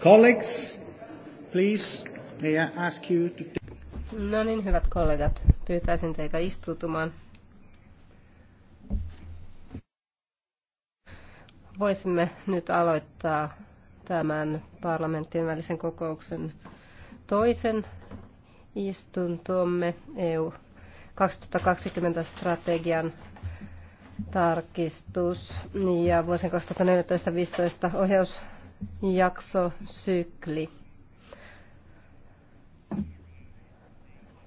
Colleagues, please, may I ask you to... No niin, hyvät kollegat, pyytäisin teitä istutumaan. Voisimme nyt aloittaa tämän parlamenttien välisen kokouksen toisen istuntomme EU 2020 strategian tarkistus ja vuosien 2014-2015 ohjaus jaksosykli.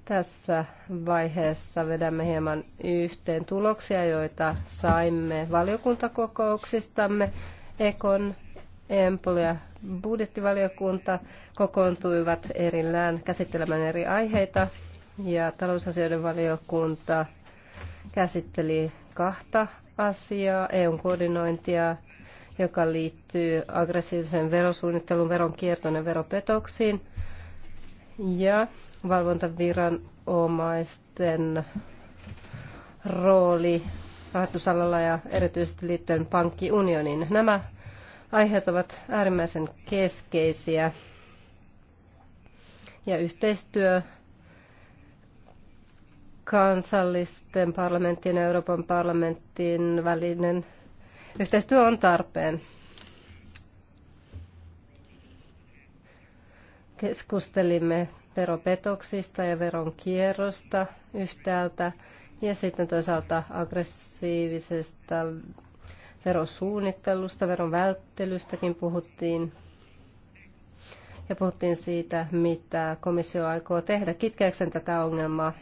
Tässä vaiheessa vedämme hieman yhteen tuloksia, joita saimme valiokuntakokouksistamme. Ekon, Empol ja budjettivaliokunta kokoontuivat erillään käsittelemään eri aiheita ja talousasioiden valiokunta käsitteli kahta asiaa, EUn koordinointia joka liittyy aggressiiviseen verosuunnitteluun, veronkiertoon ja veropetoksiin. Ja valvontaviranomaisten rooli rahoitusalalla ja erityisesti liittyen pankkiunioniin. Nämä aiheet ovat äärimmäisen keskeisiä ja yhteistyö kansallisten parlamenttien ja Euroopan parlamentin välinen Yhteistyö on tarpeen. Keskustelimme veropetoksista ja veronkierrosta yhtäältä ja sitten toisaalta aggressiivisesta verosuunnittelusta, veron välttelystäkin puhuttiin. Ja puhuttiin siitä, mitä komissio aikoo tehdä kitkeäkseen tätä ongelmaa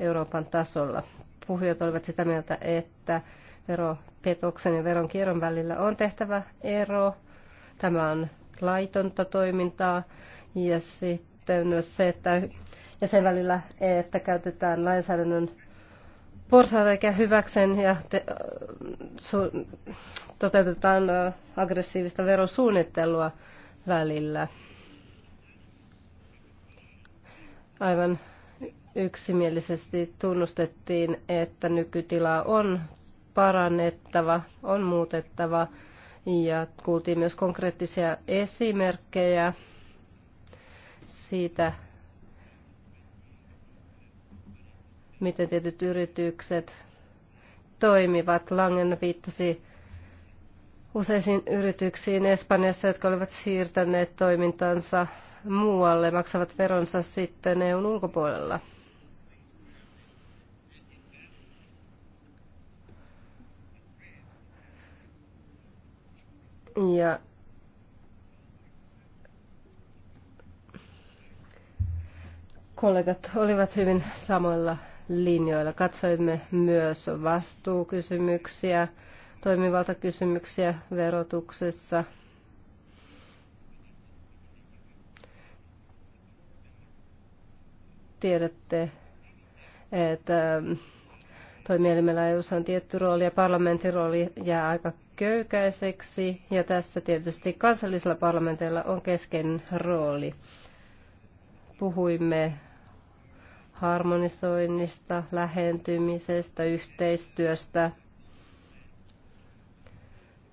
Euroopan tasolla. Puhujat olivat sitä mieltä, että veropetoksen ja veronkierron välillä on tehtävä ero. Tämä on laitonta toimintaa ja sitten myös se, että ja sen välillä, että käytetään lainsäädännön porsareikä hyväksen ja te, su, toteutetaan aggressiivista verosuunnittelua välillä. Aivan yksimielisesti tunnustettiin, että nykytila on parannettava, on muutettava ja kuultiin myös konkreettisia esimerkkejä siitä, miten tietyt yritykset toimivat. Langen viittasi useisiin yrityksiin Espanjassa, jotka olivat siirtäneet toimintansa muualle, maksavat veronsa sitten EUn ulkopuolella. Ja kollegat olivat hyvin samoilla linjoilla. Katsoimme myös vastuukysymyksiä, toimivaltakysymyksiä verotuksessa. Tiedätte, että Toimielimellä EU on tietty rooli ja parlamentin rooli jää aika köykäiseksi ja tässä tietysti kansallisilla parlamenteilla on kesken rooli. Puhuimme harmonisoinnista, lähentymisestä, yhteistyöstä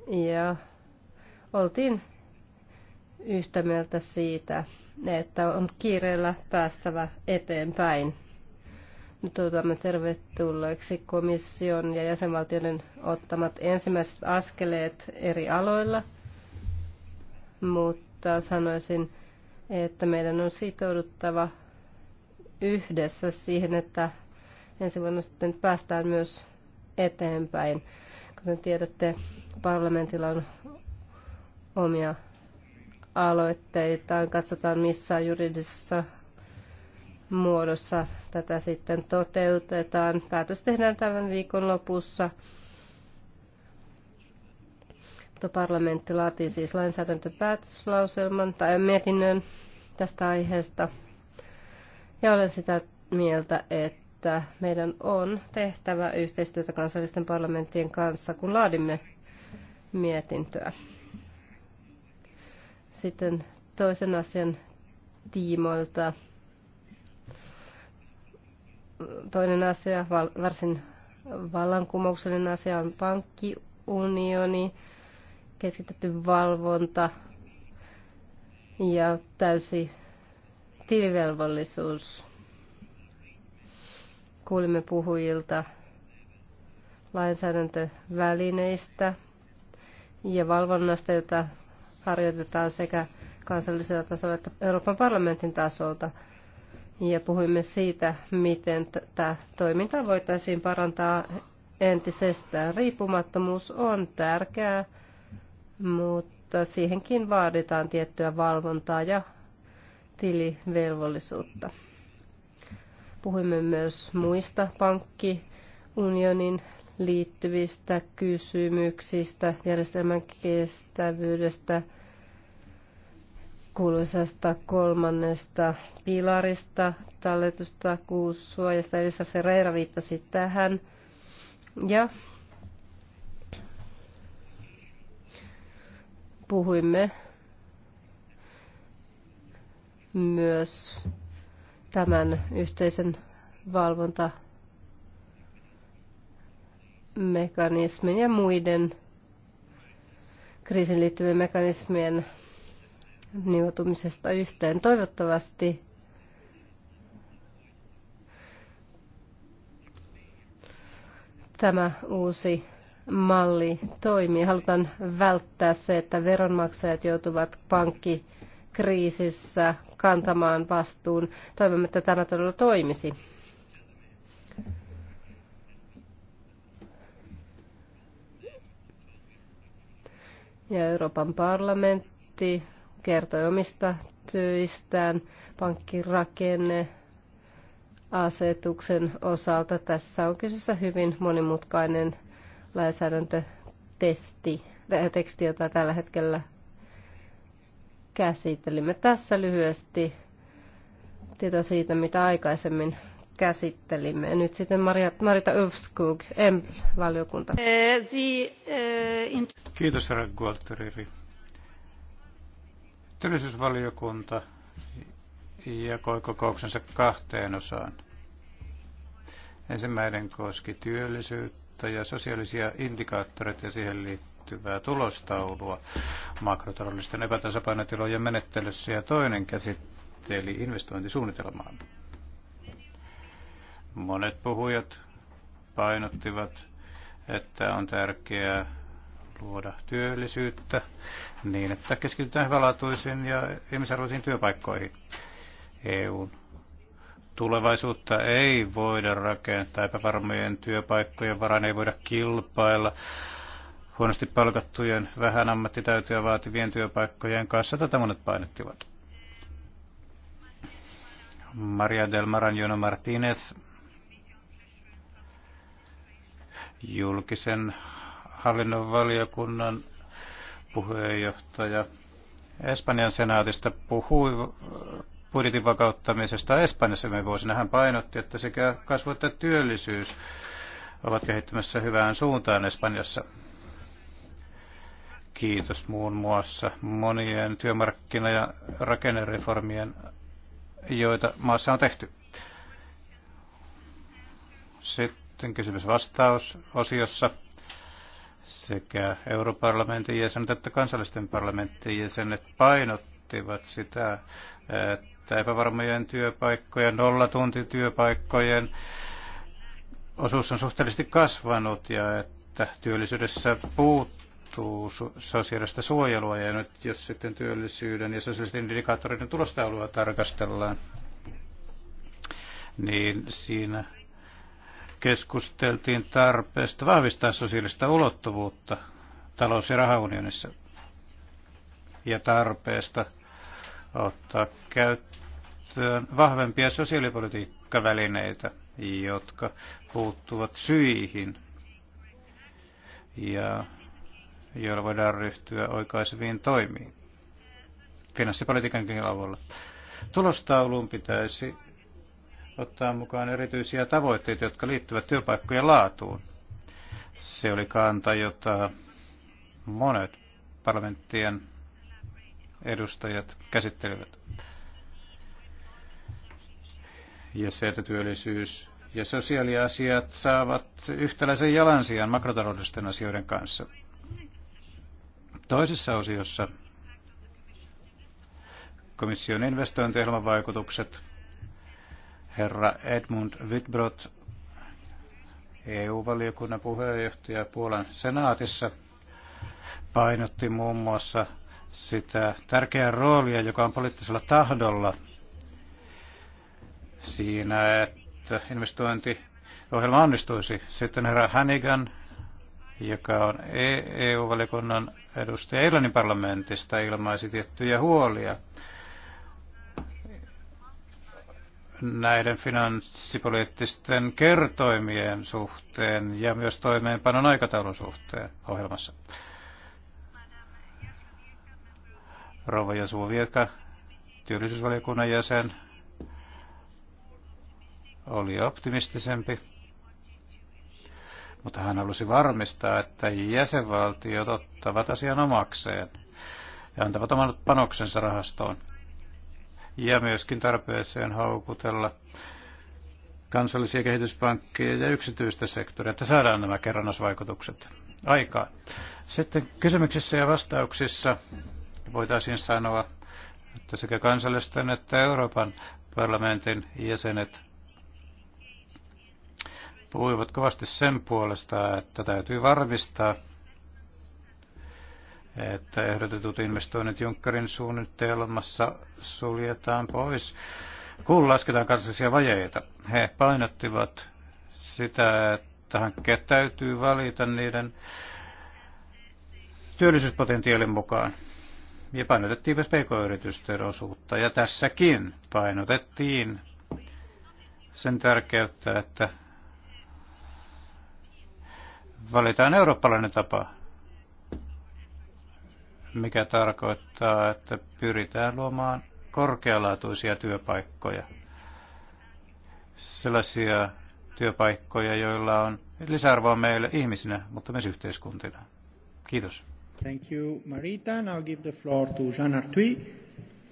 ja oltiin yhtä mieltä siitä, että on kiireellä päästävä eteenpäin toivotamme tervetulleeksi komission ja jäsenvaltioiden ottamat ensimmäiset askeleet eri aloilla, mutta sanoisin, että meidän on sitouduttava yhdessä siihen, että ensi vuonna sitten päästään myös eteenpäin. Kuten tiedätte, parlamentilla on omia aloitteitaan. Katsotaan, missä juridisessa muodossa tätä sitten toteutetaan. Päätös tehdään tämän viikon lopussa. Mutta parlamentti laatii siis lainsäädäntöpäätöslauselman tai mietinnön tästä aiheesta. Ja olen sitä mieltä, että meidän on tehtävä yhteistyötä kansallisten parlamenttien kanssa, kun laadimme mietintöä. Sitten toisen asian tiimoilta toinen asia, varsin vallankumouksellinen asia on pankkiunioni, keskitetty valvonta ja täysi tilivelvollisuus. Kuulimme puhujilta lainsäädäntövälineistä ja valvonnasta, jota harjoitetaan sekä kansallisella tasolla että Euroopan parlamentin tasolta – ja puhuimme siitä, miten tätä toimintaa voitaisiin parantaa entisestään. Riippumattomuus on tärkeää, mutta siihenkin vaaditaan tiettyä valvontaa ja tilivelvollisuutta. Puhuimme myös muista pankkiunionin liittyvistä kysymyksistä, järjestelmän kestävyydestä – kuuluisasta kolmannesta pilarista, talletusta kuussuojasta. Elisa Ferreira viittasi tähän. Ja puhuimme myös tämän yhteisen valvonta mekanismin ja muiden kriisin liittyvien mekanismien nivoutumisesta yhteen. Toivottavasti tämä uusi malli toimii. Halutaan välttää se, että veronmaksajat joutuvat pankkikriisissä kantamaan vastuun. Toivomme, että tämä todella toimisi. Ja Euroopan parlamentti kertoi omista tyistään pankkirakenne asetuksen osalta. Tässä on kyseessä hyvin monimutkainen lainsäädäntötesti, äh, teksti, jota tällä hetkellä käsittelimme. Tässä lyhyesti tieto siitä, mitä aikaisemmin käsittelimme. Nyt sitten Maria, Marita Ufskog, m valiokunta eh, eh, Kiitos herra Gualterieri. Työllisyysvaliokunta jakoi kokouksensa kahteen osaan. Ensimmäinen koski työllisyyttä ja sosiaalisia indikaattoreita ja siihen liittyvää tulostaulua makrotaloudellisten epätasapainotilojen menettelyssä ja toinen käsitteli investointisuunnitelmaa. Monet puhujat painottivat, että on tärkeää luoda työllisyyttä niin, että keskitytään hyvälaatuisiin ja ihmisarvoisiin työpaikkoihin. EUn tulevaisuutta ei voida rakentaa epävarmojen työpaikkojen varaan, ei voida kilpailla huonosti palkattujen, vähän ammattitaitoja vaativien työpaikkojen kanssa. Tätä monet painettivat. Maria del Maranjona Martinez julkisen hallinnon valiokunnan puheenjohtaja Espanjan senaatista puhui budjetin vakauttamisesta Espanjassa me vuosina. Hän painotti, että sekä kasvu että työllisyys ovat kehittymässä hyvään suuntaan Espanjassa. Kiitos muun muassa monien työmarkkina- ja rakennereformien, joita maassa on tehty. Sitten kysymys-vastaus-osiossa sekä europarlamentin jäsenet että kansallisten parlamenttien jäsenet painottivat sitä, että epävarmojen työpaikkojen, nollatuntityöpaikkojen osuus on suhteellisesti kasvanut ja että työllisyydessä puuttuu sosiaalista suojelua. Ja nyt jos sitten työllisyyden ja sosiaalisten indikaattoreiden tulostaulua tarkastellaan, niin siinä keskusteltiin tarpeesta vahvistaa sosiaalista ulottuvuutta talous- ja rahaunionissa ja tarpeesta ottaa käyttöön vahvempia sosiaalipolitiikkavälineitä, jotka puuttuvat syihin ja joilla voidaan ryhtyä oikaiseviin toimiin finanssipolitiikankin avulla. Tulostauluun pitäisi ottaa mukaan erityisiä tavoitteita, jotka liittyvät työpaikkojen laatuun. Se oli kanta, jota monet parlamenttien edustajat käsittelivät. Ja se, että työllisyys ja sosiaaliasiat saavat yhtäläisen jalansijan makrotaloudellisten asioiden kanssa. Toisessa osiossa komission investointiohjelman vaikutukset herra Edmund Witbrot, EU-valiokunnan puheenjohtaja Puolan senaatissa, painotti muun muassa sitä tärkeää roolia, joka on poliittisella tahdolla siinä, että investointiohjelma onnistuisi. Sitten herra Hannigan, joka on eu valiokunnan edustaja Irlannin parlamentista, ilmaisi tiettyjä huolia näiden finanssipoliittisten kertoimien suhteen ja myös toimeenpanon aikataulun suhteen ohjelmassa. Rouva Jasuo Virka, työllisyysvaliokunnan jäsen, oli optimistisempi, mutta hän halusi varmistaa, että jäsenvaltiot ottavat asian omakseen ja antavat oman panoksensa rahastoon ja myöskin tarpeeseen houkutella kansallisia kehityspankkeja ja yksityistä sektoria, että saadaan nämä kerrannaisvaikutukset aikaan. Sitten kysymyksissä ja vastauksissa voitaisiin sanoa, että sekä kansallisten että Euroopan parlamentin jäsenet puhuivat kovasti sen puolesta, että täytyy varmistaa, että ehdotetut investoinnit Junckerin suunnitelmassa suljetaan pois, kun lasketaan kansallisia vajeita. He painottivat sitä, että hankkeet täytyy valita niiden työllisyyspotentiaalin mukaan. Ja painotettiin myös pk-yritysten osuutta. Ja tässäkin painotettiin sen tärkeyttä, että valitaan eurooppalainen tapa mikä tarkoittaa, että pyritään luomaan korkealaatuisia työpaikkoja. Sellaisia työpaikkoja, joilla on lisäarvoa meille ihmisinä, mutta myös yhteiskuntina. Kiitos. Thank you, Marita. Now give the floor to Jean Artui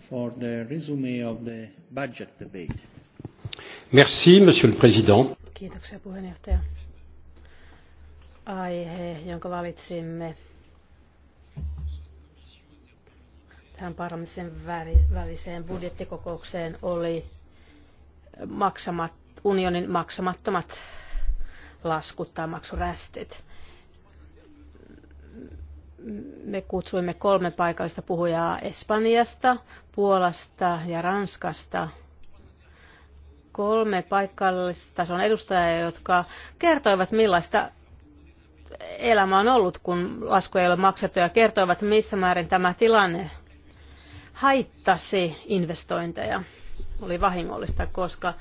for the resume of the budget debate. Merci, Monsieur le Président. Kiitoksia puheenjohtaja. Aihe, jonka valitsimme tähän parlamentin väliseen budjettikokoukseen oli maksamat, unionin maksamattomat laskut tai maksurästit. Me kutsuimme kolme paikallista puhujaa Espanjasta, Puolasta ja Ranskasta kolme paikallistason edustajaa, jotka kertoivat millaista elämä on ollut, kun laskuja ei ole maksettu ja kertoivat missä määrin tämä tilanne haittasi investointeja. Oli vahingollista, koska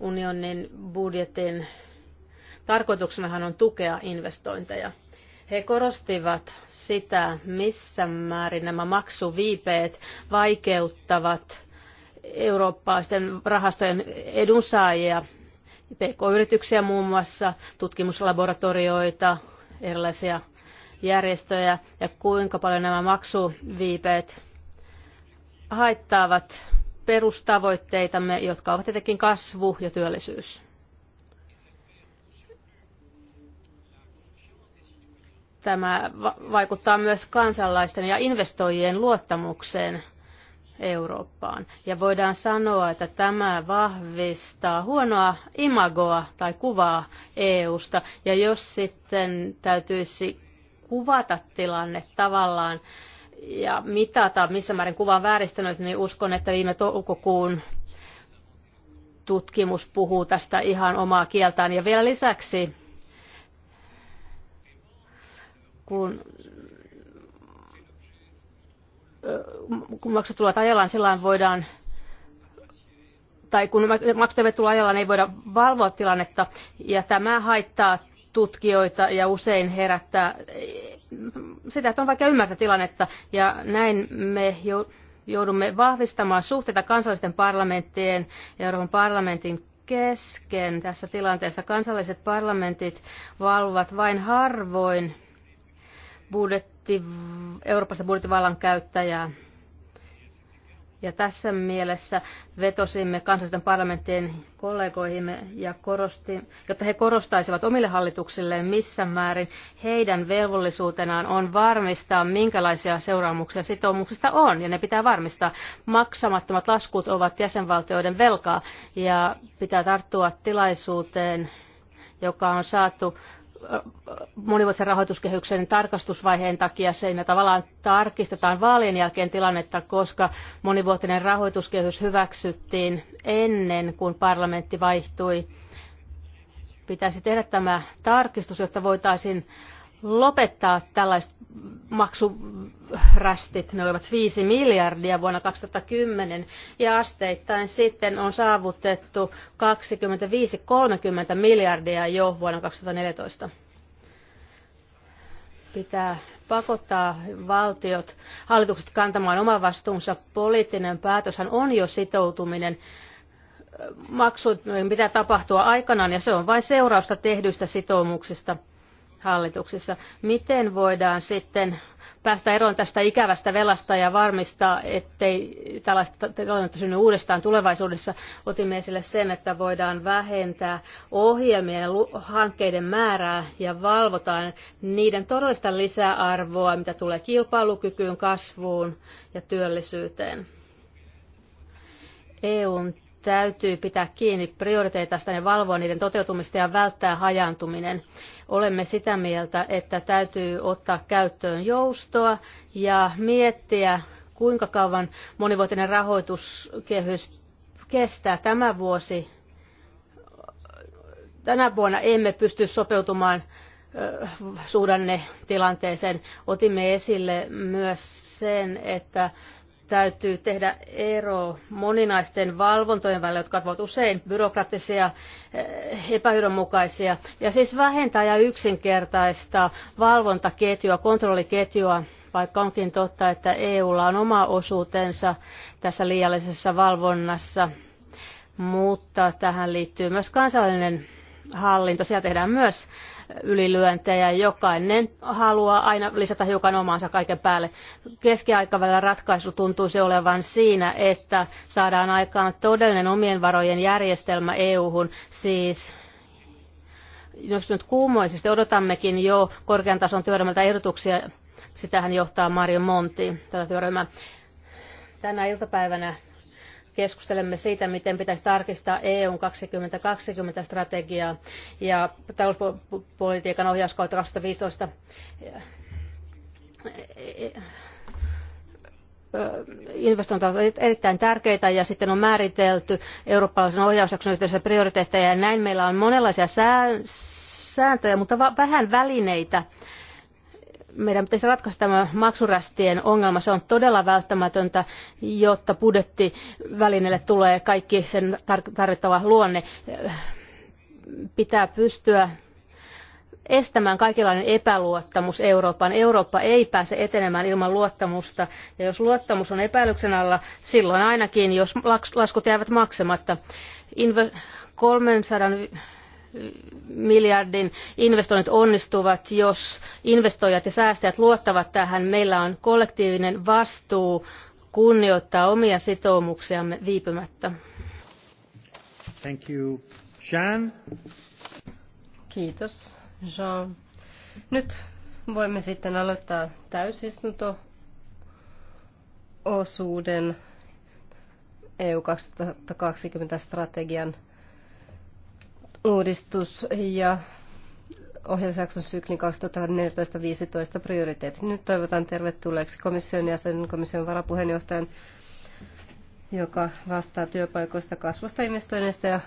unionin budjetin tarkoituksenahan on tukea investointeja. He korostivat sitä, missä määrin nämä maksuviipeet vaikeuttavat eurooppalaisten rahastojen edunsaajia, pk-yrityksiä muun muassa, tutkimuslaboratorioita, erilaisia järjestöjä ja kuinka paljon nämä maksuviipeet haittaavat perustavoitteitamme, jotka ovat tietenkin kasvu ja työllisyys. Tämä vaikuttaa myös kansalaisten ja investoijien luottamukseen Eurooppaan. Ja voidaan sanoa, että tämä vahvistaa huonoa imagoa tai kuvaa EUsta. Ja jos sitten täytyisi kuvata tilanne tavallaan ja mitata, missä määrin kuva on vääristynyt, niin uskon, että viime toukokuun tutkimus puhuu tästä ihan omaa kieltään. Ja vielä lisäksi, kun kun maksut tulevat ajallaan, silloin voidaan, tai kun maksut tulevat ajallaan, ei voida valvoa tilannetta, ja tämä haittaa tutkijoita ja usein herättää sitä, että on vaikea ymmärtää tilannetta. Ja näin me joudumme vahvistamaan suhteita kansallisten parlamenttien ja Euroopan parlamentin kesken tässä tilanteessa. Kansalliset parlamentit valvovat vain harvoin budjetti, Euroopasta budjettivallan käyttäjää. Ja tässä mielessä vetosimme kansallisten parlamenttien kollegoihimme, ja korosti, jotta he korostaisivat omille hallituksilleen missä määrin heidän velvollisuutenaan on varmistaa, minkälaisia seuraamuksia sitoumuksista on, ja ne pitää varmistaa. Maksamattomat laskut ovat jäsenvaltioiden velkaa, ja pitää tarttua tilaisuuteen, joka on saatu monivuotisen rahoituskehyksen tarkastusvaiheen takia siinä tavallaan tarkistetaan vaalien jälkeen tilannetta, koska monivuotinen rahoituskehys hyväksyttiin ennen kuin parlamentti vaihtui. Pitäisi tehdä tämä tarkistus, jotta voitaisiin lopettaa tällaiset maksurästit. Ne olivat 5 miljardia vuonna 2010 ja asteittain sitten on saavutettu 25-30 miljardia jo vuonna 2014. Pitää pakottaa valtiot, hallitukset kantamaan oman vastuunsa. Poliittinen päätöshän on jo sitoutuminen maksujen pitää tapahtua aikanaan ja se on vain seurausta tehdyistä sitoumuksista – hallituksissa. Miten voidaan sitten päästä eroon tästä ikävästä velasta ja varmistaa, ettei tällaista tilannetta synny uudestaan tulevaisuudessa. Otimme esille sen, että voidaan vähentää ohjelmien ja hankkeiden määrää ja valvotaan niiden todellista lisäarvoa, mitä tulee kilpailukykyyn, kasvuun ja työllisyyteen. EUn täytyy pitää kiinni prioriteetasta ja valvoa niiden toteutumista ja välttää hajaantuminen. Olemme sitä mieltä, että täytyy ottaa käyttöön joustoa ja miettiä, kuinka kauan monivuotinen rahoituskehys kestää tämä vuosi. Tänä vuonna emme pysty sopeutumaan suhdannetilanteeseen. Otimme esille myös sen, että täytyy tehdä ero moninaisten valvontojen välillä, jotka ovat usein byrokraattisia, eh, epäyhdenmukaisia, ja siis vähentää ja yksinkertaista valvontaketjua, kontrolliketjua, vaikka onkin totta, että EUlla on oma osuutensa tässä liiallisessa valvonnassa, mutta tähän liittyy myös kansallinen hallinto. Siellä tehdään myös ylilyöntejä. Jokainen haluaa aina lisätä hiukan omaansa kaiken päälle. Keskiaikavälillä ratkaisu se olevan siinä, että saadaan aikaan todellinen omien varojen järjestelmä EU-hun, siis jos nyt kuumoisesti odotammekin jo korkean tason työryhmältä ehdotuksia, sitähän johtaa Mario Monti, tätä työryhmää. Tänä iltapäivänä keskustelemme siitä, miten pitäisi tarkistaa EUn 2020-strategiaa ja talouspolitiikan ohjauskautta 2015 investoinnit ovat erittäin tärkeitä ja sitten on määritelty eurooppalaisen ohjausjakson yhteydessä prioriteetteja ja näin meillä on monenlaisia sääntöjä, mutta vähän välineitä meidän pitäisi ratkaista tämä maksurästien ongelma. Se on todella välttämätöntä, jotta budjettivälineelle tulee kaikki sen tarvittava luonne. Pitää pystyä estämään kaikenlainen epäluottamus Eurooppaan. Eurooppa ei pääse etenemään ilman luottamusta. Ja jos luottamus on epäilyksen alla, silloin ainakin, jos laskut jäävät maksamatta. Inve 300 miljardin investoinnit onnistuvat, jos investoijat ja säästäjät luottavat tähän. Meillä on kollektiivinen vastuu kunnioittaa omia sitoumuksiamme viipymättä. Thank you, Jean. Kiitos, Jean. Nyt voimme sitten aloittaa täysistunto osuuden EU 2020 strategian uudistus ja ohjausjakson syklin 2014-2015 prioriteetit. Nyt toivotan tervetulleeksi komission ja sen komission varapuheenjohtajan, joka vastaa työpaikoista, kasvusta, investoinneista ja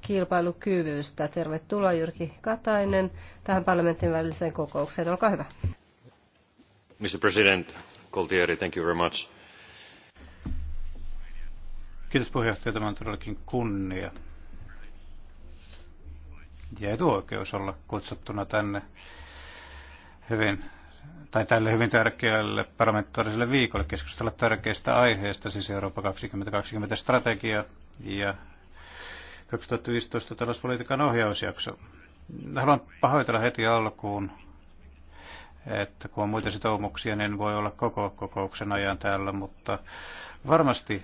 kilpailukyvystä. Tervetuloa Jyrki Katainen tähän parlamentin väliseen kokoukseen. Olkaa hyvä. Mr. President, Coltieri, thank you very much. Kiitos puheenjohtaja, tämä on todellakin kunnia ja etuoikeus olla kutsuttuna tänne hyvin tai tälle hyvin tärkeälle parlamentaariselle viikolle keskustella tärkeistä aiheista, siis Eurooppa 2020 strategia ja 2015 talouspolitiikan ohjausjakso. Haluan pahoitella heti alkuun, että kun on muita sitoumuksia, niin voi olla koko kokouksen ajan täällä, mutta varmasti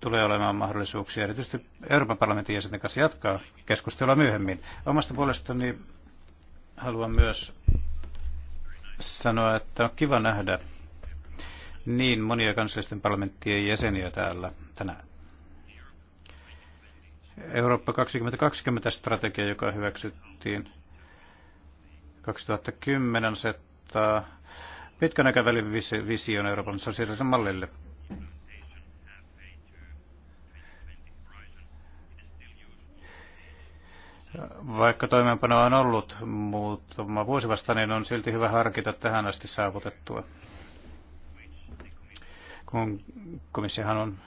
tulee olemaan mahdollisuuksia erityisesti Euroopan parlamentin jäsenten kanssa jatkaa keskustelua myöhemmin. Omasta puolestani haluan myös sanoa, että on kiva nähdä niin monia kansallisten parlamenttien jäseniä täällä tänään. Eurooppa 2020 strategia, joka hyväksyttiin 2010, asettaa pitkän aikavälin vision Euroopan sosiaalisen mallille – Vaikka toimeenpano on ollut muutama vuosi vasta, niin on silti hyvä harkita tähän asti saavutettua. Kun komissiohan on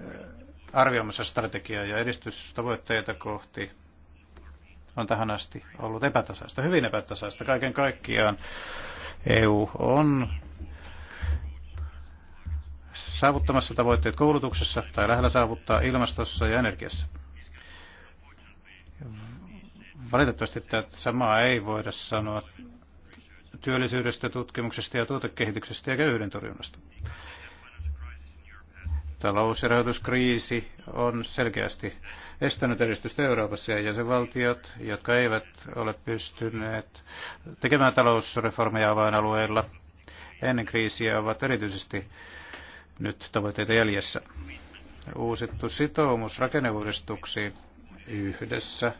eh, arvioimassa strategiaa ja edistystavoitteita kohti on tähän asti ollut epätasaista, hyvin epätasaista kaiken kaikkiaan. EU on saavuttamassa tavoitteet koulutuksessa tai lähellä saavuttaa ilmastossa ja energiassa. Valitettavasti tätä samaa ei voida sanoa työllisyydestä, tutkimuksesta ja tuotekehityksestä ja köyhyyden torjunnasta. Talous- ja rahoituskriisi on selkeästi estänyt edistystä Euroopassa ja jäsenvaltiot, jotka eivät ole pystyneet tekemään talousreformeja avainalueilla ennen kriisiä, ovat erityisesti nyt tavoitteita jäljessä. Uusittu sitoumus rakenneuudistuksiin yhdessä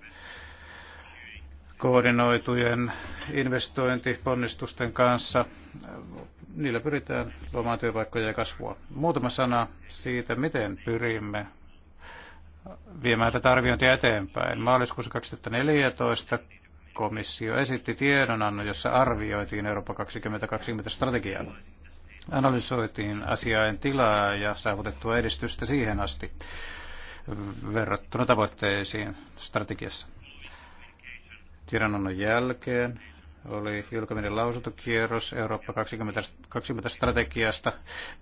koordinoitujen investointiponnistusten kanssa. Niillä pyritään luomaan työpaikkoja ja kasvua. Muutama sana siitä, miten pyrimme viemään tätä arviointia eteenpäin. Maaliskuussa 2014 komissio esitti tiedonannon, jossa arvioitiin Eurooppa 2020 strategiaa. Analysoitiin asiain tilaa ja saavutettua edistystä siihen asti verrattuna tavoitteisiin strategiassa. Tiedonannon jälkeen oli julkinen lausuntokierros Eurooppa 2020 strategiasta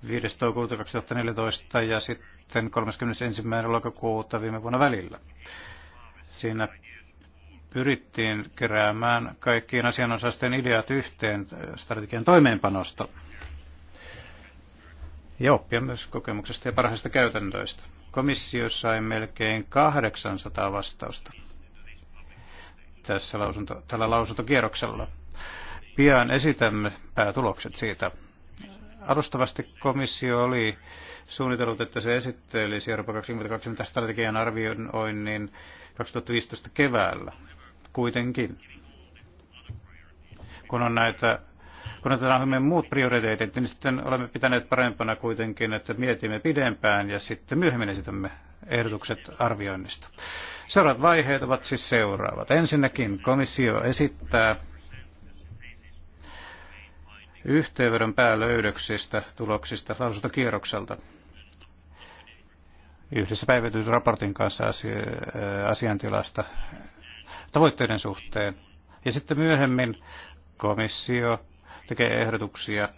5. toukokuuta 2014 ja sitten 31. lokakuuta viime vuonna välillä. Siinä pyrittiin keräämään kaikkien asianosaisten ideat yhteen strategian toimeenpanosta ja oppia myös kokemuksesta ja parhaista käytännöistä. Komissio sai melkein 800 vastausta tässä lausunto, tällä lausuntokierroksella. Pian esitämme päätulokset siitä. Alustavasti komissio oli suunnitellut, että se esittelisi Euroopan 2020 strategian arvioinnin 2015 keväällä. Kuitenkin, kun on näitä kun otetaan huomioon muut prioriteetit, niin sitten olemme pitäneet parempana kuitenkin, että mietimme pidempään ja sitten myöhemmin esitämme ehdotukset arvioinnista. Seuraavat vaiheet ovat siis seuraavat. Ensinnäkin komissio esittää yhteenvedon päälöydöksistä tuloksista lausuntokierrokselta yhdessä päivityt raportin kanssa asiantilasta tavoitteiden suhteen. Ja sitten myöhemmin komissio tekee ehdotuksia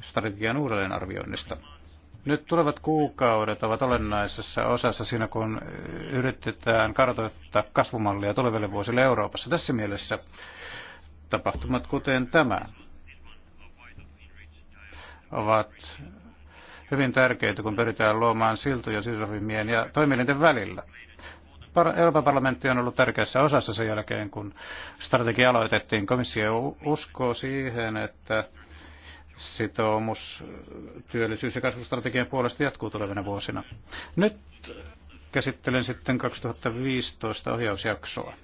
strategian uudelleenarvioinnista. Nyt tulevat kuukaudet ovat olennaisessa osassa siinä, kun yritetään kartoittaa kasvumallia tuleville vuosille Euroopassa. Tässä mielessä tapahtumat kuten tämä ovat hyvin tärkeitä, kun pyritään luomaan siltoja sisäryhmien ja toimielinten välillä. Euroopan parlamentti on ollut tärkeässä osassa sen jälkeen, kun strategia aloitettiin. Komissio uskoo siihen, että sitoumus äh, työllisyys- ja kasvustrategian puolesta jatkuu tulevina vuosina. Nyt käsittelen sitten 2015 ohjausjaksoa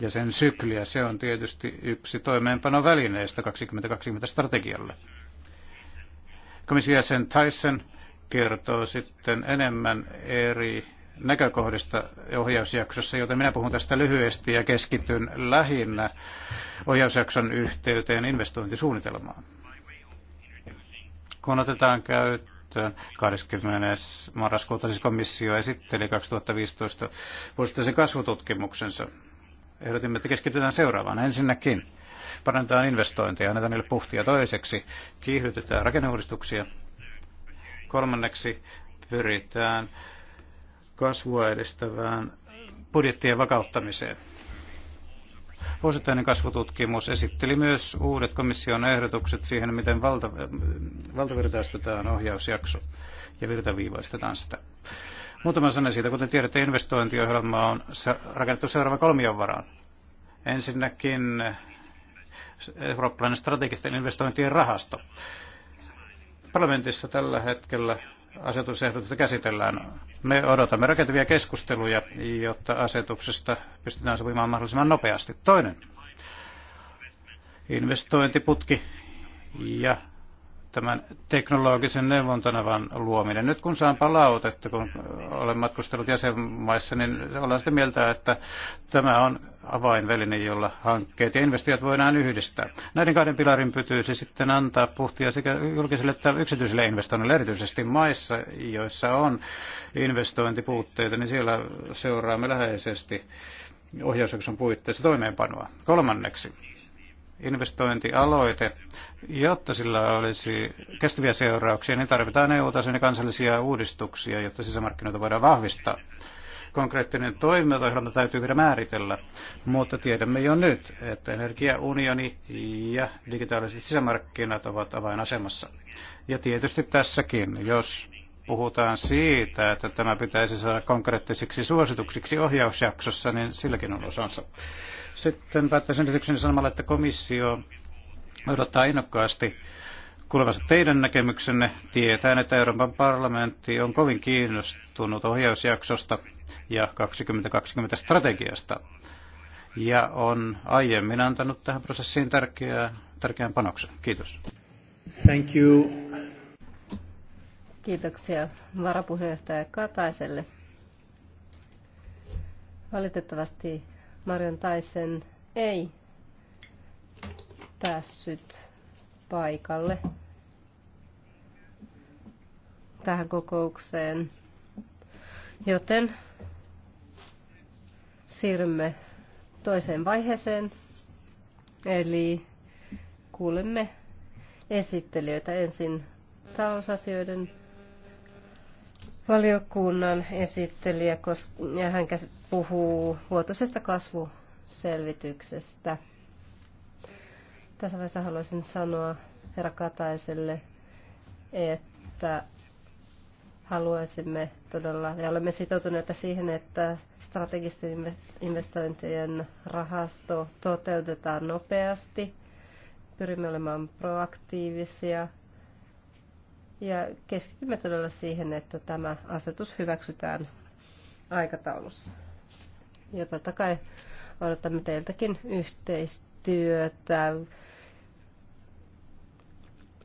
ja sen sykliä. Se on tietysti yksi toimeenpano välineistä 2020 strategialle. Komission jäsen Tyson kertoo sitten enemmän eri näkökohdista ohjausjaksossa, joten minä puhun tästä lyhyesti ja keskityn lähinnä ohjausjakson yhteyteen investointisuunnitelmaan kun otetaan käyttöön 20. marraskuuta siis komissio esitteli 2015 vuosittaisen kasvututkimuksensa. Ehdotimme, että keskitytään seuraavaan. Ensinnäkin parantaa investointeja, annetaan niille puhtia. Toiseksi kiihdytetään rakenneuudistuksia. Kolmanneksi pyritään kasvua edistävään budjettien vakauttamiseen. Vuosittainen kasvututkimus esitteli myös uudet komission ehdotukset siihen, miten valta, valtavirtaistetaan ohjausjakso ja virtaviivaistetaan sitä. Muutama sana siitä, kuten tiedätte, investointiohjelma on rakennettu seuraava kolmion varaan. Ensinnäkin eurooppalainen strategisten investointien rahasto. Parlamentissa tällä hetkellä asetusehdotusta käsitellään. Me odotamme rakentavia keskusteluja, jotta asetuksesta pystytään sopimaan mahdollisimman nopeasti. Toinen investointiputki ja tämän teknologisen neuvontanavan luominen. Nyt kun saan palautetta, kun olen matkustellut jäsenmaissa, niin ollaan sitä mieltä, että tämä on avainväline, jolla hankkeet ja investoijat voidaan yhdistää. Näiden kahden pilarin se sitten antaa puhtia sekä julkiselle että yksityisille investoinnille, erityisesti maissa, joissa on investointipuutteita, niin siellä seuraamme läheisesti ohjausjakson puitteissa toimeenpanoa. Kolmanneksi, investointialoite, jotta sillä olisi kestäviä seurauksia, niin tarvitaan eu tasoinen kansallisia uudistuksia, jotta sisämarkkinoita voidaan vahvistaa. Konkreettinen toimintaohjelma täytyy vielä määritellä, mutta tiedämme jo nyt, että energiaunioni ja digitaaliset sisämarkkinat ovat avainasemassa. Ja tietysti tässäkin, jos puhutaan siitä, että tämä pitäisi saada konkreettisiksi suosituksiksi ohjausjaksossa, niin silläkin on osansa. Sitten päättäisin esityksen sanomalla, että komissio odottaa innokkaasti kuulevansa teidän näkemyksenne. Tietään, että Euroopan parlamentti on kovin kiinnostunut ohjausjaksosta ja 2020 strategiasta ja on aiemmin antanut tähän prosessiin tärkeää, tärkeän panoksen. Kiitos. Thank you. Kiitoksia varapuheenjohtaja Kataiselle. Valitettavasti Marion Taisen ei päässyt paikalle tähän kokoukseen, joten siirrymme toiseen vaiheeseen, eli kuulemme esittelijöitä ensin talousasioiden valiokunnan esittelijä ja hän puhuu vuotuisesta kasvuselvityksestä. Tässä vaiheessa haluaisin sanoa herra Kataiselle, että haluaisimme todella, ja olemme sitoutuneita siihen, että strategisten investointien rahasto toteutetaan nopeasti. Pyrimme olemaan proaktiivisia ja keskitymme todella siihen, että tämä asetus hyväksytään aikataulussa. Ja totta kai odotamme teiltäkin yhteistyötä.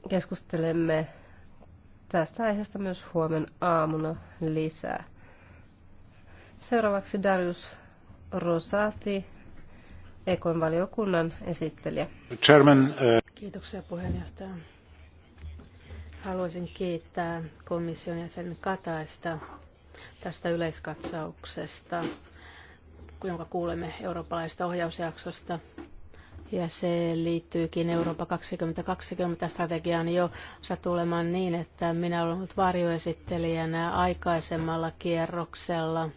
Keskustelemme tästä aiheesta myös huomen aamuna lisää. Seuraavaksi Darius Rosati, Ekon valiokunnan esittelijä. Chairman, uh... Kiitoksia puheenjohtaja. Haluaisin kiittää komission jäsen Kataista tästä yleiskatsauksesta, jonka kuulemme eurooppalaisesta ohjausjaksosta. Ja se liittyykin Eurooppa 2020 strategiaan jo satulemaan niin, että minä olen ollut varjoesittelijänä aikaisemmalla kierroksella –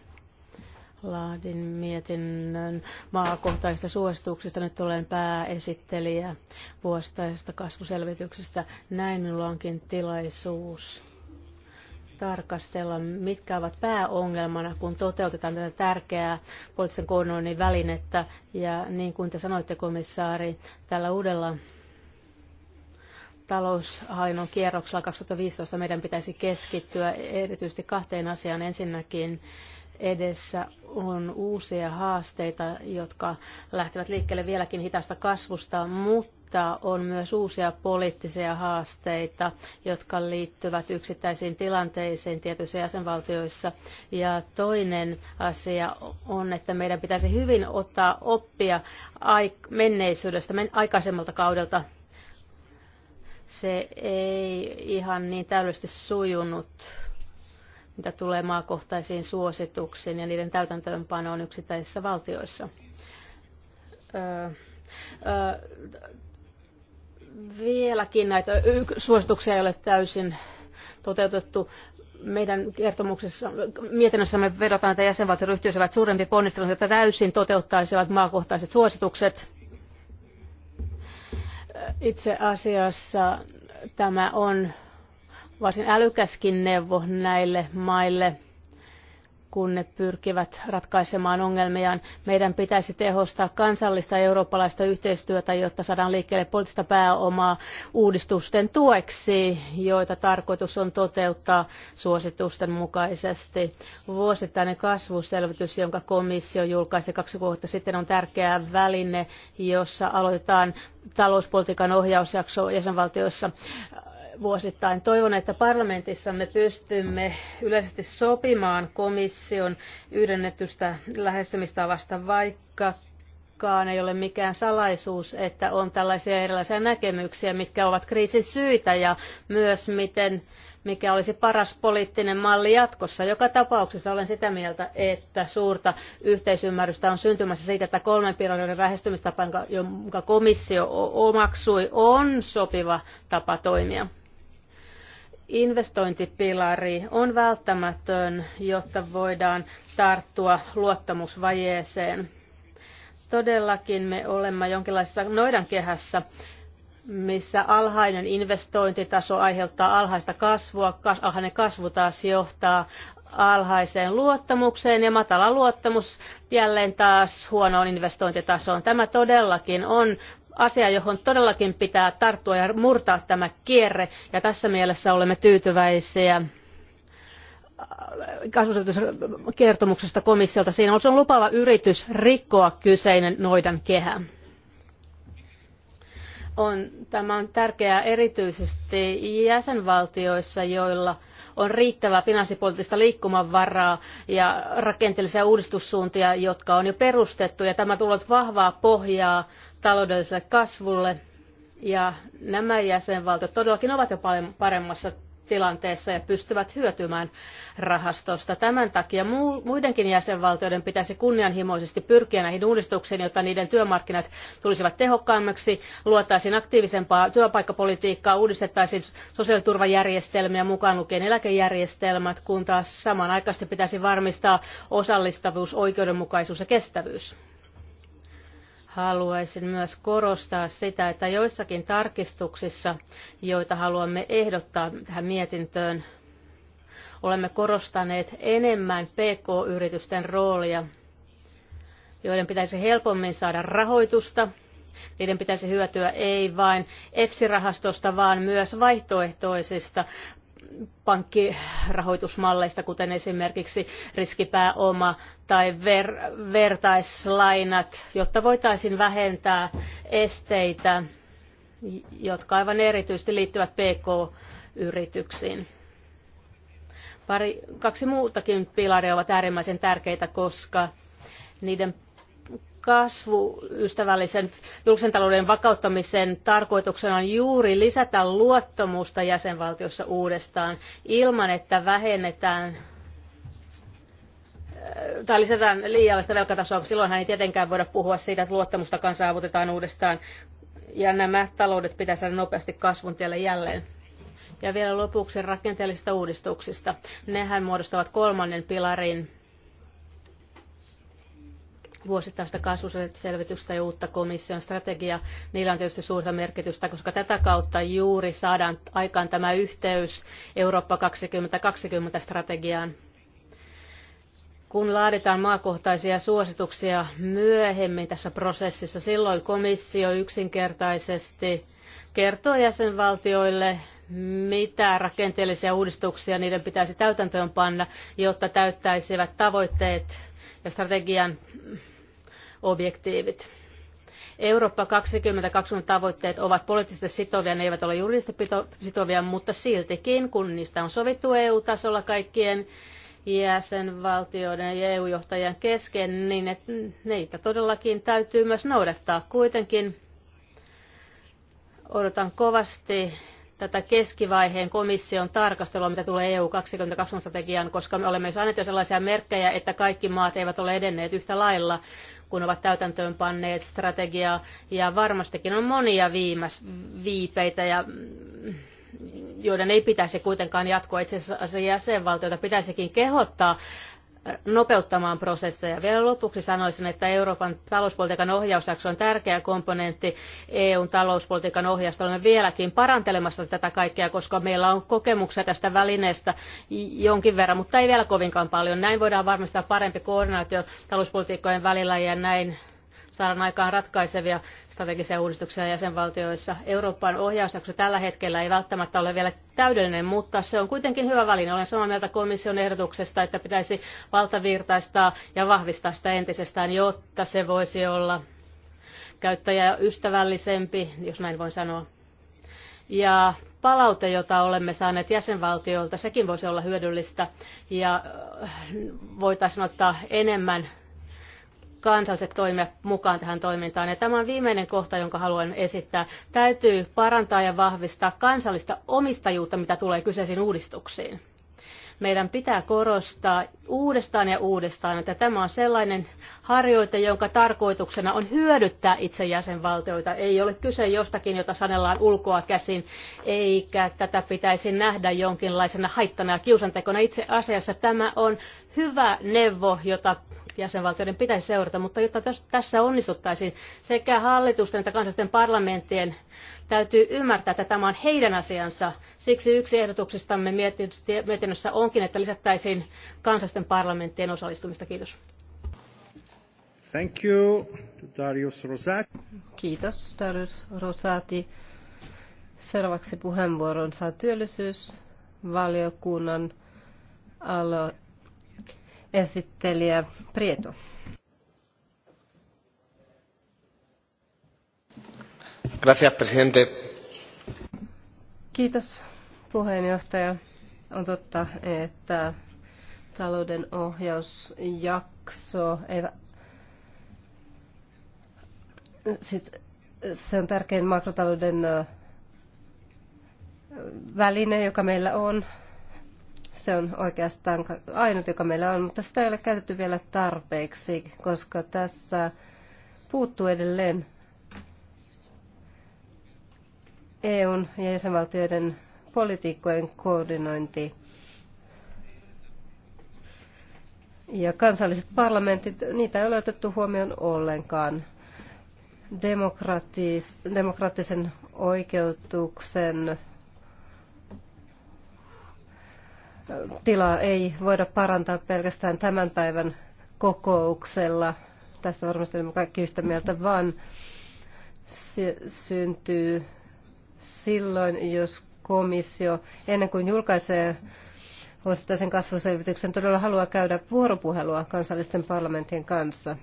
Laadin mietinnön maakohtaisista suosituksista. Nyt olen pääesittelijä vuostaisesta kasvuselvityksestä. Näin minulla onkin tilaisuus tarkastella, mitkä ovat pääongelmana, kun toteutetaan tätä tärkeää poliittisen koordinoinnin välinettä. Ja niin kuin te sanoitte, komissaari, tällä uudella taloushallinnon kierroksella 2015 meidän pitäisi keskittyä erityisesti kahteen asiaan. Ensinnäkin edessä on uusia haasteita, jotka lähtevät liikkeelle vieläkin hitaasta kasvusta, mutta on myös uusia poliittisia haasteita, jotka liittyvät yksittäisiin tilanteisiin tietyissä jäsenvaltioissa. Ja toinen asia on, että meidän pitäisi hyvin ottaa oppia menneisyydestä, aikaisemmalta kaudelta. Se ei ihan niin täydellisesti sujunut mitä tulee maakohtaisiin suosituksiin ja niiden täytäntöönpanoon yksittäisissä valtioissa. Öö, öö, vieläkin näitä suosituksia ei ole täysin toteutettu. Meidän kertomuksessa, mietinnössämme vedotaan, että jäsenvaltiot ryhtyisivät suurempi ponnistelun, että täysin toteuttaisivat maakohtaiset suositukset. Itse asiassa tämä on varsin älykäskin neuvo näille maille, kun ne pyrkivät ratkaisemaan ongelmiaan. Meidän pitäisi tehostaa kansallista ja eurooppalaista yhteistyötä, jotta saadaan liikkeelle poliittista pääomaa uudistusten tueksi, joita tarkoitus on toteuttaa suositusten mukaisesti. Vuosittainen kasvuselvitys, jonka komissio julkaisi kaksi vuotta sitten, on tärkeä väline, jossa aloitetaan talouspolitiikan ohjausjakso jäsenvaltioissa vuosittain. Toivon, että parlamentissa me pystymme yleisesti sopimaan komission yhdennetystä lähestymistavasta, vaikka ei ole mikään salaisuus, että on tällaisia erilaisia näkemyksiä, mitkä ovat kriisin syitä ja myös miten, mikä olisi paras poliittinen malli jatkossa. Joka tapauksessa olen sitä mieltä, että suurta yhteisymmärrystä on syntymässä siitä, että kolmen pilarin lähestymistapa, jonka komissio omaksui, on sopiva tapa toimia investointipilari on välttämätön, jotta voidaan tarttua luottamusvajeeseen. Todellakin me olemme jonkinlaisessa noidankehässä, missä alhainen investointitaso aiheuttaa alhaista kasvua, alhainen kasvu taas johtaa alhaiseen luottamukseen ja matala luottamus jälleen taas huonoon investointitasoon. Tämä todellakin on asia, johon todellakin pitää tarttua ja murtaa tämä kierre. Ja tässä mielessä olemme tyytyväisiä äh, kertomuksesta komissiolta. Siinä on, se on lupaava yritys rikkoa kyseinen noidan kehä. On, tämä on tärkeää erityisesti jäsenvaltioissa, joilla on riittävää finanssipoliittista liikkumavaraa ja rakenteellisia uudistussuuntia, jotka on jo perustettu. Ja tämä tulee vahvaa pohjaa taloudelliselle kasvulle. Ja nämä jäsenvaltiot todellakin ovat jo paljon paremmassa tilanteessa ja pystyvät hyötymään rahastosta. Tämän takia muidenkin jäsenvaltioiden pitäisi kunnianhimoisesti pyrkiä näihin uudistuksiin, jotta niiden työmarkkinat tulisivat tehokkaammiksi, luotaisiin aktiivisempaa työpaikkapolitiikkaa, uudistettaisiin sosiaaliturvajärjestelmiä mukaan lukien eläkejärjestelmät, kun taas samanaikaisesti pitäisi varmistaa osallistavuus, oikeudenmukaisuus ja kestävyys haluaisin myös korostaa sitä, että joissakin tarkistuksissa, joita haluamme ehdottaa tähän mietintöön, olemme korostaneet enemmän PK-yritysten roolia, joiden pitäisi helpommin saada rahoitusta. Niiden pitäisi hyötyä ei vain EFSI-rahastosta, vaan myös vaihtoehtoisista pankkirahoitusmalleista, kuten esimerkiksi riskipääoma tai ver- vertaislainat, jotta voitaisiin vähentää esteitä, jotka aivan erityisesti liittyvät PK-yrityksiin. Pari, kaksi muutakin pilaria ovat äärimmäisen tärkeitä, koska niiden kasvuystävällisen julkisen talouden vakauttamisen tarkoituksena on juuri lisätä luottamusta jäsenvaltiossa uudestaan ilman, että vähennetään äh, tai lisätään liiallista velkatasoa. Silloinhan ei tietenkään voida puhua siitä, että luottamustakaan saavutetaan uudestaan. Ja nämä taloudet pitää saada nopeasti kasvun tielle jälleen. Ja vielä lopuksi rakenteellisista uudistuksista. Nehän muodostavat kolmannen pilarin vuosittaista kasvuselvitystä ja uutta komission strategiaa. Niillä on tietysti suurta merkitystä, koska tätä kautta juuri saadaan aikaan tämä yhteys Eurooppa 2020 strategiaan. Kun laaditaan maakohtaisia suosituksia myöhemmin tässä prosessissa, silloin komissio yksinkertaisesti kertoo jäsenvaltioille mitä rakenteellisia uudistuksia niiden pitäisi täytäntöön panna, jotta täyttäisivät tavoitteet ja strategian objektiivit. Eurooppa 2020 tavoitteet ovat poliittisesti sitovia, ne eivät ole juridisesti sitovia, mutta siltikin, kun niistä on sovittu EU-tasolla kaikkien jäsenvaltioiden ja EU-johtajien kesken, niin et, niitä todellakin täytyy myös noudattaa. Kuitenkin odotan kovasti tätä keskivaiheen komission tarkastelua, mitä tulee EU 2020 strategiaan, koska me olemme saaneet jo sellaisia merkkejä, että kaikki maat eivät ole edenneet yhtä lailla kun ovat täytäntöön panneet strategiaa. Ja varmastikin on monia viimäs, viipeitä, ja, mm, joiden ei pitäisi kuitenkaan jatkoa Itse asiassa jäsenvaltioita pitäisikin kehottaa nopeuttamaan prosesseja. Vielä lopuksi sanoisin, että Euroopan talouspolitiikan ohjausjakso on tärkeä komponentti EUn talouspolitiikan ohjausta. Olemme vieläkin parantelemassa tätä kaikkea, koska meillä on kokemuksia tästä välineestä jonkin verran, mutta ei vielä kovinkaan paljon. Näin voidaan varmistaa parempi koordinaatio talouspolitiikkojen välillä ja näin saadaan aikaan ratkaisevia strategisia uudistuksia jäsenvaltioissa. Euroopan ohjausjakso tällä hetkellä ei välttämättä ole vielä täydellinen, mutta se on kuitenkin hyvä väline. Olen samaa mieltä komission ehdotuksesta, että pitäisi valtavirtaistaa ja vahvistaa sitä entisestään, jotta se voisi olla käyttäjäystävällisempi, jos näin voin sanoa. Ja palaute, jota olemme saaneet jäsenvaltioilta, sekin voisi olla hyödyllistä ja voitaisiin ottaa enemmän kansalliset toimijat mukaan tähän toimintaan. Ja tämä on viimeinen kohta, jonka haluan esittää. Täytyy parantaa ja vahvistaa kansallista omistajuutta, mitä tulee kyseisiin uudistuksiin. Meidän pitää korostaa uudestaan ja uudestaan, että tämä on sellainen harjoite, jonka tarkoituksena on hyödyttää itse jäsenvaltioita. Ei ole kyse jostakin, jota sanellaan ulkoa käsin, eikä tätä pitäisi nähdä jonkinlaisena haittana ja kiusantekona. Itse asiassa tämä on hyvä neuvo, jota jäsenvaltioiden pitäisi seurata, mutta jotta tässä onnistuttaisiin, sekä hallitusten että kansallisten parlamenttien täytyy ymmärtää, että tämä on heidän asiansa. Siksi yksi ehdotuksistamme mietinnössä onkin, että lisättäisiin kansallisten parlamenttien osallistumista. Kiitos. Thank you, Darius Rosati. Kiitos, Darius Rosati. Seuraavaksi puheenvuoron saa työllisyysvaliokunnan alo- esittelijä Prieto. Gracias, presidente. Kiitos puheenjohtaja. On totta, että talouden ohjausjakso ei siis se on tärkein makrotalouden väline, joka meillä on se on oikeastaan ainut, joka meillä on, mutta sitä ei ole käytetty vielä tarpeeksi, koska tässä puuttuu edelleen EUn ja jäsenvaltioiden politiikkojen koordinointi. Ja kansalliset parlamentit, niitä ei ole otettu huomioon ollenkaan. Demokratis, demokraattisen oikeutuksen tilaa ei voida parantaa pelkästään tämän päivän kokouksella. Tästä varmasti olemme kaikki yhtä mieltä, vaan se syntyy silloin, jos komissio ennen kuin julkaisee vuosittaisen kasvuselvityksen todella haluaa käydä vuoropuhelua kansallisten parlamenttien kanssa.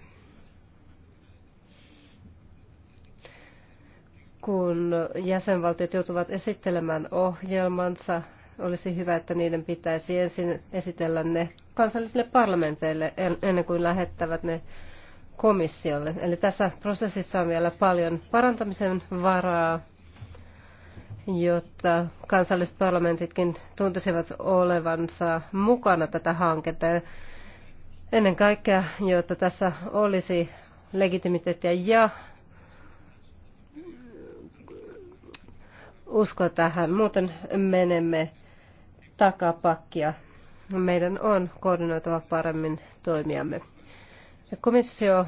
Kun jäsenvaltiot joutuvat esittelemään ohjelmansa olisi hyvä, että niiden pitäisi ensin esitellä ne kansallisille parlamenteille ennen kuin lähettävät ne komissiolle. Eli tässä prosessissa on vielä paljon parantamisen varaa, jotta kansalliset parlamentitkin tuntisivat olevansa mukana tätä hanketta. Ennen kaikkea, jotta tässä olisi legitimiteettiä ja usko tähän. Muuten menemme takapakkia. Meidän on koordinoitava paremmin toimiamme. Ja komissio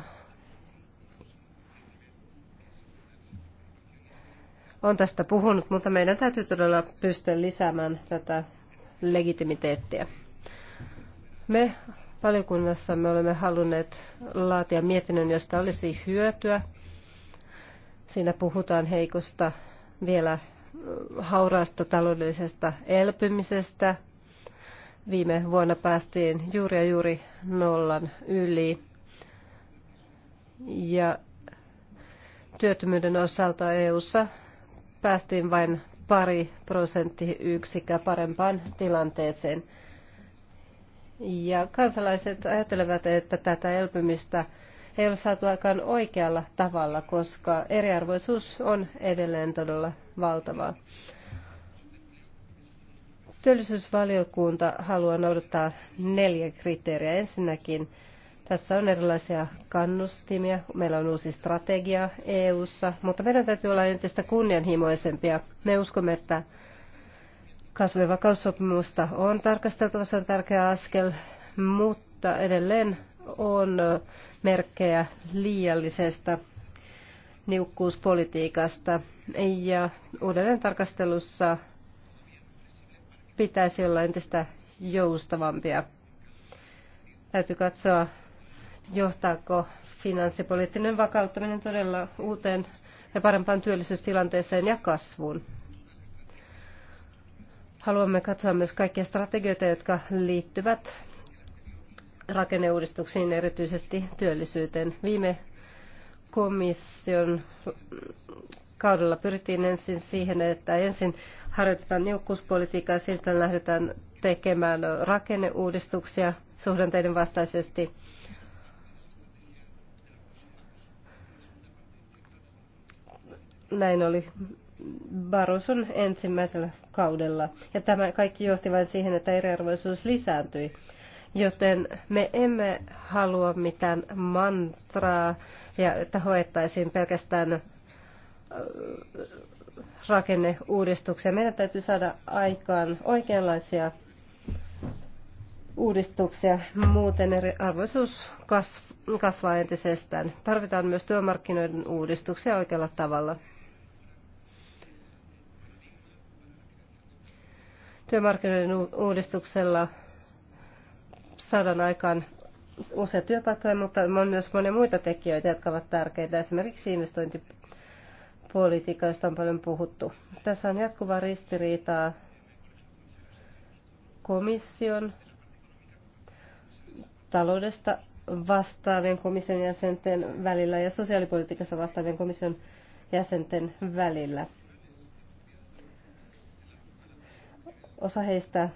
on tästä puhunut, mutta meidän täytyy todella pystyä lisäämään tätä legitimiteettiä. Me valiokunnassa me olemme halunneet laatia mietinnön, josta olisi hyötyä. Siinä puhutaan heikosta vielä hauraasta taloudellisesta elpymisestä. Viime vuonna päästiin juuri ja juuri nollan yli. Ja työttömyyden osalta EU:ssa päästiin vain pari prosenttiyksikköä parempaan tilanteeseen. Ja kansalaiset ajattelevat, että tätä elpymistä ei ole saatu aikaan oikealla tavalla, koska eriarvoisuus on edelleen todella valtavaa. Työllisyysvaliokunta haluaa noudattaa neljä kriteeriä. Ensinnäkin tässä on erilaisia kannustimia. Meillä on uusi strategia EU:ssa, mutta meidän täytyy olla entistä kunnianhimoisempia. Me uskomme, että kasvu- vakaussopimusta on tarkasteltava, se on tärkeä askel, mutta edelleen on merkkejä liiallisesta niukkuuspolitiikasta ja uudelleen tarkastelussa pitäisi olla entistä joustavampia. Täytyy katsoa, johtaako finanssipoliittinen vakauttaminen todella uuteen ja parempaan työllisyystilanteeseen ja kasvuun. Haluamme katsoa myös kaikkia strategioita, jotka liittyvät rakenneuudistuksiin, erityisesti työllisyyteen. Viime komission kaudella pyrittiin ensin siihen, että ensin harjoitetaan niukkuuspolitiikkaa ja sitten lähdetään tekemään rakenneuudistuksia suhdanteiden vastaisesti. Näin oli Baroson ensimmäisellä kaudella. Ja tämä kaikki johti vain siihen, että eriarvoisuus lisääntyi joten me emme halua mitään mantraa, ja että hoettaisiin pelkästään rakenneuudistuksia. Meidän täytyy saada aikaan oikeanlaisia uudistuksia, muuten eriarvoisuus kasvaa entisestään. Tarvitaan myös työmarkkinoiden uudistuksia oikealla tavalla. Työmarkkinoiden uudistuksella saadaan aikaan useita työpaikkoja, mutta on myös monia muita tekijöitä, jotka ovat tärkeitä. Esimerkiksi investointipolitiikasta on paljon puhuttu. Tässä on jatkuvaa ristiriitaa komission taloudesta vastaavien komission jäsenten välillä ja sosiaalipolitiikasta vastaavien komission jäsenten välillä. Osa heistä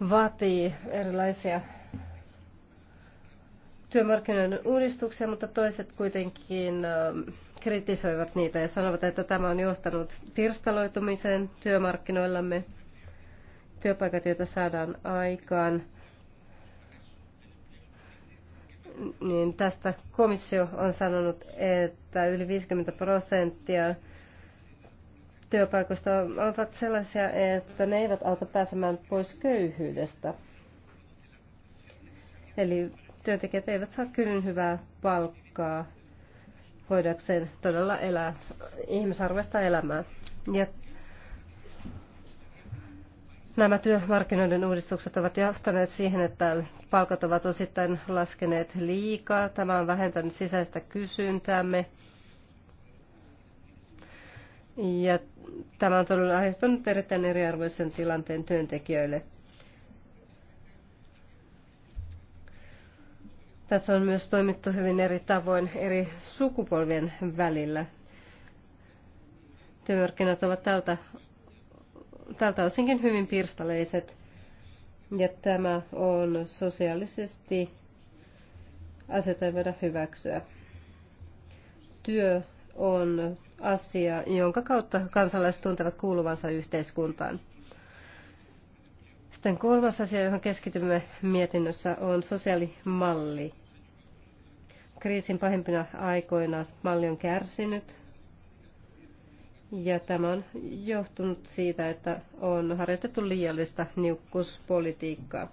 vaatii erilaisia työmarkkinoiden uudistuksia, mutta toiset kuitenkin ähm, kritisoivat niitä ja sanovat, että tämä on johtanut pirstaloitumiseen työmarkkinoillamme. Työpaikat, joita saadaan aikaan, niin tästä komissio on sanonut, että yli 50 prosenttia työpaikoista ovat sellaisia, että ne eivät auta pääsemään pois köyhyydestä. Eli työntekijät eivät saa kyllin hyvää palkkaa voidakseen todella elää ihmisarvoista elämää. Ja nämä työmarkkinoiden uudistukset ovat johtaneet siihen, että palkat ovat osittain laskeneet liikaa. Tämä on vähentänyt sisäistä kysyntäämme ja tämä on todella aiheuttanut erittäin eriarvoisen tilanteen työntekijöille. Tässä on myös toimittu hyvin eri tavoin eri sukupolvien välillä. Työmarkkinat ovat tältä, tältä osinkin hyvin pirstaleiset. Ja tämä on sosiaalisesti aseta voida hyväksyä. Työ on asia, jonka kautta kansalaiset tuntevat kuuluvansa yhteiskuntaan. Sitten kolmas asia, johon keskitymme mietinnössä, on sosiaalimalli. Kriisin pahimpina aikoina malli on kärsinyt ja tämä on johtunut siitä, että on harjoitettu liiallista niukkuspolitiikkaa.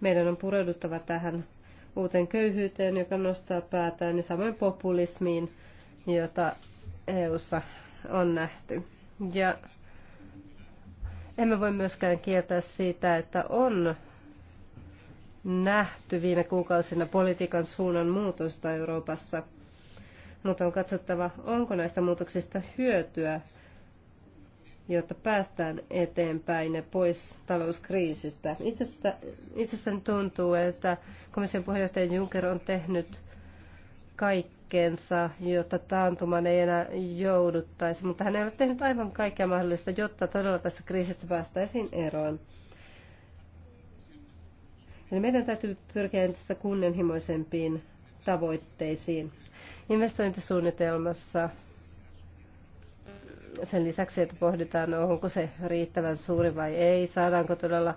Meidän on pureuduttava tähän uuteen köyhyyteen, joka nostaa päätään, niin samoin populismiin, jota EU:ssa on nähty. Ja emme voi myöskään kieltää siitä, että on nähty viime kuukausina politiikan suunnan muutosta Euroopassa, mutta on katsottava, onko näistä muutoksista hyötyä jotta päästään eteenpäin ja pois talouskriisistä. itsestäni tuntuu, että komission puheenjohtaja Juncker on tehnyt kaikkeensa, jotta taantuman ei enää jouduttaisi, mutta hän ei ole tehnyt aivan kaikkea mahdollista, jotta todella tästä kriisistä päästäisiin eroon. Eli meidän täytyy pyrkiä entistä kunnianhimoisempiin tavoitteisiin. Investointisuunnitelmassa sen lisäksi, että pohditaan, onko se riittävän suuri vai ei, saadaanko todella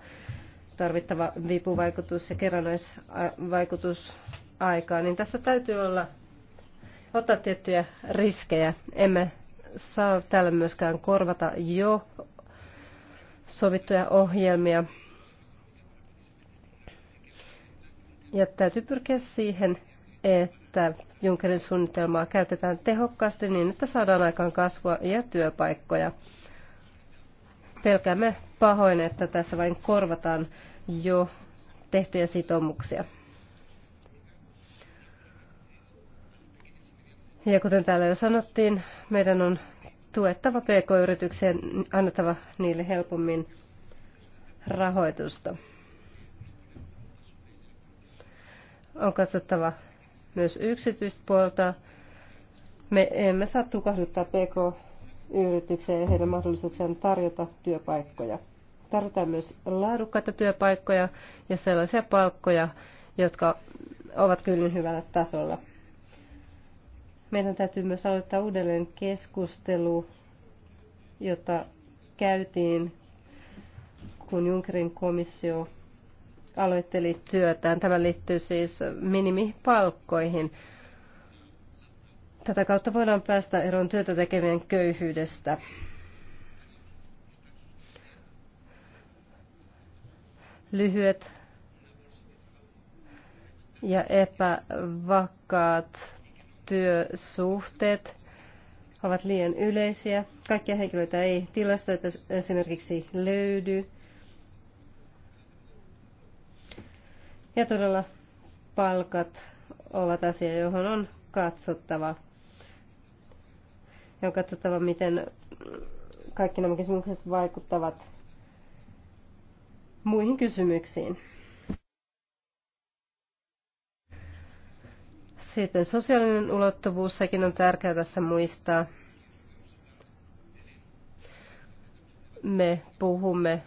tarvittava vipuvaikutus ja kerrannaisvaikutus aikaa, niin tässä täytyy olla ottaa tiettyjä riskejä. Emme saa täällä myöskään korvata jo sovittuja ohjelmia. Ja täytyy pyrkiä siihen, että Junckerin suunnitelmaa käytetään tehokkaasti niin, että saadaan aikaan kasvua ja työpaikkoja. Pelkäämme pahoin, että tässä vain korvataan jo tehtyjä sitoumuksia. Ja kuten täällä jo sanottiin, meidän on tuettava pk-yrityksiä, annettava niille helpommin rahoitusta. On katsottava myös yksityistä puolta. Me emme saa tukahduttaa PK-yrityksiä ja heidän mahdollisuuksiaan tarjota työpaikkoja. Tarvitaan myös laadukkaita työpaikkoja ja sellaisia palkkoja, jotka ovat kyllä niin hyvällä tasolla. Meidän täytyy myös aloittaa uudelleen keskustelu, jota käytiin, kun Junckerin komissio aloitteli työtään. Tämä liittyy siis minimipalkkoihin. Tätä kautta voidaan päästä eroon työtä tekevien köyhyydestä. Lyhyet ja epävakaat työsuhteet ovat liian yleisiä. Kaikkia henkilöitä ei tilastoita esimerkiksi löydy. Ja todella palkat ovat asia, johon on katsottava. Ja on katsottava, miten kaikki nämä kysymykset vaikuttavat muihin kysymyksiin. Sitten sosiaalinen ulottuvuus, sekin on tärkeää tässä muistaa. Me puhumme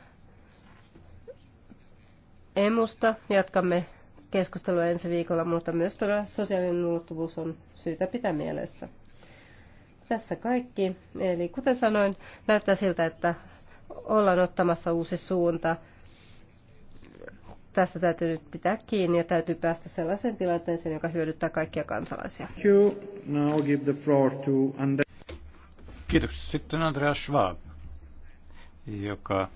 emusta. Jatkamme keskustelua ensi viikolla, mutta myös todella sosiaalinen ulottuvuus on syytä pitää mielessä. Tässä kaikki. Eli kuten sanoin, näyttää siltä, että ollaan ottamassa uusi suunta. Tästä täytyy nyt pitää kiinni ja täytyy päästä sellaiseen tilanteeseen, joka hyödyttää kaikkia kansalaisia. Kiitos. Sitten Andreas Schwab, joka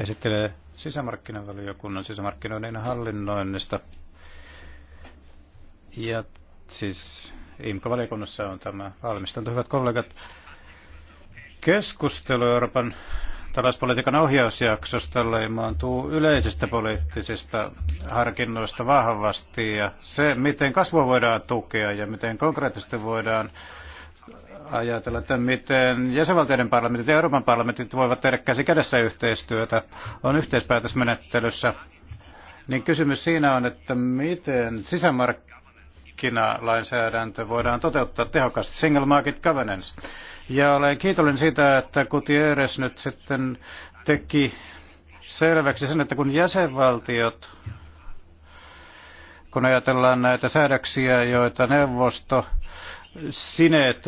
esittelee sisämarkkinavaliokunnan sisämarkkinoiden hallinnoinnista. Ja siis IMCO-valiokunnassa on tämä valmisteltu. Hyvät kollegat, keskustelu Euroopan talouspolitiikan ohjausjaksosta leimaantuu yleisistä poliittisista harkinnoista vahvasti ja se, miten kasvua voidaan tukea ja miten konkreettisesti voidaan ajatella, että miten jäsenvaltioiden parlamentit ja Euroopan parlamentit voivat tehdä käsi kädessä yhteistyötä, on yhteispäätösmenettelyssä, niin kysymys siinä on, että miten sisämarkkinalainsäädäntö voidaan toteuttaa tehokkaasti, single market governance. Ja olen kiitollinen siitä, että Gutierrez nyt sitten teki selväksi sen, että kun jäsenvaltiot, kun ajatellaan näitä säädöksiä, joita neuvosto sineet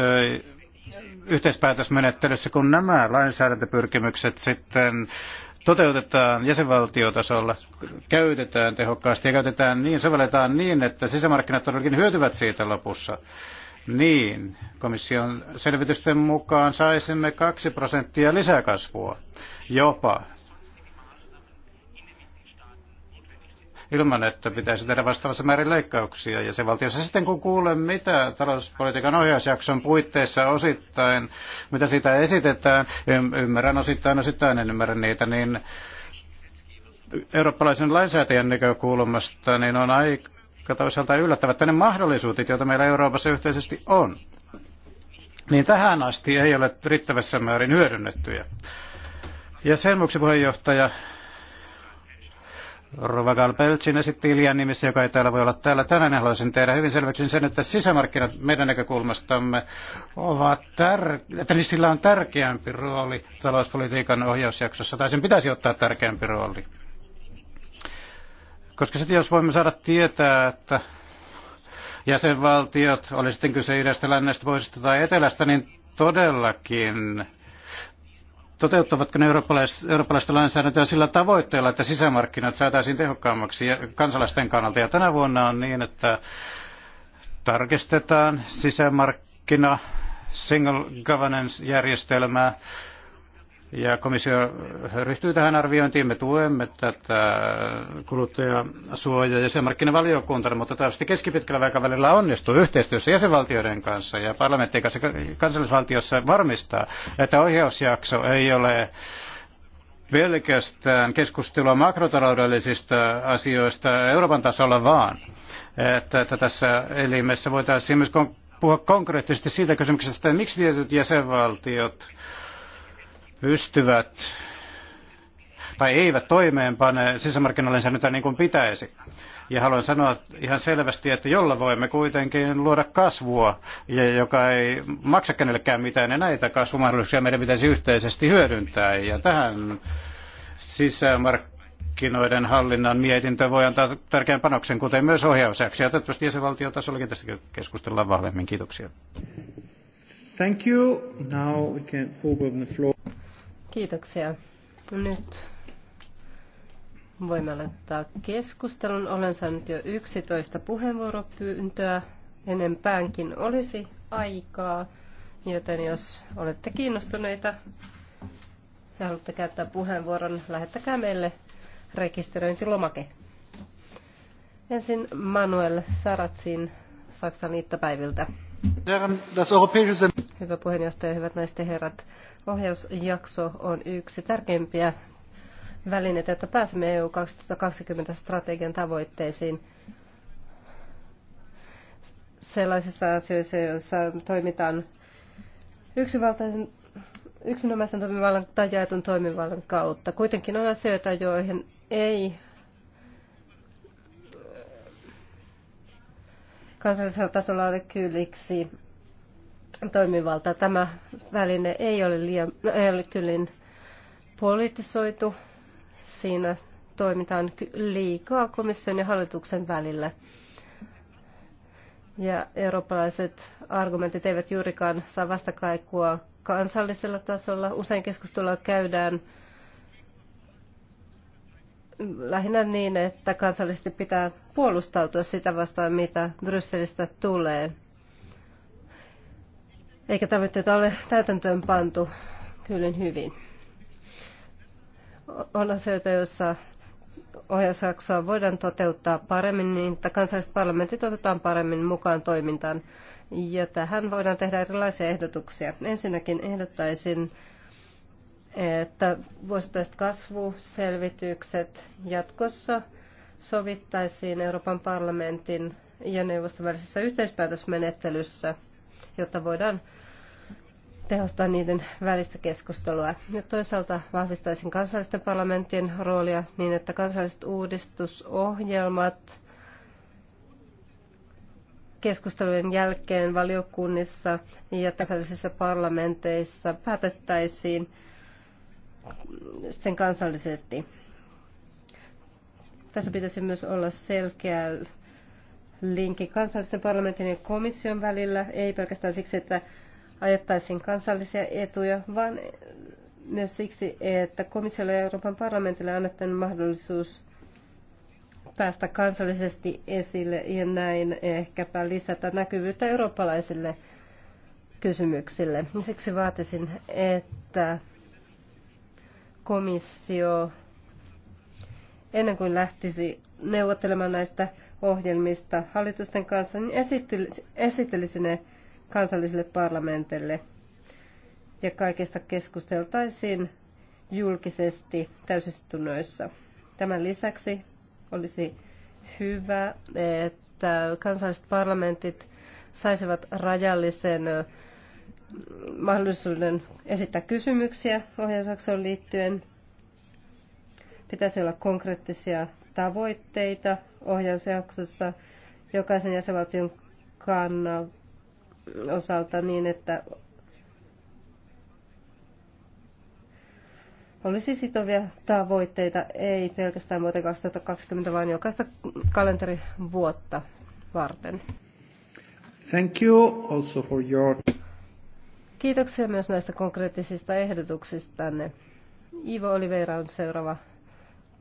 yhteispäätösmenettelyssä, kun nämä lainsäädäntöpyrkimykset sitten toteutetaan jäsenvaltiotasolla, käytetään tehokkaasti ja käytetään niin, sovelletaan niin, että sisämarkkinat todellakin hyötyvät siitä lopussa. Niin, komission selvitysten mukaan saisimme 2 prosenttia lisäkasvua jopa ilman, että pitäisi tehdä vastaavassa määrin leikkauksia jäsenvaltiossa. Sitten kun kuulen, mitä talouspolitiikan ohjausjakson puitteissa osittain, mitä sitä esitetään, ymmärrän osittain, osittain en ymmärrä niitä, niin eurooppalaisen lainsäätäjän näkökulmasta niin on aika toisaalta yllättävät että ne mahdollisuudet, joita meillä Euroopassa yhteisesti on, niin tähän asti ei ole riittävässä määrin hyödynnettyjä. Ja sen vuoksi puheenjohtaja Rova Galpeltsin esitti Ilian nimissä, joka ei täällä voi olla täällä tänään. Haluaisin tehdä hyvin selväksi sen, että sisämarkkinat meidän näkökulmastamme ovat tär- että sillä on tärkeämpi rooli talouspolitiikan ohjausjaksossa, tai sen pitäisi ottaa tärkeämpi rooli. Koska sitten jos voimme saada tietää, että jäsenvaltiot, oli sitten kyse idästä, lännestä, pohjoisesta tai etelästä, niin todellakin toteuttavatko ne eurooppalaista, eurooppalaista lainsäädäntöä sillä tavoitteella, että sisämarkkinat saataisiin tehokkaammaksi kansalaisten kannalta. Ja tänä vuonna on niin, että tarkistetaan sisämarkkina single governance-järjestelmää ja komissio ryhtyy tähän arviointiin. Me tuemme tätä kuluttajasuojaa ja sen mutta tietysti keskipitkällä aikavälillä onnistuu yhteistyössä jäsenvaltioiden kanssa ja parlamenttien kanssa kansallisvaltiossa varmistaa, että ohjausjakso ei ole pelkästään keskustelua makrotaloudellisista asioista Euroopan tasolla vaan, että, että tässä elimessä voitaisiin myös puhua konkreettisesti siitä kysymyksestä, että miksi tietyt jäsenvaltiot pystyvät tai eivät toimeenpane sisämarkkinalainsäädäntöä niin kuin pitäisi. Ja haluan sanoa ihan selvästi, että jolla voimme kuitenkin luoda kasvua, joka ei maksa kenellekään mitään, ja näitä kasvumahdollisuuksia meidän pitäisi yhteisesti hyödyntää. Ja tähän sisämarkkinoiden hallinnan mietintö voi antaa tärkeän panoksen, kuten myös ohjausjakso. Ja toivottavasti jäsenvaltiotasollakin tästä keskustellaan vahvemmin. Kiitoksia. Thank you. Now we can open the floor. Kiitoksia. Nyt voimme aloittaa keskustelun. Olen saanut jo 11 puheenvuoropyyntöä. Enempäänkin olisi aikaa, joten jos olette kiinnostuneita ja haluatte käyttää puheenvuoron, lähettäkää meille rekisteröintilomake. Ensin Manuel Saratsin Saksan liittopäiviltä. Hyvä puheenjohtaja, hyvät naiset ja herrat. Ohjausjakso on yksi tärkeimpiä välineitä, että pääsemme EU 2020 strategian tavoitteisiin sellaisissa asioissa, joissa toimitaan yksinvaltaisen yksinomaisen toimivallan tai jaetun toimivallan kautta. Kuitenkin on asioita, joihin ei kansallisella tasolla ole kylliksi toimivalta Tämä väline ei ole, liian, ei ole tylin politisoitu. Siinä toimitaan liikaa komission ja hallituksen välillä. Ja eurooppalaiset argumentit eivät juurikaan saa vastakaikua kansallisella tasolla. Usein keskustelua käydään lähinnä niin, että kansallisesti pitää puolustautua sitä vastaan, mitä Brysselistä tulee eikä tavoitteita ole täytäntöön pantu kyllin hyvin. On asioita, joissa ohjausjaksoa voidaan toteuttaa paremmin niin, että kansalliset parlamentit otetaan paremmin mukaan toimintaan. Ja tähän voidaan tehdä erilaisia ehdotuksia. Ensinnäkin ehdottaisin, että vuosittaiset kasvuselvitykset jatkossa sovittaisiin Euroopan parlamentin ja neuvoston välisessä yhteispäätösmenettelyssä, jotta voidaan tehostaa niiden välistä keskustelua. Ja toisaalta vahvistaisin kansallisten parlamenttien roolia niin, että kansalliset uudistusohjelmat keskustelujen jälkeen valiokunnissa ja kansallisissa parlamenteissa päätettäisiin sitten kansallisesti. Tässä pitäisi myös olla selkeä linkki kansallisten parlamentin ja komission välillä, ei pelkästään siksi, että ajettaisiin kansallisia etuja, vaan myös siksi, että komissiolle ja Euroopan parlamentille annettiin mahdollisuus päästä kansallisesti esille ja näin ehkäpä lisätä näkyvyyttä eurooppalaisille kysymyksille. Siksi vaatisin, että komissio ennen kuin lähtisi neuvottelemaan näistä ohjelmista hallitusten kanssa, niin esittelisi, esittelisi ne kansallisille parlamenteille ja kaikesta keskusteltaisiin julkisesti täysistunnoissa. Tämän lisäksi olisi hyvä, että kansalliset parlamentit saisivat rajallisen mahdollisuuden esittää kysymyksiä ohjausjaksoon liittyen. Pitäisi olla konkreettisia tavoitteita ohjausjaksossa jokaisen jäsenvaltion kannalta osalta niin, että olisi sitovia tavoitteita, ei pelkästään vuoteen 2020, vaan jokaista kalenterivuotta varten. Thank you also for your... Kiitoksia myös näistä konkreettisista ehdotuksista. Ivo Oliveira on seuraava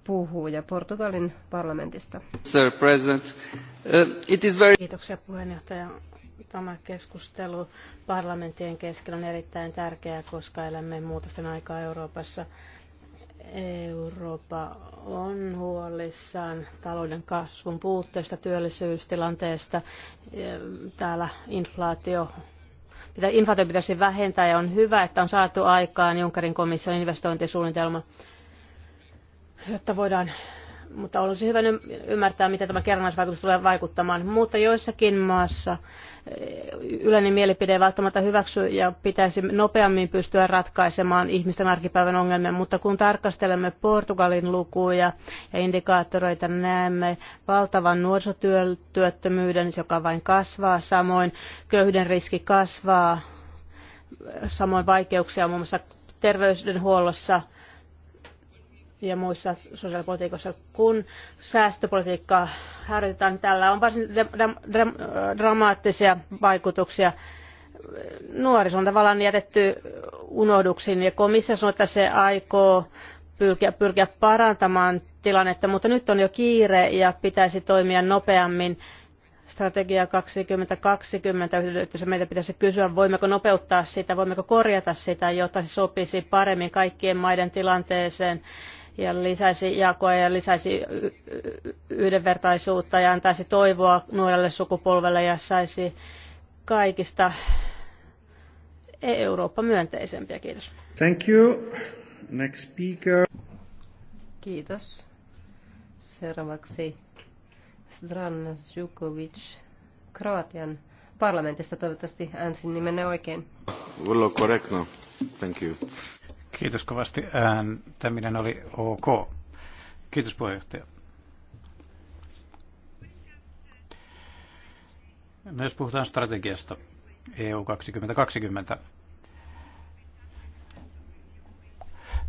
puhuja Portugalin parlamentista. Sir President, uh, it is very... Kiitoksia puheenjohtaja tämä keskustelu parlamenttien keskellä on erittäin tärkeää, koska elämme muutosten aikaa Euroopassa. Eurooppa on huolissaan talouden kasvun puutteesta, työllisyystilanteesta. Täällä inflaatio inflaatio pitäisi vähentää ja on hyvä, että on saatu aikaan Junckerin komission investointisuunnitelma, jotta voidaan mutta olisi hyvä ymmärtää, miten tämä kerrannaisvaikutus tulee vaikuttamaan. Mutta joissakin maassa eh, yleinen mielipide ei välttämättä hyväksy ja pitäisi nopeammin pystyä ratkaisemaan ihmisten arkipäivän ongelmia. Mutta kun tarkastelemme Portugalin lukuja ja indikaattoreita, näemme valtavan nuorisotyöttömyyden, joka vain kasvaa. Samoin köyhyyden riski kasvaa, samoin vaikeuksia muun muassa terveydenhuollossa – ja muissa sosiaalipolitiikoissa, kun säästöpolitiikkaa harjoitetaan, niin tällä on varsin dramaattisia vaikutuksia. Nuoriso on tavallaan jätetty unohduksiin ja komissio sanoo, että se aikoo pyrkiä, pyrkiä parantamaan tilannetta, mutta nyt on jo kiire ja pitäisi toimia nopeammin. Strategia 2020, että meitä pitäisi kysyä, voimmeko nopeuttaa sitä, voimmeko korjata sitä, jotta se sopisi paremmin kaikkien maiden tilanteeseen ja lisäisi jakoa ja lisäisi yhdenvertaisuutta ja antaisi toivoa nuorelle sukupolvelle ja saisi kaikista Eurooppa myönteisempiä. Kiitos. Thank you. Next speaker. Kiitos. Seuraavaksi Zdran Zjukovic Kroatian parlamentista. Toivottavasti äänsin nimenne oikein. Vrlo korrekno. Thank you. Kiitos kovasti. Ääntäminen oli ok. Kiitos puheenjohtaja. No jos puhutaan strategiasta EU 2020,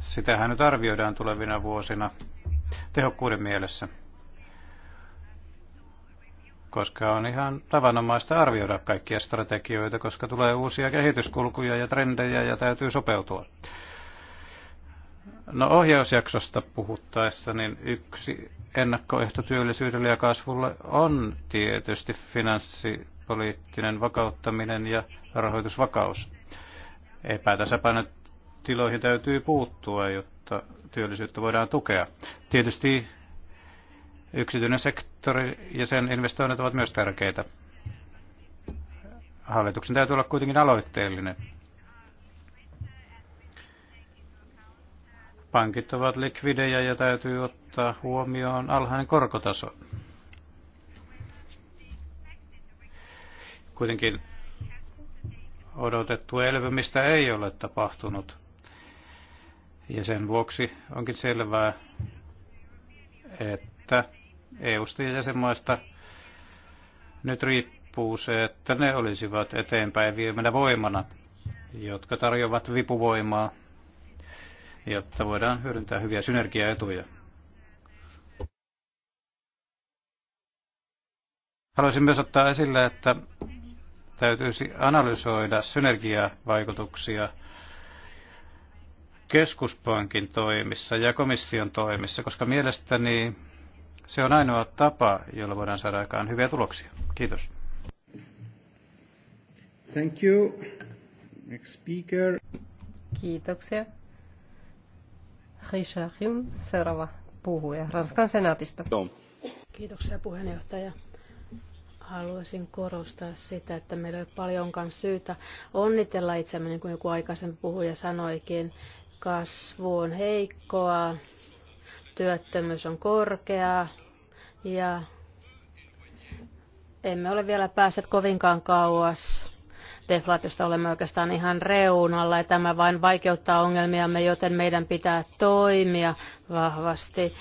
sitähän nyt arvioidaan tulevina vuosina tehokkuuden mielessä, koska on ihan tavanomaista arvioida kaikkia strategioita, koska tulee uusia kehityskulkuja ja trendejä ja täytyy sopeutua. No ohjausjaksosta puhuttaessa, niin yksi ennakkoehto työllisyydelle ja kasvulle on tietysti finanssipoliittinen vakauttaminen ja rahoitusvakaus. Epätasapainotiloihin täytyy puuttua, jotta työllisyyttä voidaan tukea. Tietysti yksityinen sektori ja sen investoinnit ovat myös tärkeitä. Hallituksen täytyy olla kuitenkin aloitteellinen pankit ovat likvidejä ja täytyy ottaa huomioon alhainen korkotaso. Kuitenkin odotettua elvymistä ei ole tapahtunut. Ja sen vuoksi onkin selvää, että eu ja jäsenmaista nyt riippuu se, että ne olisivat eteenpäin viemänä voimana, jotka tarjoavat vipuvoimaa jotta voidaan hyödyntää hyviä synergiaetuja. Haluaisin myös ottaa esille, että täytyisi analysoida synergiavaikutuksia keskuspankin toimissa ja komission toimissa, koska mielestäni se on ainoa tapa, jolla voidaan saada aikaan hyviä tuloksia. Kiitos. Thank you. Next speaker. Kiitoksia. Richard seuraava puhuja Ranskan senaatista. Kiitoksia puheenjohtaja. Haluaisin korostaa sitä, että meillä ei ole paljonkaan syytä onnitella itseämme, niin kuin joku aikaisempi puhuja sanoikin. Kasvu on heikkoa, työttömyys on korkea ja emme ole vielä päässeet kovinkaan kauas deflaatiosta olemme oikeastaan ihan reunalla ja tämä vain vaikeuttaa ongelmiamme, joten meidän pitää toimia vahvasti.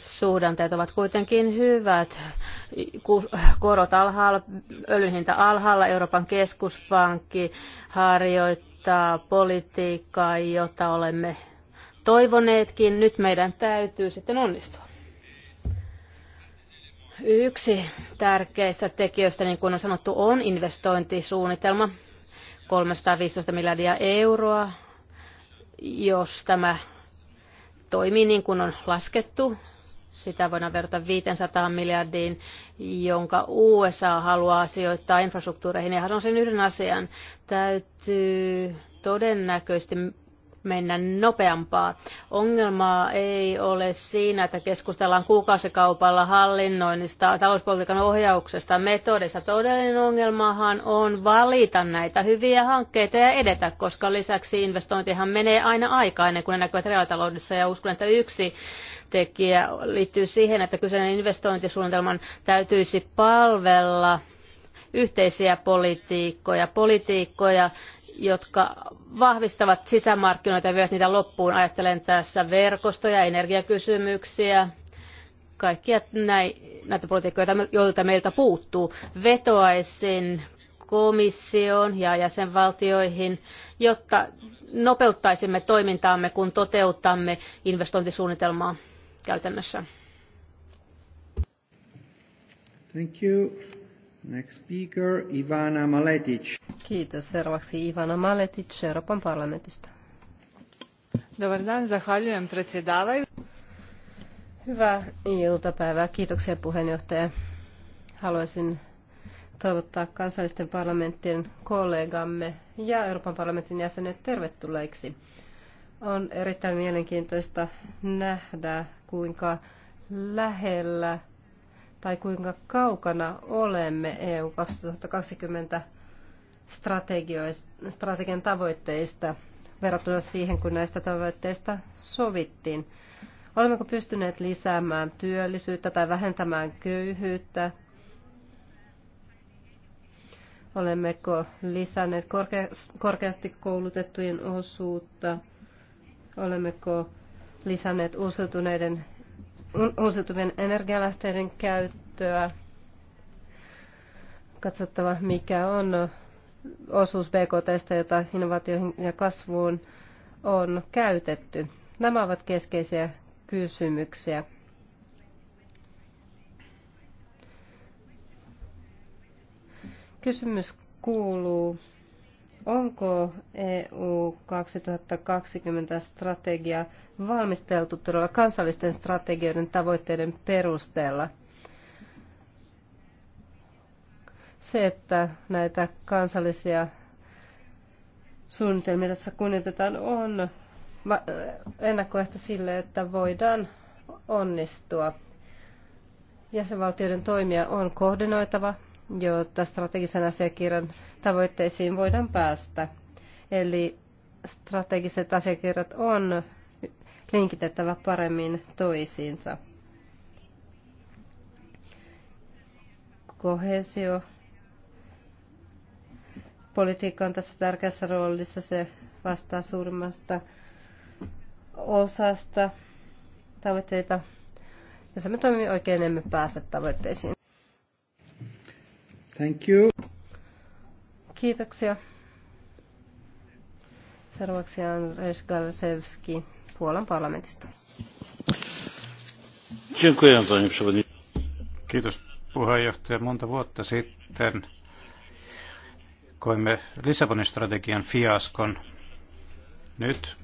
Suhdanteet ovat kuitenkin hyvät. Korot alhaalla, öljyn hinta alhaalla, Euroopan keskuspankki harjoittaa politiikkaa, jota olemme toivoneetkin. Nyt meidän täytyy sitten onnistua yksi tärkeistä tekijöistä, niin kuin on sanottu, on investointisuunnitelma. 315 miljardia euroa, jos tämä toimii niin kuin on laskettu. Sitä voidaan verrata 500 miljardiin, jonka USA haluaa sijoittaa infrastruktuureihin. Ja sanon sen yhden asian. Täytyy todennäköisesti mennä nopeampaa. Ongelmaa ei ole siinä, että keskustellaan kuukausikaupalla hallinnoinnista, talouspolitiikan ohjauksesta, metodista. Todellinen ongelmahan on valita näitä hyviä hankkeita ja edetä, koska lisäksi investointihan menee aina aikaa ennen kuin ne näkyvät reaalitaloudessa. Ja uskon, että yksi tekijä liittyy siihen, että kyseinen investointisuunnitelman täytyisi palvella yhteisiä politiikkoja, politiikkoja, jotka vahvistavat sisämarkkinoita ja vievät niitä loppuun. Ajattelen tässä verkostoja, energiakysymyksiä, kaikkia näitä politiikkoja, joilta meiltä puuttuu. Vetoaisin komissioon ja jäsenvaltioihin, jotta nopeuttaisimme toimintaamme, kun toteutamme investointisuunnitelmaa käytännössä. Thank you. Next speaker, Ivana Maletic. Kiitos. Seuraavaksi Ivana Maletic Euroopan parlamentista. Dobar dan, zahvaljujem predsjedavaju. Hyvää iltapäivää. Kiitoksia puheenjohtaja. Haluaisin toivottaa kansallisten parlamenttien kollegamme ja Euroopan parlamentin jäsenet tervetulleiksi. On erittäin mielenkiintoista nähdä, kuinka lähellä tai kuinka kaukana olemme EU 2020 strategian tavoitteista verrattuna siihen, kun näistä tavoitteista sovittiin. Olemmeko pystyneet lisäämään työllisyyttä tai vähentämään köyhyyttä? Olemmeko lisänneet korkeasti koulutettujen osuutta? Olemmeko lisänneet uusiutuneiden uusiutuvien energialähteiden käyttöä, katsottava mikä on osuus BKT, jota innovaatioihin ja kasvuun on käytetty. Nämä ovat keskeisiä kysymyksiä. Kysymys kuuluu, Onko EU 2020 strategia valmisteltu todella kansallisten strategioiden tavoitteiden perusteella? Se, että näitä kansallisia suunnitelmia tässä kunnioitetaan, on ennakkoehto sille, että voidaan onnistua. Jäsenvaltioiden toimia on koordinoitava jotta strategisen asiakirjan tavoitteisiin voidaan päästä. Eli strategiset asiakirjat on linkitettävä paremmin toisiinsa. Kohesio politiikka on tässä tärkeässä roolissa. Se vastaa suurimmasta osasta tavoitteita. Jos me toimimme oikein, niin emme pääse tavoitteisiin. Thank you. Kiitoksia. Seuraavaksi Andrzej Galsewski Puolan parlamentista. Kiitos puheenjohtaja. Monta vuotta sitten koimme Lissabonin strategian fiaskon. Nyt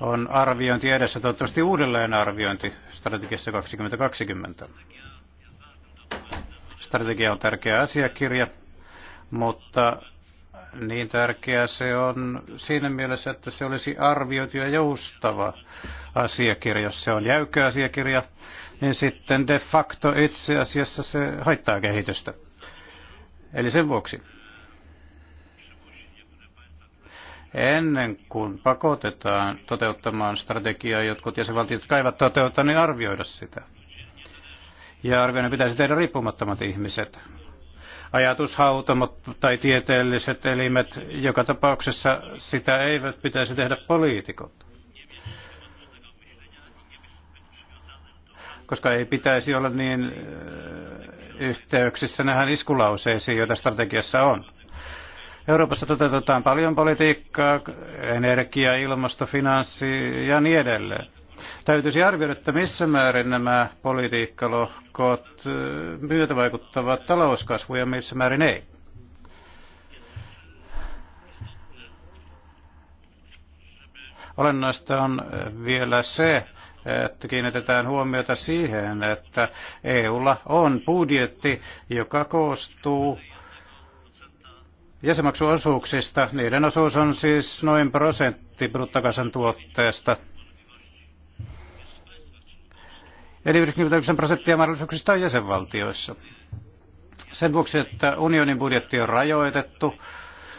on arviointi edessä, toivottavasti uudelleen arviointi strategiassa 2020. Strategia on tärkeä asiakirja, mutta niin tärkeä se on siinä mielessä, että se olisi arvioitu ja joustava asiakirja. Jos se on jäykkä asiakirja, niin sitten de facto itse asiassa se haittaa kehitystä. Eli sen vuoksi. Ennen kuin pakotetaan toteuttamaan strategiaa, jotkut jäsenvaltiot kaivat toteuttaa, niin arvioida sitä ja arvioinnin pitäisi tehdä riippumattomat ihmiset. Ajatushautomot tai tieteelliset elimet, joka tapauksessa sitä eivät pitäisi tehdä poliitikot. Koska ei pitäisi olla niin äh, yhteyksissä näihin iskulauseisiin, joita strategiassa on. Euroopassa toteutetaan paljon politiikkaa, energia, ilmasto, finanssi ja niin edelleen. Täytyisi arvioida, että missä määrin nämä politiikkalohkot myötävaikuttavat talouskasvuun ja missä määrin ei. Olennaista on vielä se, että kiinnitetään huomiota siihen, että EUlla on budjetti, joka koostuu jäsenmaksuosuuksista. Niiden osuus on siis noin prosentti bruttokansantuotteesta. Eli 99 prosenttia mahdollisuuksista on jäsenvaltioissa. Sen vuoksi, että unionin budjetti on rajoitettu,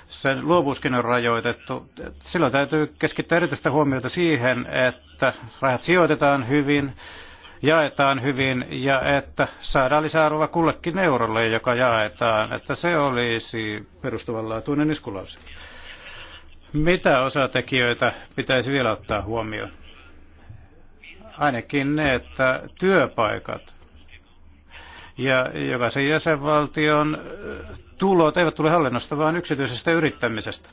sen luovuuskin on rajoitettu. Silloin täytyy keskittää erityistä huomiota siihen, että rahat sijoitetaan hyvin, jaetaan hyvin ja että saadaan lisäarvoa kullekin eurolle, joka jaetaan, että se olisi perustavanlaatuinen iskulause. Mitä osatekijöitä pitäisi vielä ottaa huomioon? ainakin ne, että työpaikat ja jokaisen jäsenvaltion tulot eivät tule hallinnosta, vaan yksityisestä yrittämisestä.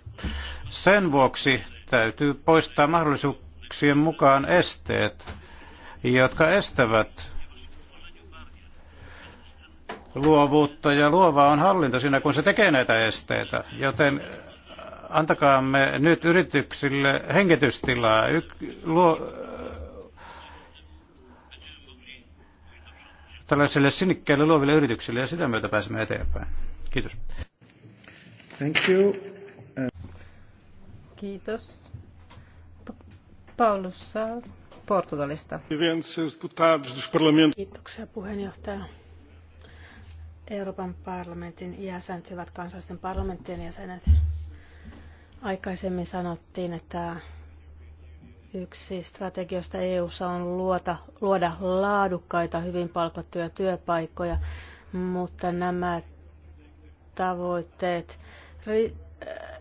Sen vuoksi täytyy poistaa mahdollisuuksien mukaan esteet, jotka estävät luovuutta ja luova on hallinto siinä, kun se tekee näitä esteitä. Joten antakaamme nyt yrityksille hengitystilaa. luo, Tällaiselle sinnikkäille luoville yrityksille ja sitä myötä pääsemme eteenpäin. Kiitos. Thank you. Uh, Kiitos. Paulus Portugalista. Kiitoksia puheenjohtaja. Euroopan parlamentin jäsenet, hyvät kansallisten parlamenttien jäsenet. Aikaisemmin sanottiin, että Yksi strategioista EU:ssa on luota, luoda laadukkaita, hyvin palkattuja työpaikkoja, mutta nämä tavoitteet äh,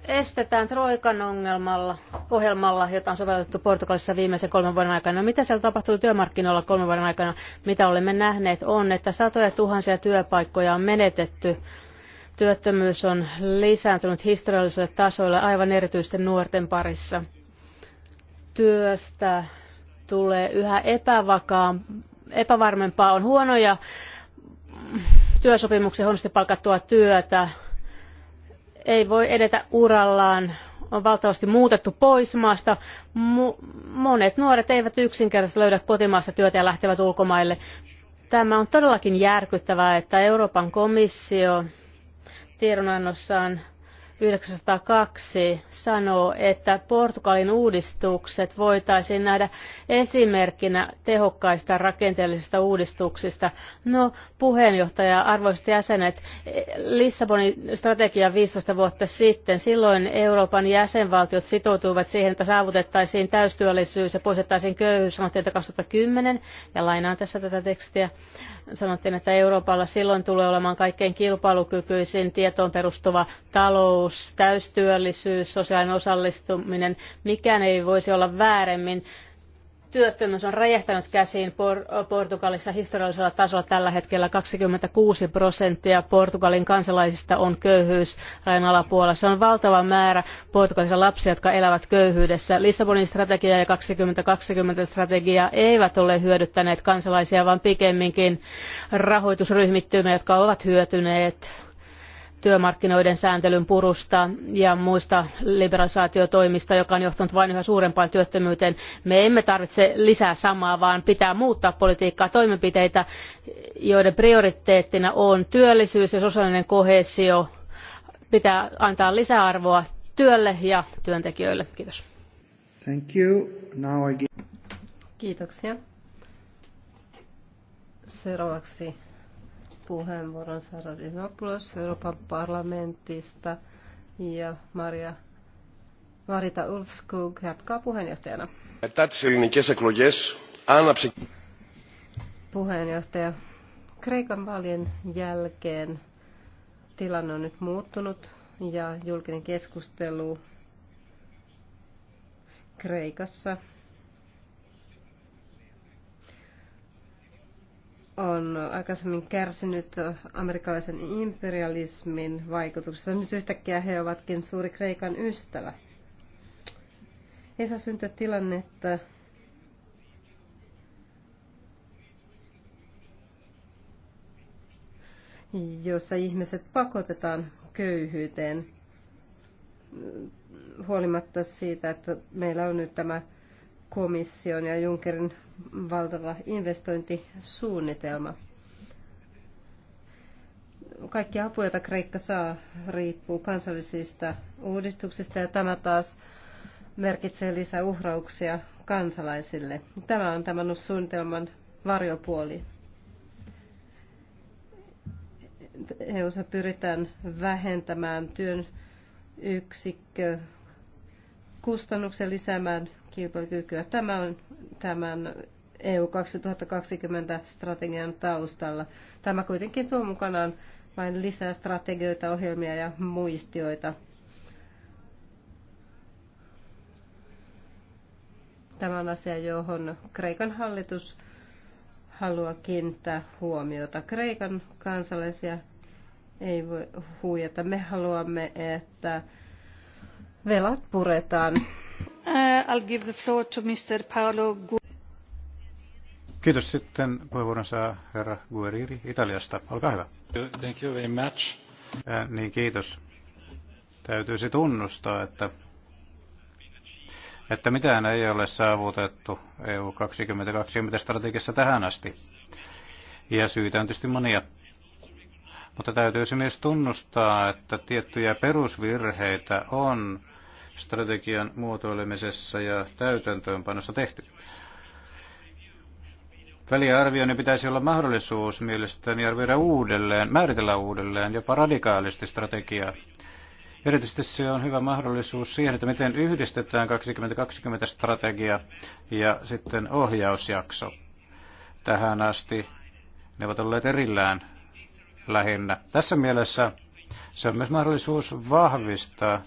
estetään Troikan ongelmalla, ohjelmalla, jota on sovellettu Portugalissa viimeisen kolmen vuoden aikana. No, mitä siellä tapahtuu työmarkkinoilla kolmen vuoden aikana? Mitä olemme nähneet on, että satoja tuhansia työpaikkoja on menetetty. Työttömyys on lisääntynyt historialliselle tasolle, aivan erityisesti nuorten parissa työstä tulee yhä epävarmempaa. On huonoja työsopimuksia, huonosti palkattua työtä. Ei voi edetä urallaan. On valtavasti muutettu pois maasta. monet nuoret eivät yksinkertaisesti löydä kotimaasta työtä ja lähtevät ulkomaille. Tämä on todellakin järkyttävää, että Euroopan komissio tiedonannossaan 1902 sanoo, että Portugalin uudistukset voitaisiin nähdä esimerkkinä tehokkaista rakenteellisista uudistuksista. No, puheenjohtaja, arvoisat jäsenet, Lissabonin strategia 15 vuotta sitten, silloin Euroopan jäsenvaltiot sitoutuivat siihen, että saavutettaisiin täystyöllisyys ja poistettaisiin köyhyys, sanottiin, että 2010, ja lainaan tässä tätä tekstiä, sanottiin, että Euroopalla silloin tulee olemaan kaikkein kilpailukykyisin tietoon perustuva talous, avoimuus, täystyöllisyys, sosiaalinen osallistuminen, mikään ei voisi olla vääremmin. Työttömyys on räjähtänyt käsiin Portugalissa historiallisella tasolla tällä hetkellä. 26 prosenttia Portugalin kansalaisista on köyhyysrajan alapuolella. Se on valtava määrä portugalissa lapsia, jotka elävät köyhyydessä. Lissabonin strategia ja 2020 strategia eivät ole hyödyttäneet kansalaisia, vaan pikemminkin rahoitusryhmittymiä, jotka ovat hyötyneet työmarkkinoiden sääntelyn purusta ja muista liberalisaatiotoimista, joka ovat johtaneet vain yhä suurempaan työttömyyteen. Me emme tarvitse lisää samaa, vaan pitää muuttaa politiikkaa toimenpiteitä, joiden prioriteettina on työllisyys ja sosiaalinen koheesio. Pitää antaa lisäarvoa työlle ja työntekijöille. Kiitos. Thank you. Now I give... Kiitoksia. Seuraavaksi puheenvuoron Sara Dimopoulos Euroopan parlamentista ja Maria Marita Ulfskog jatkaa puheenjohtajana. Μετά τις ελληνικές Puheenjohtaja, Kreikan vaalien jälkeen tilanne on nyt muuttunut ja julkinen keskustelu Kreikassa on aikaisemmin kärsinyt amerikkalaisen imperialismin vaikutuksesta. Nyt yhtäkkiä he ovatkin suuri Kreikan ystävä. Ei saa syntyä tilannetta, jossa ihmiset pakotetaan köyhyyteen huolimatta siitä, että meillä on nyt tämä komission ja Junckerin valtava investointisuunnitelma. Kaikki apu, jota Kreikka saa, riippuu kansallisista uudistuksista ja tämä taas merkitsee lisää uhrauksia kansalaisille. Tämä on tämän suunnitelman varjopuoli. EUssa pyritään vähentämään työn yksikkö kustannuksen lisäämään kilpailukykyä. Tämä on tämän EU 2020 strategian taustalla. Tämä kuitenkin tuo mukanaan vain lisää strategioita, ohjelmia ja muistioita. Tämä on asia, johon Kreikan hallitus haluaa kiinnittää huomiota. Kreikan kansalaisia ei voi huijata. Me haluamme, että velat puretaan. Uh, kiitos. Sitten puheenvuoron saa herra Guerrieri Italiasta. Olkaa hyvä. Thank you very much. Ja, niin, kiitos. Täytyy Täytyisi tunnustaa, että, että mitään ei ole saavutettu EU 2020 strategiassa tähän asti. Ja syitä on tietysti monia. Mutta täytyy myös tunnustaa, että tiettyjä perusvirheitä on strategian muotoilemisessa ja täytäntöönpanossa tehty. Väliarvioinnin pitäisi olla mahdollisuus mielestäni arvioida uudelleen, määritellä uudelleen jopa radikaalisti strategiaa. Erityisesti se on hyvä mahdollisuus siihen, että miten yhdistetään 2020-strategia ja sitten ohjausjakso. Tähän asti ne ovat olleet erillään lähinnä. Tässä mielessä se on myös mahdollisuus vahvistaa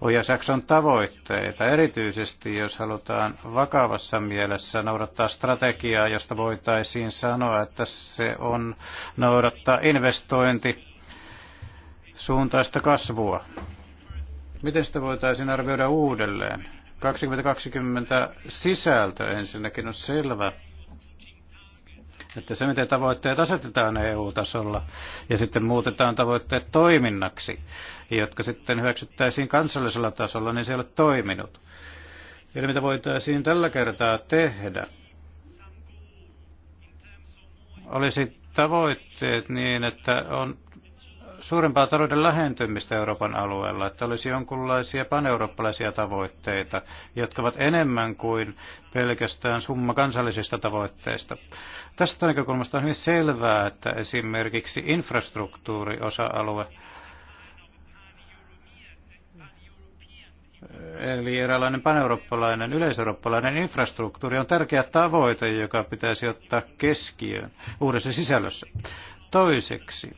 Ojasekson tavoitteita, erityisesti jos halutaan vakavassa mielessä noudattaa strategiaa, josta voitaisiin sanoa, että se on noudattaa investointi suuntaista kasvua. Miten sitä voitaisiin arvioida uudelleen? 2020 sisältö ensinnäkin on selvä että se miten tavoitteet asetetaan EU-tasolla ja sitten muutetaan tavoitteet toiminnaksi, jotka sitten hyväksyttäisiin kansallisella tasolla, niin se ei ole toiminut. Eli mitä voitaisiin tällä kertaa tehdä? Olisi tavoitteet niin, että on suurempaa talouden lähentymistä Euroopan alueella, että olisi jonkinlaisia paneurooppalaisia tavoitteita, jotka ovat enemmän kuin pelkästään summa kansallisista tavoitteista. Tästä näkökulmasta on hyvin selvää, että esimerkiksi infrastruktuuriosa-alue, eli eräänlainen paneurooppalainen, yleiseurooppalainen infrastruktuuri on tärkeä tavoite, joka pitäisi ottaa keskiöön uudessa sisällössä. Toiseksi,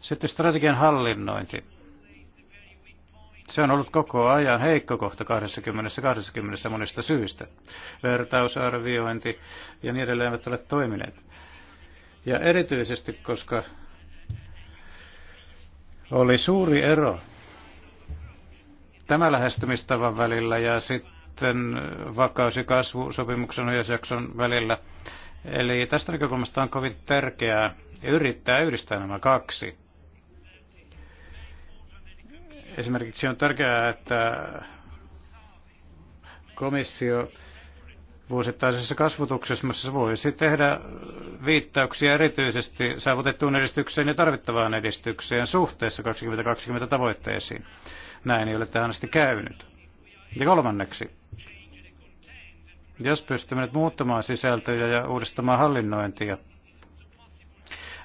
sitten strategian hallinnointi. Se on ollut koko ajan heikko kohta 20-20 monista syistä. Vertausarviointi ja niin edelleen eivät ole toimineet. Ja erityisesti, koska oli suuri ero tämän lähestymistavan välillä ja sitten vakaus- ja kasvusopimuksen ohjausjakson välillä. Eli tästä näkökulmasta on kovin tärkeää yrittää yhdistää nämä kaksi Esimerkiksi on tärkeää, että komissio vuosittaisessa kasvutuksessa voisi tehdä viittauksia erityisesti saavutettuun edistykseen ja tarvittavaan edistykseen suhteessa 2020 tavoitteisiin. Näin ei ole tähän asti käynyt. Ja kolmanneksi, jos pystymme nyt muuttamaan sisältöjä ja uudistamaan hallinnointia,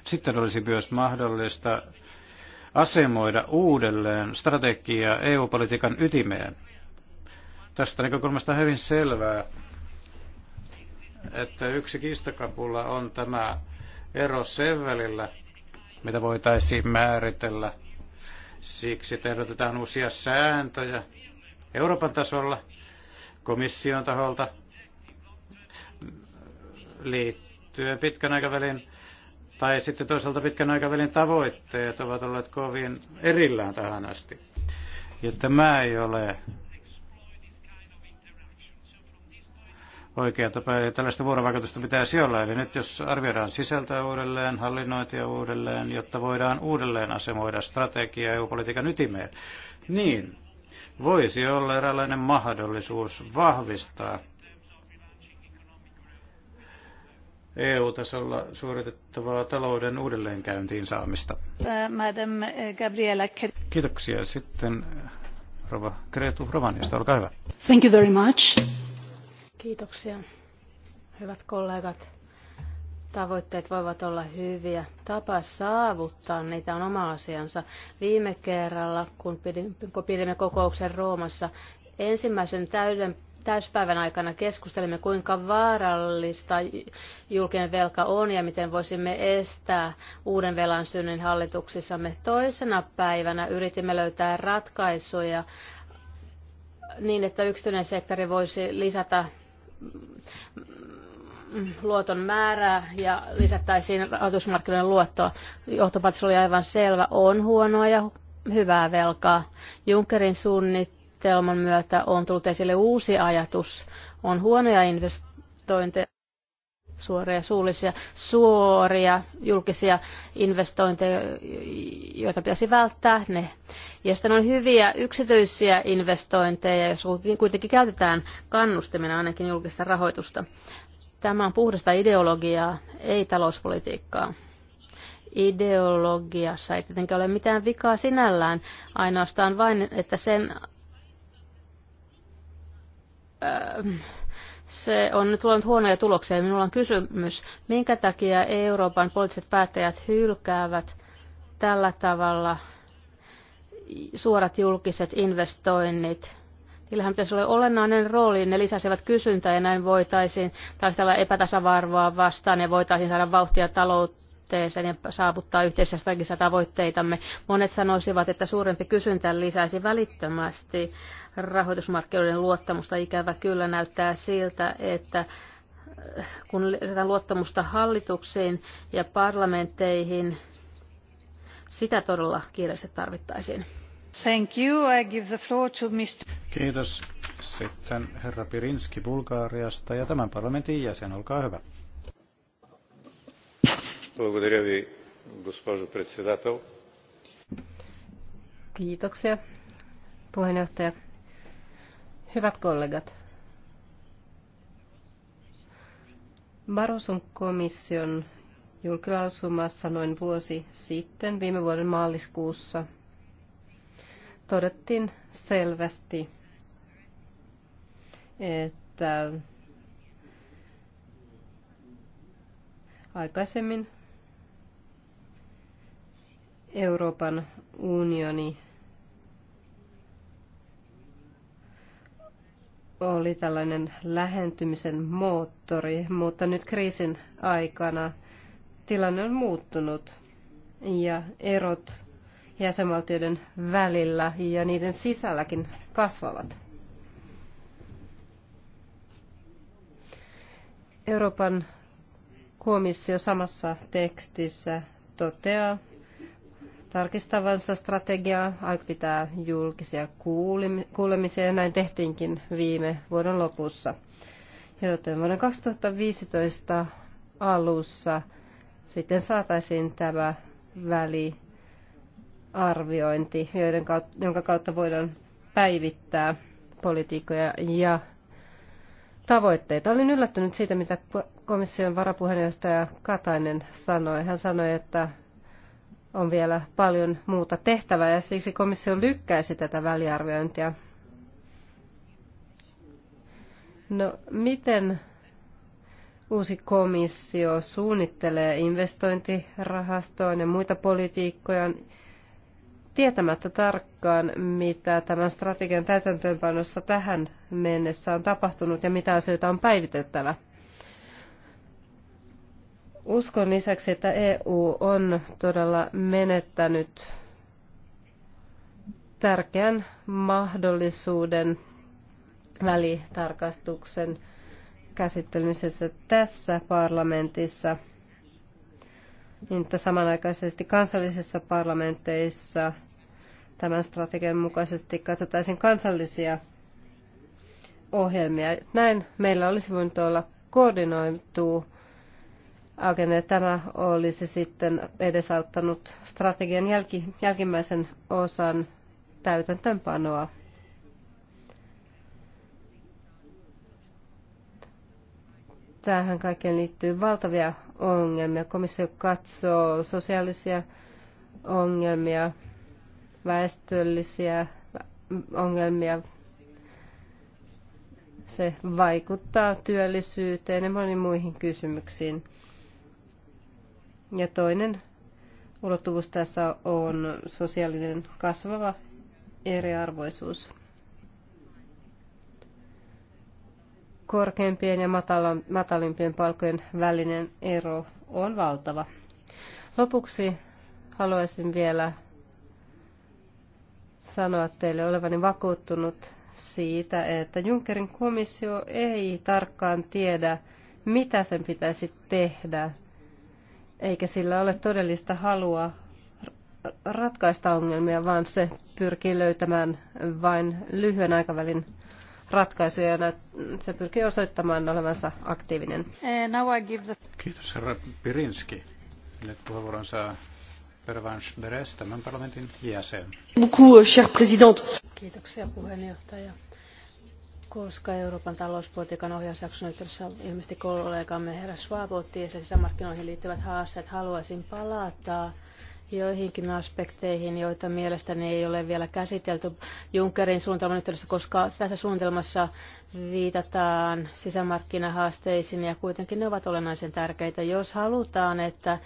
sitten olisi myös mahdollista asemoida uudelleen strategiaa EU-politiikan ytimeen. Tästä näkökulmasta on hyvin selvää, että yksi kiistakapula on tämä ero sen välillä, mitä voitaisiin määritellä. Siksi tehdotetaan uusia sääntöjä Euroopan tasolla, komission taholta liittyen pitkän aikavälin tai sitten toisaalta pitkän aikavälin tavoitteet ovat olleet kovin erillään tähän asti. Ja tämä ei ole oikea tapa. Ja tällaista vuorovaikutusta pitäisi olla. Eli nyt jos arvioidaan sisältöä uudelleen, hallinnointia uudelleen, jotta voidaan uudelleen asemoida strategia EU-politiikan ytimeen, niin voisi olla eräänlainen mahdollisuus vahvistaa EU-tasolla suoritettavaa talouden uudelleenkäyntiin saamista. Äh, Madam äh, Gabriela. Kiitoksia. Sitten äh, Rova Kretu Rovaniasta, olkaa hyvä. Thank you very much. Kiitoksia. Hyvät kollegat, tavoitteet voivat olla hyviä. Tapa saavuttaa niitä on oma asiansa. Viime kerralla, kun pidimme kokouksen Roomassa, ensimmäisen täyden täyspäivän aikana keskustelemme, kuinka vaarallista julkinen velka on ja miten voisimme estää uuden velan synnin hallituksissamme. Toisena päivänä yritimme löytää ratkaisuja niin, että yksityinen sektori voisi lisätä luoton määrää ja lisättäisiin rahoitusmarkkinoiden luottoa. Johtopäätös oli aivan selvä, on huonoa ja hyvää velkaa. Junckerin suunnittelu suunnitelman myötä on tullut esille uusi ajatus. On huonoja investointeja, suoria suullisia, suoria julkisia investointeja, joita pitäisi välttää ne. Ja sitten on hyviä yksityisiä investointeja, jos kuitenkin käytetään kannustimena ainakin julkista rahoitusta. Tämä on puhdasta ideologiaa, ei talouspolitiikkaa ideologiassa ei tietenkään ole mitään vikaa sinällään, ainoastaan vain, että sen Öö, se on nyt huonoja tuloksia. Minulla on kysymys, minkä takia Euroopan poliittiset päättäjät hylkäävät tällä tavalla suorat julkiset investoinnit? Niillähän pitäisi olla olennainen rooli, ne lisäsivät kysyntää ja näin voitaisiin taistella epätasavarvoa vastaan ja voitaisiin saada vauhtia taloutta tavoitteeseen ja saavuttaa yhteisiä strategisia tavoitteitamme. Monet sanoisivat, että suurempi kysyntä lisäisi välittömästi rahoitusmarkkinoiden luottamusta. Ikävä kyllä näyttää siltä, että äh, kun lisätään luottamusta hallituksiin ja parlamentteihin, sitä todella kiireesti tarvittaisiin. Thank you. I give the floor to Mr. Kiitos. Sitten herra Pirinski Bulgaariasta ja tämän parlamentin jäsen, olkaa hyvä. Благодаря ви, госпожо председател. Kiitoksia, puheenjohtaja. Hyvät kollegat. Barroson komission julkilausumassa noin vuosi sitten, viime vuoden maaliskuussa, todettiin selvästi, että aikaisemmin Euroopan unioni oli tällainen lähentymisen moottori, mutta nyt kriisin aikana tilanne on muuttunut ja erot jäsenvaltioiden välillä ja niiden sisälläkin kasvavat. Euroopan komissio samassa tekstissä toteaa, tarkistavansa strategiaa, aika pitää julkisia kuulemisia ja näin tehtiinkin viime vuoden lopussa. Joten vuoden 2015 alussa sitten saataisiin tämä väliarviointi, joiden kautta, jonka kautta voidaan päivittää politiikkoja ja tavoitteita. Olin yllättynyt siitä, mitä komission varapuheenjohtaja Katainen sanoi. Hän sanoi, että on vielä paljon muuta tehtävää ja siksi komissio lykkäisi tätä väliarviointia. No, miten uusi komissio suunnittelee investointirahastoon ja muita politiikkoja tietämättä tarkkaan, mitä tämän strategian täytäntöönpanossa tähän mennessä on tapahtunut ja mitä asioita on päivitettävä? Uskon lisäksi, että EU on todella menettänyt tärkeän mahdollisuuden välitarkastuksen käsittelemisessä tässä parlamentissa, niin että samanaikaisesti kansallisissa parlamenteissa tämän strategian mukaisesti katsotaisiin kansallisia ohjelmia. Näin meillä olisi voinut olla koordinoitu Agene, tämä olisi sitten edesauttanut strategian jälki, jälkimmäisen osan täytäntöönpanoa. Tähän kaikkeen liittyy valtavia ongelmia. Komissio katsoo sosiaalisia ongelmia, väestöllisiä ongelmia. Se vaikuttaa työllisyyteen ja moniin muihin kysymyksiin. Ja toinen ulottuvuus tässä on sosiaalinen kasvava eriarvoisuus. Korkeimpien ja matalimpien palkojen välinen ero on valtava. Lopuksi haluaisin vielä sanoa teille olevani vakuuttunut siitä, että Junckerin komissio ei tarkkaan tiedä, mitä sen pitäisi tehdä eikä sillä ole todellista halua ratkaista ongelmia, vaan se pyrkii löytämään vain lyhyen aikavälin ratkaisuja ja se pyrkii osoittamaan olevansa aktiivinen. Eh, Kiitos herra Pirinski. Nyt puheenvuoron saa Pervans Beres, tämän parlamentin jäsen. Kiitoksia puheenjohtaja. Koska Euroopan talouspolitiikan ohjausjakson yhteydessä ilmeisesti kollegamme herra Schwab otti esille sisämarkkinoihin liittyvät haasteet, haluaisin palata joihinkin aspekteihin, joita mielestäni ei ole vielä käsitelty Junckerin suunnitelman yhteydessä, koska tässä suunnitelmassa viitataan sisämarkkinahaasteisiin ja kuitenkin ne ovat olennaisen tärkeitä. Jos halutaan, että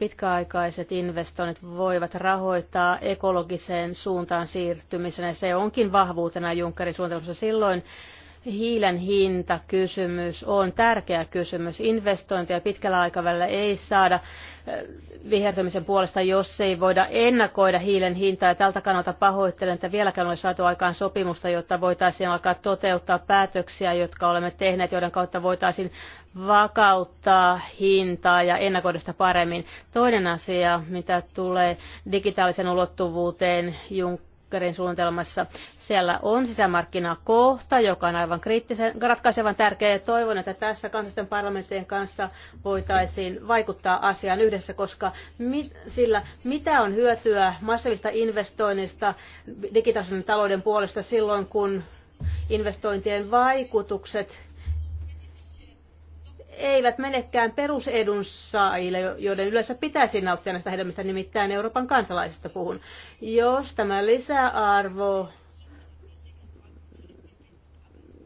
pitkäaikaiset investoinnit voivat rahoittaa ekologiseen suuntaan siirtymisen ja se onkin vahvuutena Junckerin suunnitelmassa. Silloin hiilen hintakysymys on tärkeä kysymys. Investointia pitkällä aikavälillä ei saada eh, vihertymisen puolesta, jos ei voida ennakoida hiilen hintaa. Ja tältä kannalta pahoittelen, että vieläkään ole saatu aikaan sopimusta, jotta voitaisiin alkaa toteuttaa päätöksiä, jotka olemme tehneet, joiden kautta voitaisiin vakauttaa hintaa ja ennakoida sitä paremmin. Toinen asia, mitä tulee digitaalisen ulottuvuuteen, jonka Junckerin suunnitelmassa. Siellä on sisämarkkinakohta, joka on aivan kriittisen, ratkaisevan tärkeä. Toivon, että tässä kansallisten parlamenttien kanssa voitaisiin vaikuttaa asiaan yhdessä, koska mit, sillä mitä on hyötyä massiivista investoinnista digitaalisen talouden puolesta silloin, kun investointien vaikutukset eivät menekään perusedunsaajille, joiden yleensä pitäisi nauttia näistä hedelmistä, nimittäin Euroopan kansalaisista puhun. Jos tämä lisäarvo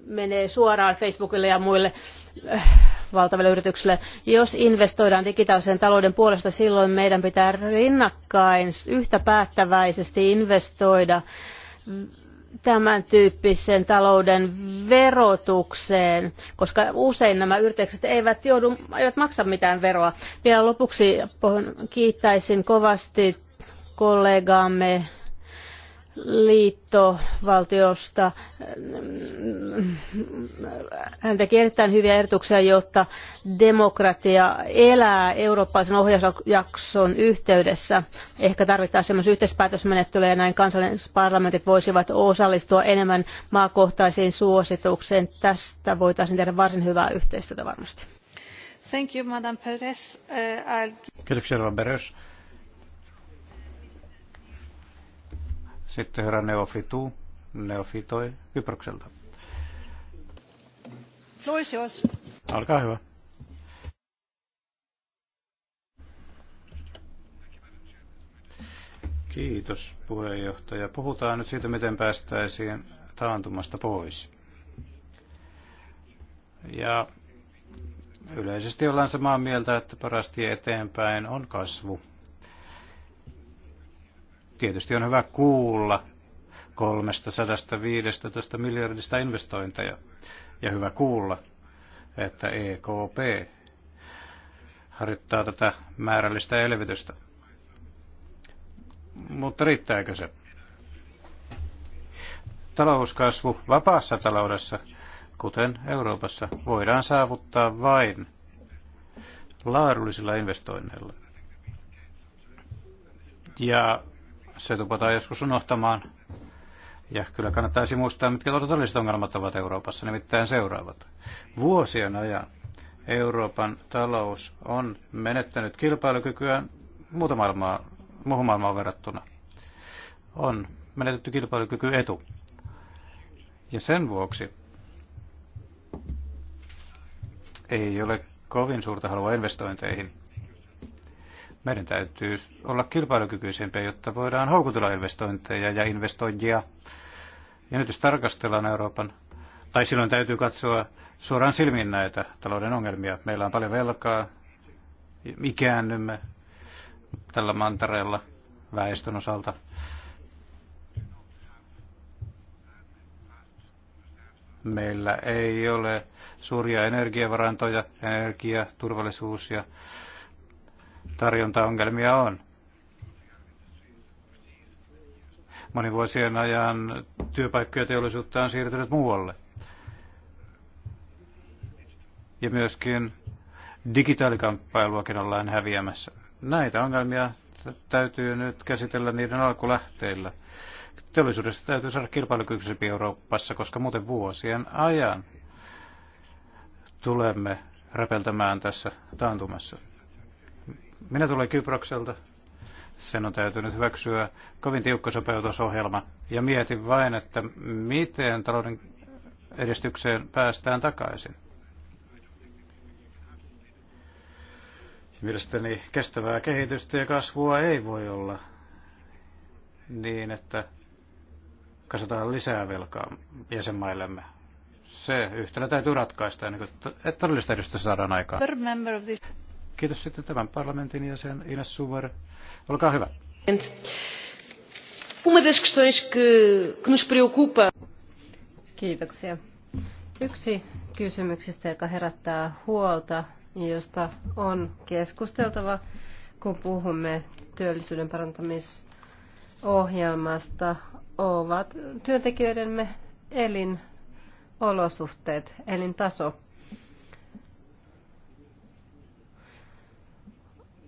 menee suoraan Facebookille ja muille äh, valtaville yrityksille. Jos investoidaan digitaalisen talouden puolesta, silloin meidän pitää rinnakkain yhtä päättäväisesti investoida tämän tyyppisen talouden verotukseen, koska usein nämä yritykset eivät, joudu, eivät maksa mitään veroa. Vielä lopuksi kiittäisin kovasti kollegaamme liittovaltiosta. Hän teki erittäin hyviä ehdotuksia, jotta demokratia elää eurooppalaisen ohjausjakson yhteydessä. Ehkä tarvitaan sellaisia yhteispäätösmenettelyjä ja näin kansalliset parlamentit voisivat osallistua enemmän maakohtaisiin suosituksiin. Tästä voitaisiin tehdä varsin hyvää yhteistyötä varmasti. Thank you, Madame Perez. Uh, I'll... Kiitoksia, Madame Perez. Sitten herra Neofitu, Neofitoi Kyprokselta. Loisios. Olkaa hyvä. Kiitos puheenjohtaja. Puhutaan nyt siitä, miten päästäisiin taantumasta pois. Ja yleisesti ollaan samaa mieltä, että paras tie eteenpäin on kasvu. Tietysti on hyvä kuulla 315 miljardista investointeja. Ja hyvä kuulla, että EKP harjoittaa tätä määrällistä elvytystä. Mutta riittääkö se? Talouskasvu vapaassa taloudessa, kuten Euroopassa, voidaan saavuttaa vain laadullisilla investoinneilla. Ja se tupataan joskus unohtamaan. Ja kyllä kannattaisi muistaa, mitkä tuota todelliset ongelmat ovat Euroopassa, nimittäin seuraavat. Vuosien ajan Euroopan talous on menettänyt kilpailukykyä muuta maailmaa, muuhun maailmaan verrattuna. On menetetty etu Ja sen vuoksi ei ole kovin suurta halua investointeihin – meidän täytyy olla kilpailukykyisempiä, jotta voidaan houkutella investointeja ja investoijia. Ja nyt jos tarkastellaan Euroopan, tai silloin täytyy katsoa suoraan silmiin näitä talouden ongelmia. Meillä on paljon velkaa, ikäännymme tällä mantareella väestön osalta. Meillä ei ole suuria energiavarantoja, energia, turvallisuus ja tarjontaongelmia on. Moni vuosien ajan työpaikkoja teollisuutta on siirtynyt muualle. Ja myöskin digitaalikampailuakin ollaan häviämässä. Näitä ongelmia täytyy nyt käsitellä niiden alkulähteillä. Teollisuudesta täytyy saada kilpailukykyisempi Euroopassa, koska muuten vuosien ajan tulemme räpeltämään tässä taantumassa. Minä tulen Kyprokselta. Sen on täytynyt hyväksyä kovin tiukka sopeutusohjelma. Ja mietin vain, että miten talouden edistykseen päästään takaisin. Mielestäni kestävää kehitystä ja kasvua ei voi olla niin, että kasataan lisää velkaa jäsenmaillemme. Se yhtälö täytyy ratkaista että todellista edistystä saadaan aikaan. Kiitos sitten tämän parlamentin jäsen Ines Olkaa hyvä. Uma das questões que, que nos preocupa. Kiitoksia. Yksi kysymyksistä, joka herättää huolta, josta on keskusteltava, kun puhumme työllisyyden parantamisohjelmasta, ovat työntekijöidemme elinolosuhteet, elintaso.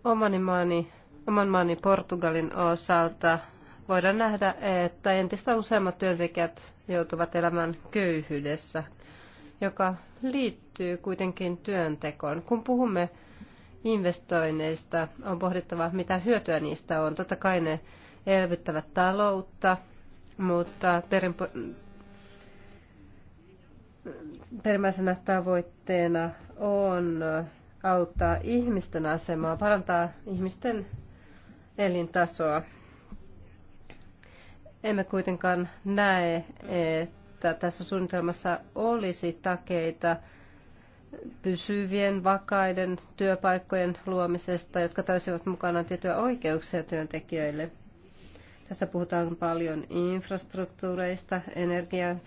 Omani maani, oman maani Portugalin osalta voidaan nähdä, että entistä useammat työntekijät joutuvat elämään köyhyydessä, joka liittyy kuitenkin työntekoon. Kun puhumme investoinneista, on pohdittava, mitä hyötyä niistä on. Totta kai ne elvyttävät taloutta, mutta perinpo- perimmäisenä tavoitteena on auttaa ihmisten asemaa, parantaa ihmisten elintasoa. Emme kuitenkaan näe, että tässä suunnitelmassa olisi takeita pysyvien, vakaiden työpaikkojen luomisesta, jotka toisivat mukana tiettyjä oikeuksia työntekijöille. Tässä puhutaan paljon infrastruktuureista, energian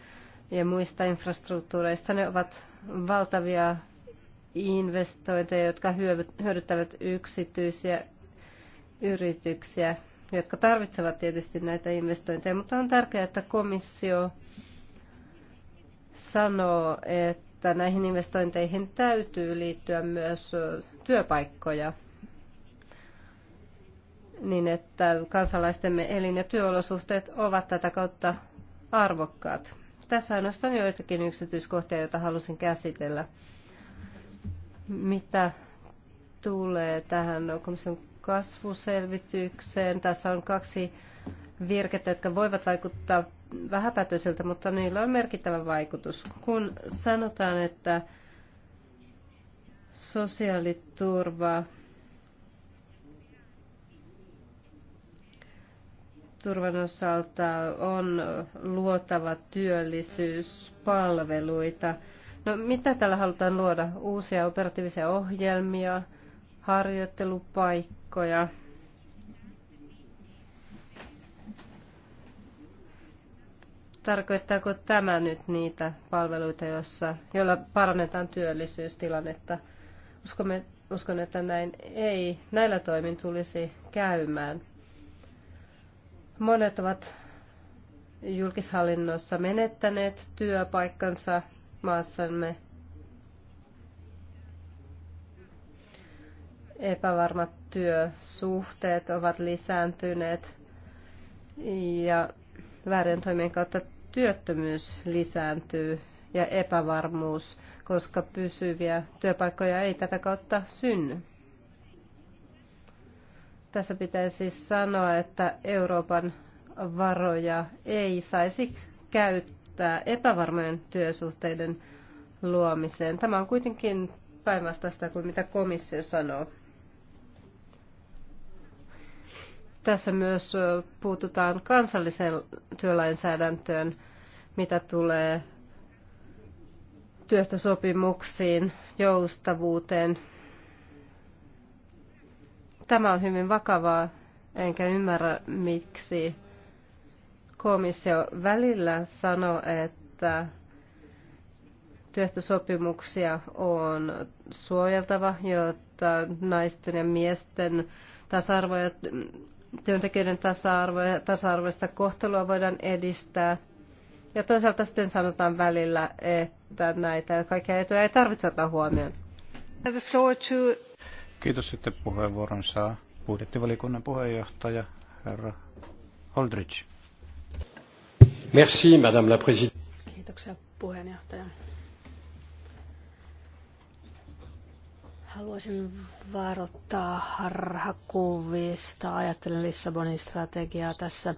ja muista infrastruktuureista. Ne ovat valtavia investointeja, jotka hyödyttävät yksityisiä yrityksiä, jotka tarvitsevat tietysti näitä investointeja, mutta on tärkeää, että komissio sanoo, että näihin investointeihin täytyy liittyä myös työpaikkoja niin, että kansalaistemme elin- ja työolosuhteet ovat tätä kautta arvokkaat. Tässä ainoastaan joitakin yksityiskohtia, joita halusin käsitellä. Mitä tulee tähän komission kasvuselvitykseen, tässä on kaksi virkettä, jotka voivat vaikuttaa vähäpätöisiltä, mutta niillä on merkittävä vaikutus. Kun sanotaan, että sosiaaliturva turvan osalta on luotava työllisyyspalveluita, No mitä tällä halutaan luoda? Uusia operatiivisia ohjelmia, harjoittelupaikkoja. Tarkoittaako tämä nyt niitä palveluita, joissa, joilla parannetaan työllisyystilannetta? Uskomme, uskon, että näin ei näillä toimin tulisi käymään. Monet ovat julkishallinnossa menettäneet työpaikkansa maassamme. Epävarmat työsuhteet ovat lisääntyneet ja väärien toimien kautta työttömyys lisääntyy ja epävarmuus, koska pysyviä työpaikkoja ei tätä kautta synny. Tässä pitäisi sanoa, että Euroopan varoja ei saisi käyttää käyttää epävarmojen työsuhteiden luomiseen. Tämä on kuitenkin päinvastaista kuin mitä komissio sanoo. Tässä myös puututaan kansalliseen työlainsäädäntöön, mitä tulee työhtösopimuksiin, joustavuuteen. Tämä on hyvin vakavaa, enkä ymmärrä, miksi komissio välillä sanoo, että työehtosopimuksia on suojeltava, jotta naisten ja miesten tasa-arvo ja työntekijöiden tasa-arvo ja tasa-arvoista kohtelua voidaan edistää. Ja toisaalta sitten sanotaan välillä, että näitä kaikkia etuja ei tarvitse ottaa huomioon. Kiitos sitten puheenvuoron saa budjettivalikunnan puheenjohtaja herra Holdridge. Merci, Madame la Présidente. Kiitoksia puheenjohtaja. Haluaisin varoittaa harhakuvista. Ajattelen Lissabonin strategiaa tässä.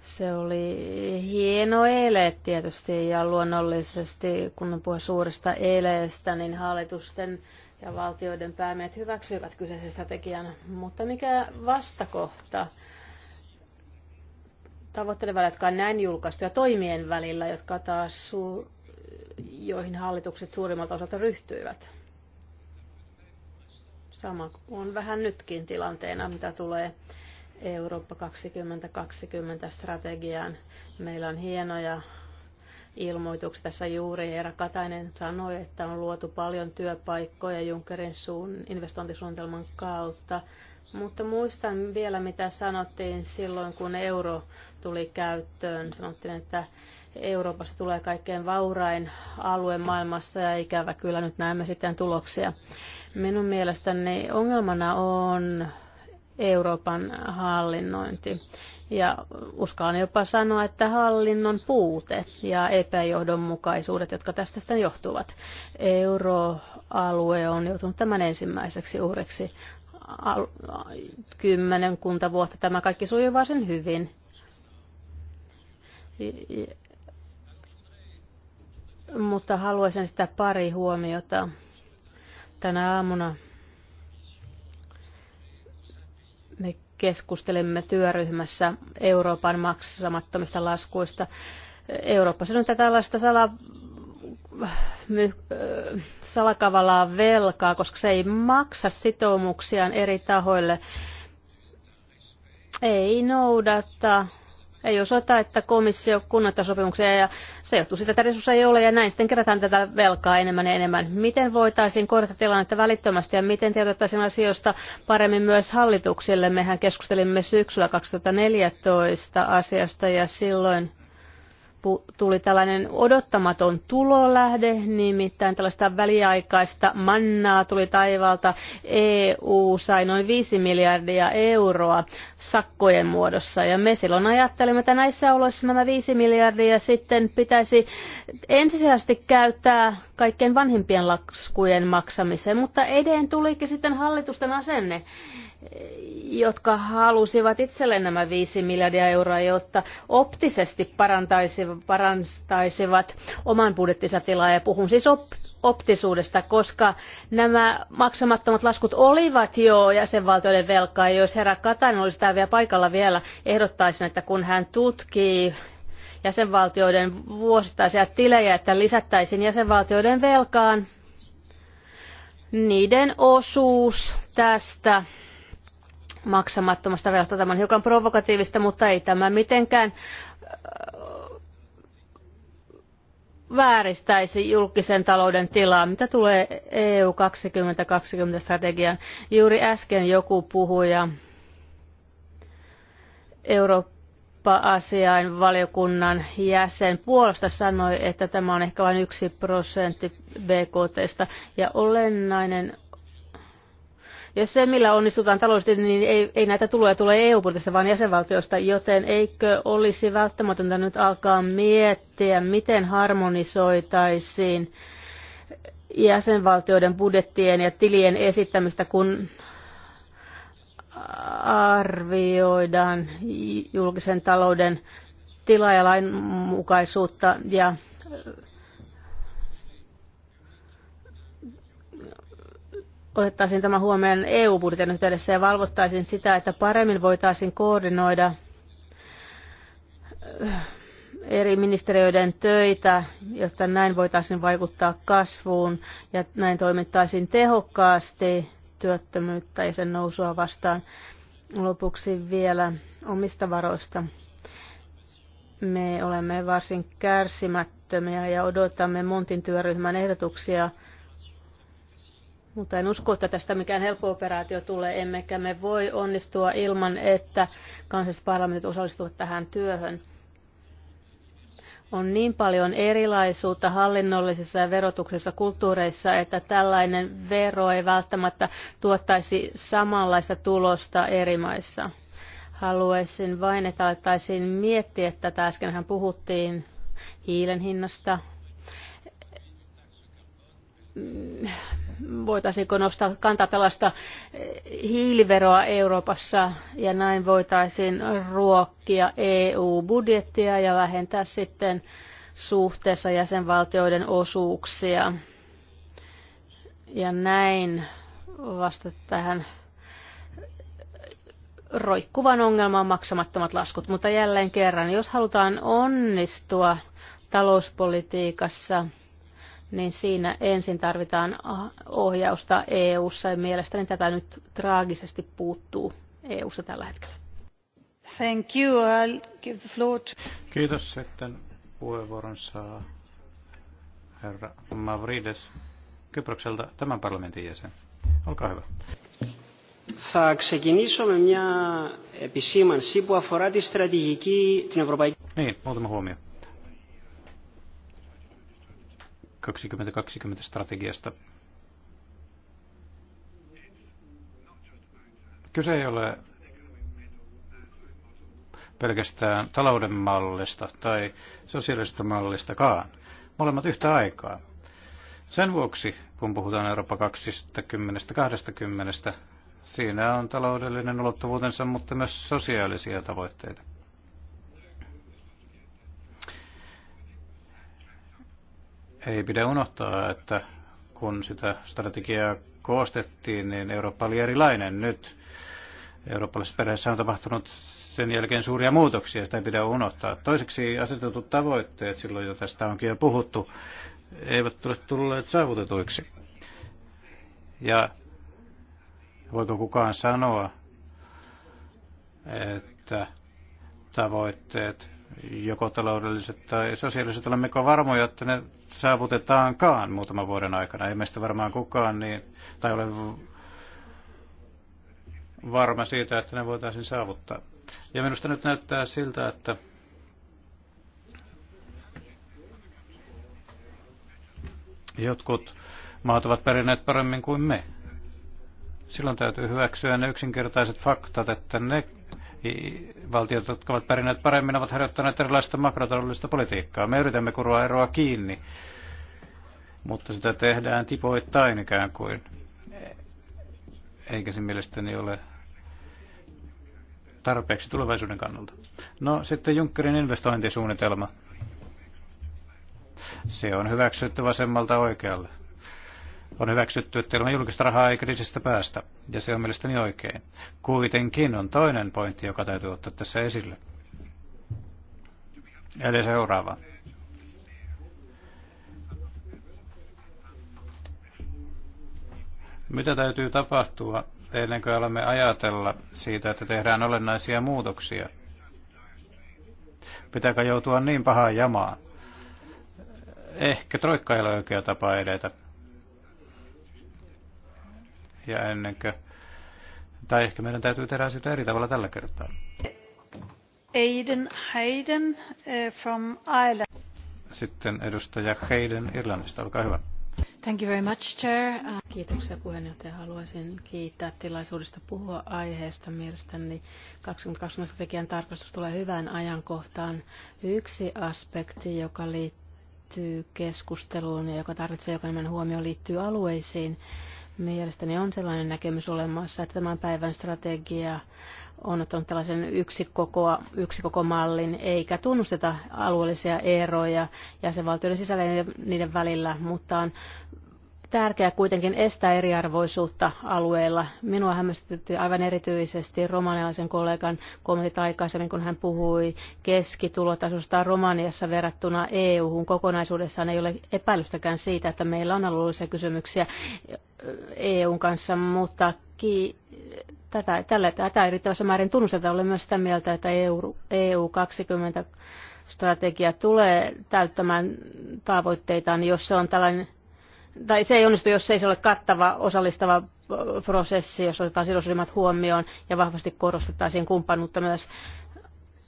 Se oli hieno ele tietysti ja luonnollisesti, kun puhun suurista eleistä, niin hallitusten ja valtioiden päämiehet hyväksyivät kyseisen strategian. Mutta mikä vastakohta tavoitteiden jotka on näin julkaistu, ja toimien välillä, jotka taas suur, joihin hallitukset suurimmalta osalta ryhtyivät. Sama on vähän nytkin tilanteena, mitä tulee Eurooppa 2020 strategiaan. Meillä on hienoja ilmoituksia. Tässä juuri Eera Katainen sanoi, että on luotu paljon työpaikkoja Junckerin suun, investointisuunnitelman kautta. Mutta muistan vielä, mitä sanottiin silloin, kun euro tuli käyttöön. Sanottiin, että Euroopassa tulee kaikkein vaurain alue maailmassa ja ikävä kyllä nyt näemme sitten tuloksia. Minun mielestäni ongelmana on Euroopan hallinnointi. Ja uskallan jopa sanoa, että hallinnon puute ja epäjohdonmukaisuudet, jotka tästä sitten johtuvat. Euroalue on joutunut tämän ensimmäiseksi uhreksi kymmenen kunta vuotta tämä kaikki sujuu varsin hyvin. Mutta haluaisin sitä pari huomiota tänä aamuna. Me keskustelimme työryhmässä Euroopan maksamattomista laskuista. Eurooppa on tällaista salaa salakavalaa velkaa, koska se ei maksa sitoumuksiaan eri tahoille. Ei noudata, ei osoita, että komissio kunnioittaa sopimuksia ja se johtuu siitä, että resursseja ei ole ja näin sitten kerätään tätä velkaa enemmän ja enemmän. Miten voitaisiin korjata tilannetta välittömästi ja miten tiedottaisiin asioista paremmin myös hallituksille? Mehän keskustelimme syksyllä 2014 asiasta ja silloin tuli tällainen odottamaton tulolähde, nimittäin tällaista väliaikaista mannaa tuli taivaalta. EU sai noin 5 miljardia euroa sakkojen muodossa ja me silloin ajattelimme, että näissä oloissa nämä 5 miljardia sitten pitäisi ensisijaisesti käyttää kaikkien vanhimpien laskujen maksamiseen, mutta edeen tulikin sitten hallitusten asenne jotka halusivat itselleen nämä 5 miljardia euroa, jotta optisesti parantaisivat oman budjettinsa tilaa. Ja puhun siis op- optisuudesta, koska nämä maksamattomat laskut olivat jo jäsenvaltioiden velkaa. Ja jos herra Katainen olisi täällä vielä paikalla vielä, ehdottaisin, että kun hän tutkii jäsenvaltioiden vuosittaisia tilejä, että lisättäisiin jäsenvaltioiden velkaan niiden osuus tästä maksamattomasta velasta. Tämä on hiukan provokatiivista, mutta ei tämä mitenkään äh, vääristäisi julkisen talouden tilaa, mitä tulee EU 2020-strategiaan. Juuri äsken joku ja Eurooppa-asiain valiokunnan jäsen puolesta sanoi, että tämä on ehkä vain yksi prosentti BKTstä. Ja olennainen ja se, millä onnistutaan taloudellisesti, niin ei, ei näitä tuloja tule EU-budjetista, vaan jäsenvaltioista, joten eikö olisi välttämätöntä nyt alkaa miettiä, miten harmonisoitaisiin jäsenvaltioiden budjettien ja tilien esittämistä, kun arvioidaan julkisen talouden tila- ja lainmukaisuutta ja otettaisiin tämä huomioon EU-budjetin yhteydessä ja valvottaisiin sitä, että paremmin voitaisiin koordinoida eh, eri ministeriöiden töitä, jotta näin voitaisiin vaikuttaa kasvuun ja näin toimittaisiin tehokkaasti työttömyyttä ja sen nousua vastaan. Lopuksi vielä omista varoista. Me olemme varsin kärsimättömiä ja odotamme Montin työryhmän ehdotuksia mutta en usko, että tästä mikään helppo operaatio tulee, emmekä me voi onnistua ilman, että kansalliset parlamentit osallistuvat tähän työhön. On niin paljon erilaisuutta hallinnollisissa ja verotuksessa kulttuureissa, että tällainen vero ei välttämättä tuottaisi samanlaista tulosta eri maissa. Haluaisin vain, että alettaisiin miettiä tätä. Äskenhän puhuttiin hiilen hinnasta, voitaisiinko nostaa kantaa tällaista hiiliveroa Euroopassa ja näin voitaisiin ruokkia EU-budjettia ja vähentää sitten suhteessa jäsenvaltioiden osuuksia. Ja näin vasta tähän roikkuvan ongelmaan maksamattomat laskut. Mutta jälleen kerran, jos halutaan onnistua talouspolitiikassa, niin siinä ensin tarvitaan ohjausta EU-ssa ja mielestäni tätä nyt traagisesti puuttuu EU-ssa tällä hetkellä. Thank you. I'll give the floor to... Kiitos. Sitten puheenvuoron saa herra Mavrides Kyprokselta tämän parlamentin jäsen. Olkaa hyvä. Θα ξεκινήσω με μια επισήμανση που αφορά τη στρατηγική την Ευρωπαϊκή. Niin, muutama huomio 2020 strategiasta. Kyse ei ole pelkästään talouden mallista tai sosiaalista mallistakaan. Molemmat yhtä aikaa. Sen vuoksi, kun puhutaan Eurooppa 2020, siinä on taloudellinen ulottuvuutensa, mutta myös sosiaalisia tavoitteita. Ei pidä unohtaa, että kun sitä strategiaa koostettiin, niin Eurooppa oli erilainen nyt. Eurooppalaisessa perheessä on tapahtunut sen jälkeen suuria muutoksia, sitä ei pidä unohtaa. Toiseksi asetetut tavoitteet, silloin jo tästä onkin jo puhuttu, eivät tule tulleet saavutetuiksi. Ja voiko kukaan sanoa, että tavoitteet, joko taloudelliset tai sosiaaliset, olemmeko varmoja, että ne saavutetaankaan muutaman vuoden aikana. Ei meistä varmaan kukaan, niin, tai ole varma siitä, että ne voitaisiin saavuttaa. Ja minusta nyt näyttää siltä, että jotkut maat ovat pärjänneet paremmin kuin me. Silloin täytyy hyväksyä ne yksinkertaiset faktat, että ne Valtiot, jotka ovat pärjänneet paremmin, ovat harjoittaneet erilaista makrotaloudellista politiikkaa. Me yritämme kuroa eroa kiinni, mutta sitä tehdään tipoittain ikään kuin. Eikä se mielestäni ole tarpeeksi tulevaisuuden kannalta. No sitten Junckerin investointisuunnitelma. Se on hyväksytty vasemmalta oikealle on hyväksytty, että ilman julkista rahaa ei kriisistä päästä, ja se on mielestäni oikein. Kuitenkin on toinen pointti, joka täytyy ottaa tässä esille. Eli seuraava. Mitä täytyy tapahtua ennen kuin alamme ajatella siitä, että tehdään olennaisia muutoksia? Pitääkö joutua niin pahaan jamaan? Ehkä troikka ei ole oikea tapa edetä ja ennen kuin, tai ehkä meidän täytyy tehdä asioita eri tavalla tällä kertaa. Aiden Hayden eh, from Ireland. Sitten edustaja Hayden Irlannista, olkaa hyvä. Thank you very much, Chair. Kiitoksia puheenjohtaja. Haluaisin kiittää tilaisuudesta puhua aiheesta. Mielestäni 2020 strategian tarkastus tulee hyvään ajankohtaan. Yksi aspekti, joka liittyy keskusteluun ja joka tarvitsee jokainen huomioon, liittyy alueisiin. Mielestäni on sellainen näkemys olemassa, että tämän päivän strategia on ottanut tällaisen yksikoko, yksikokomallin, eikä tunnusteta alueellisia eroja jäsenvaltioiden sisällä ja niiden välillä, mutta on tärkeää kuitenkin estää eriarvoisuutta alueella. Minua hämmästytti aivan erityisesti romanialaisen kollegan kommentit aikaisemmin, kun hän puhui keskitulotasosta Romaniassa verrattuna EU-hun kokonaisuudessaan. Ei ole epäilystäkään siitä, että meillä on alueellisia kysymyksiä EUn kanssa, mutta ki- tätä, tällä, tätä erittävässä määrin tunnustetaan. Olen myös sitä mieltä, että EU, EU 20 strategia tulee täyttämään tavoitteitaan, jos se on tällainen tai se ei onnistu, jos ei se ole kattava, osallistava prosessi, jos otetaan sidosryhmät huomioon ja vahvasti korostetaan siihen kumppanuutta myös.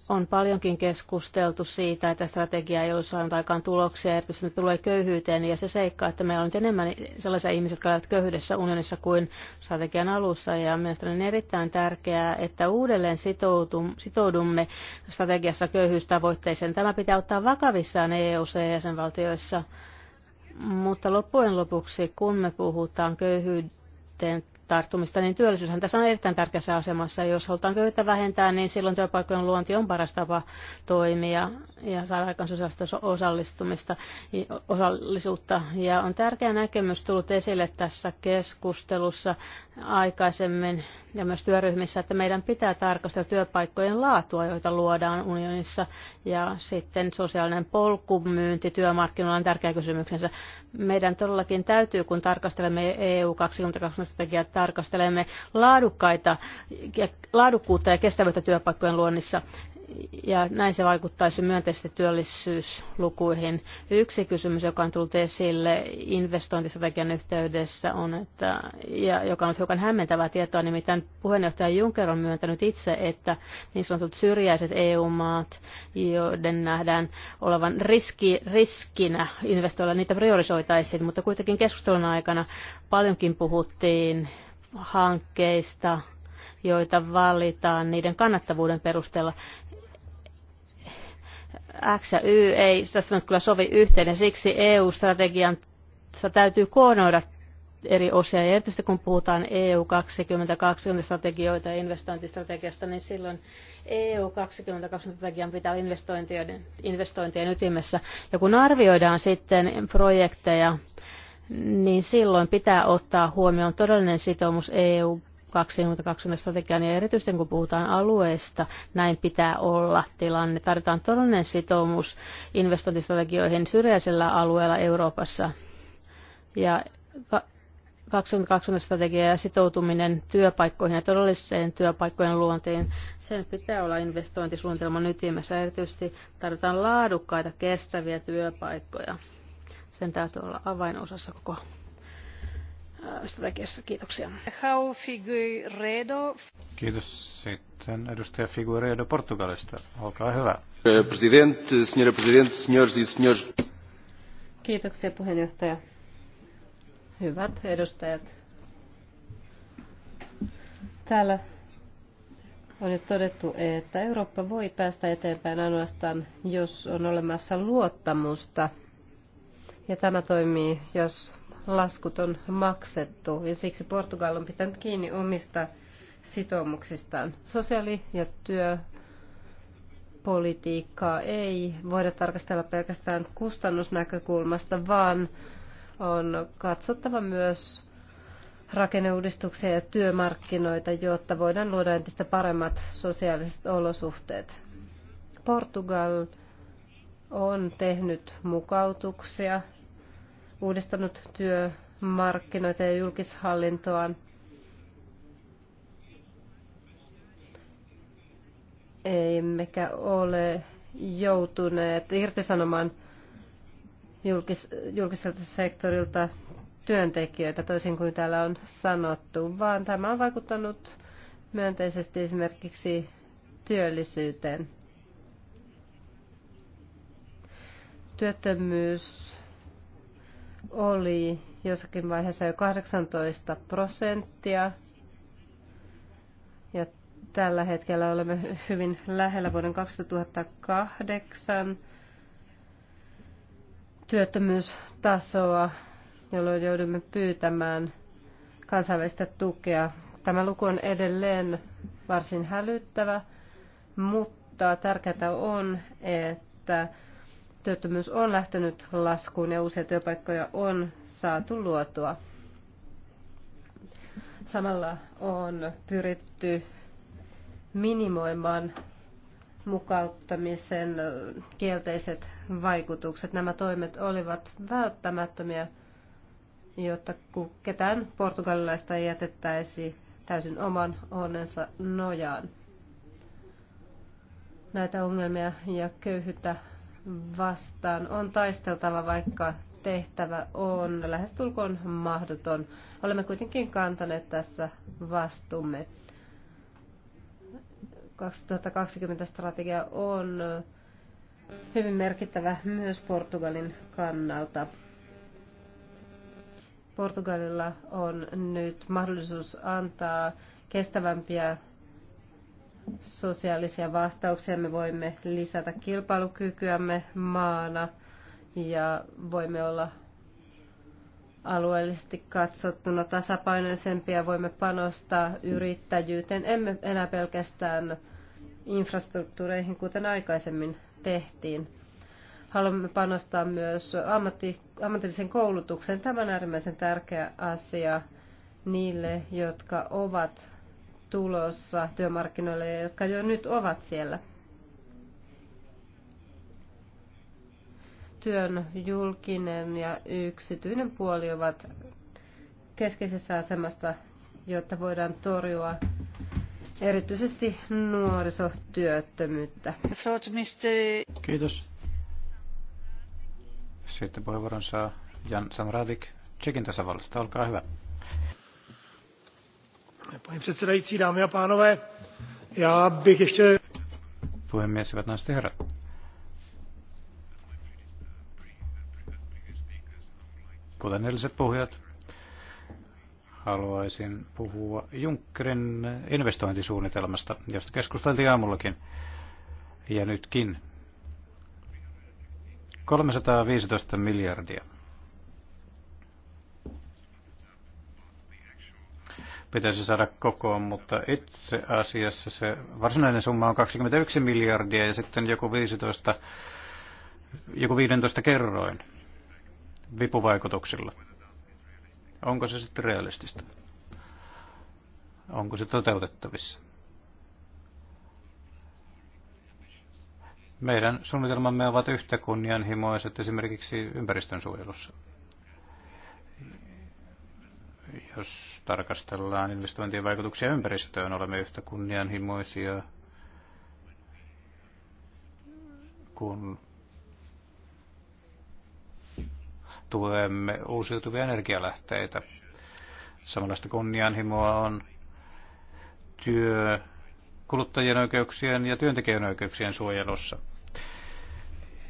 On paljonkin keskusteltu siitä, että strategia ei ole saanut aikaan tuloksia, erityisesti mitä tulee köyhyyteen, ja se seikka, että meillä on enemmän sellaisia ihmisiä, jotka ovat köyhyydessä unionissa kuin strategian alussa, ja mielestäni on erittäin tärkeää, että uudelleen sitoudumme strategiassa köyhyystavoitteeseen. Tämä pitää ottaa vakavissaan EU- ja jäsenvaltioissa. valtioissa mutta loppujen lopuksi, kun me puhutaan köyhyyden tarttumista, niin työllisyyshän tässä on erittäin tärkeässä asemassa. Jos halutaan köyhyyttä vähentää, niin silloin työpaikkojen luonti on paras tapa toimia ja saada aikaan sosiaalista osallistumista, osallisuutta. Ja on tärkeä näkemys tullut esille tässä keskustelussa aikaisemmin ja myös työryhmissä, että meidän pitää tarkastella työpaikkojen laatua, joita luodaan unionissa. Ja sitten sosiaalinen polkumyynti työmarkkinoilla on tärkeä kysymyksensä. Meidän todellakin täytyy, kun tarkastelemme EU 2020 strategiaa, tarkastelemme laadukkaita, laadukkuutta ja kestävyyttä työpaikkojen luonnissa. Ja näin se vaikuttaisi myönteisesti työllisyyslukuihin. Yksi kysymys, joka on tullut esille investointistrategian yhteydessä, on, että, ja joka on hiukan hämmentävää tietoa, nimittäin puheenjohtaja Juncker on myöntänyt itse, että niin sanotut syrjäiset EU-maat, joiden nähdään olevan riski, riskinä investoilla, niitä priorisoitaisiin, mutta kuitenkin keskustelun aikana paljonkin puhuttiin hankkeista, joita valitaan niiden kannattavuuden perusteella. X ja Y ei tässä nyt kyllä sovi yhteen ja siksi EU-strategian täytyy koonoida eri osia. Ja erityisesti kun puhutaan EU 2020 strategioita ja investointistrategiasta, niin silloin EU 2020 strategian pitää olla investointien, investointien ytimessä. Ja kun arvioidaan sitten projekteja, niin silloin pitää ottaa huomioon todellinen sitoumus EU 2020 strategian ja erityisesti kun puhutaan alueesta, näin pitää olla tilanne. Tarvitaan todellinen sitoumus investointistrategioihin syrjäisellä alueella Euroopassa. Ja 2020 strategia ja sitoutuminen työpaikkoihin ja todelliseen työpaikkojen luontiin, sen pitää olla investointisuunnitelman ytimessä. Erityisesti tarvitaan laadukkaita, kestäviä työpaikkoja. Sen täytyy olla avainosassa koko äh, strategiassa. Kiitoksia. Kiitos sitten edustaja Figueiredo Portugalista. Olkaa hyvä. Eh, presidente, signora presidente, signores y Kiitoksia puheenjohtaja. Hyvät edustajat. Täällä on nyt todettu, että Eurooppa voi päästä eteenpäin ainoastaan, jos on olemassa luottamusta ja tämä toimii, jos laskut on maksettu. Ja siksi Portugal on pitänyt kiinni omista sitoumuksistaan. Sosiaali- ja työpolitiikkaa ei voida tarkastella pelkästään kustannusnäkökulmasta, vaan on katsottava myös rakenneuudistuksia ja työmarkkinoita, jotta voidaan luoda entistä paremmat sosiaaliset olosuhteet. Portugal on tehnyt mukautuksia uudistanut työmarkkinoita ja julkishallintoa. Emmekä ole joutuneet irtisanomaan julkis, julkiselta sektorilta työntekijöitä, toisin kuin täällä on sanottu, vaan tämä on vaikuttanut myönteisesti esimerkiksi työllisyyteen. Työttömyys oli jossakin vaiheessa jo 18 prosenttia. Ja tällä hetkellä olemme hyvin lähellä vuoden 2008 työttömyystasoa, jolloin joudumme pyytämään kansainvälistä tukea. Tämä luku on edelleen varsin hälyttävä, mutta tärkeää on, että työttömyys on lähtenyt laskuun ja uusia työpaikkoja on saatu luotua. Samalla on pyritty minimoimaan mukauttamisen kielteiset vaikutukset. Nämä toimet olivat välttämättömiä, jotta ketään portugalilaista ei jätettäisi täysin oman onnensa nojaan. Näitä ongelmia ja köyhyyttä vastaan on taisteltava, vaikka tehtävä on lähestulkoon mahdoton. Olemme kuitenkin kantaneet tässä vastuumme. 2020 strategia on hyvin merkittävä myös Portugalin kannalta. Portugalilla on nyt mahdollisuus antaa kestävämpiä sosiaalisia vastauksia. Me voimme lisätä kilpailukykyämme maana ja voimme olla alueellisesti katsottuna tasapainoisempia. Voimme panostaa yrittäjyyteen. Emme enää pelkästään infrastruktuureihin, kuten aikaisemmin tehtiin. Haluamme panostaa myös ammatti, ammatillisen koulutukseen. Tämä on äärimmäisen tärkeä asia niille, jotka ovat tulossa työmarkkinoille ja jotka jo nyt ovat siellä. Työn julkinen ja yksityinen puoli ovat keskeisessä asemassa, jotta voidaan torjua erityisesti nuorisotyöttömyyttä. Kiitos. Sitten puheenvuoron saa Jan Samradik Tsekin tasavallasta. Olkaa hyvä paní předsedající dámy a pánové já bych ještě puhemies hyvät naiset herrat kuten edelliset puhujat haluaisin puhua Junckerin investointisuunnitelmasta, josta keskusteltiin aamullakin ja nytkin. 315 miljardia pitäisi saada kokoon, mutta itse asiassa se varsinainen summa on 21 miljardia ja sitten joku 15, joku 15 kerroin vipuvaikutuksilla. Onko se sitten realistista? Onko se toteutettavissa? Meidän suunnitelmamme ovat yhtä kunnianhimoiset esimerkiksi ympäristönsuojelussa. Jos tarkastellaan investointien vaikutuksia ympäristöön, olemme yhtä kunnianhimoisia kuin tuemme uusiutuvia energialähteitä. Samanlaista kunnianhimoa on työ kuluttajien oikeuksien ja työntekijän oikeuksien suojelussa.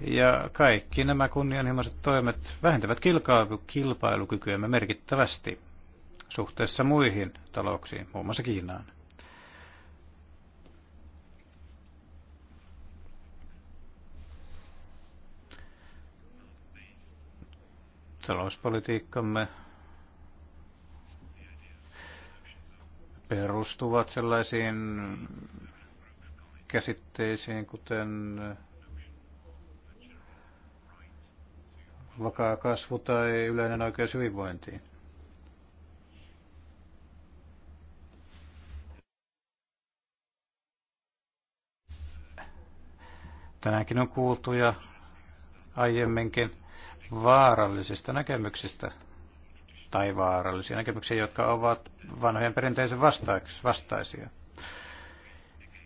Ja kaikki nämä kunnianhimoiset toimet vähentävät kilpailukykyämme merkittävästi suhteessa muihin talouksiin, muun muassa Kiinaan. Talouspolitiikkamme perustuvat sellaisiin käsitteisiin, kuten vakaa kasvu tai yleinen oikeus hyvinvointiin. Tänäänkin on kuultu ja aiemminkin vaarallisista näkemyksistä tai vaarallisia näkemyksiä, jotka ovat vanhojen perinteisen vastaisia.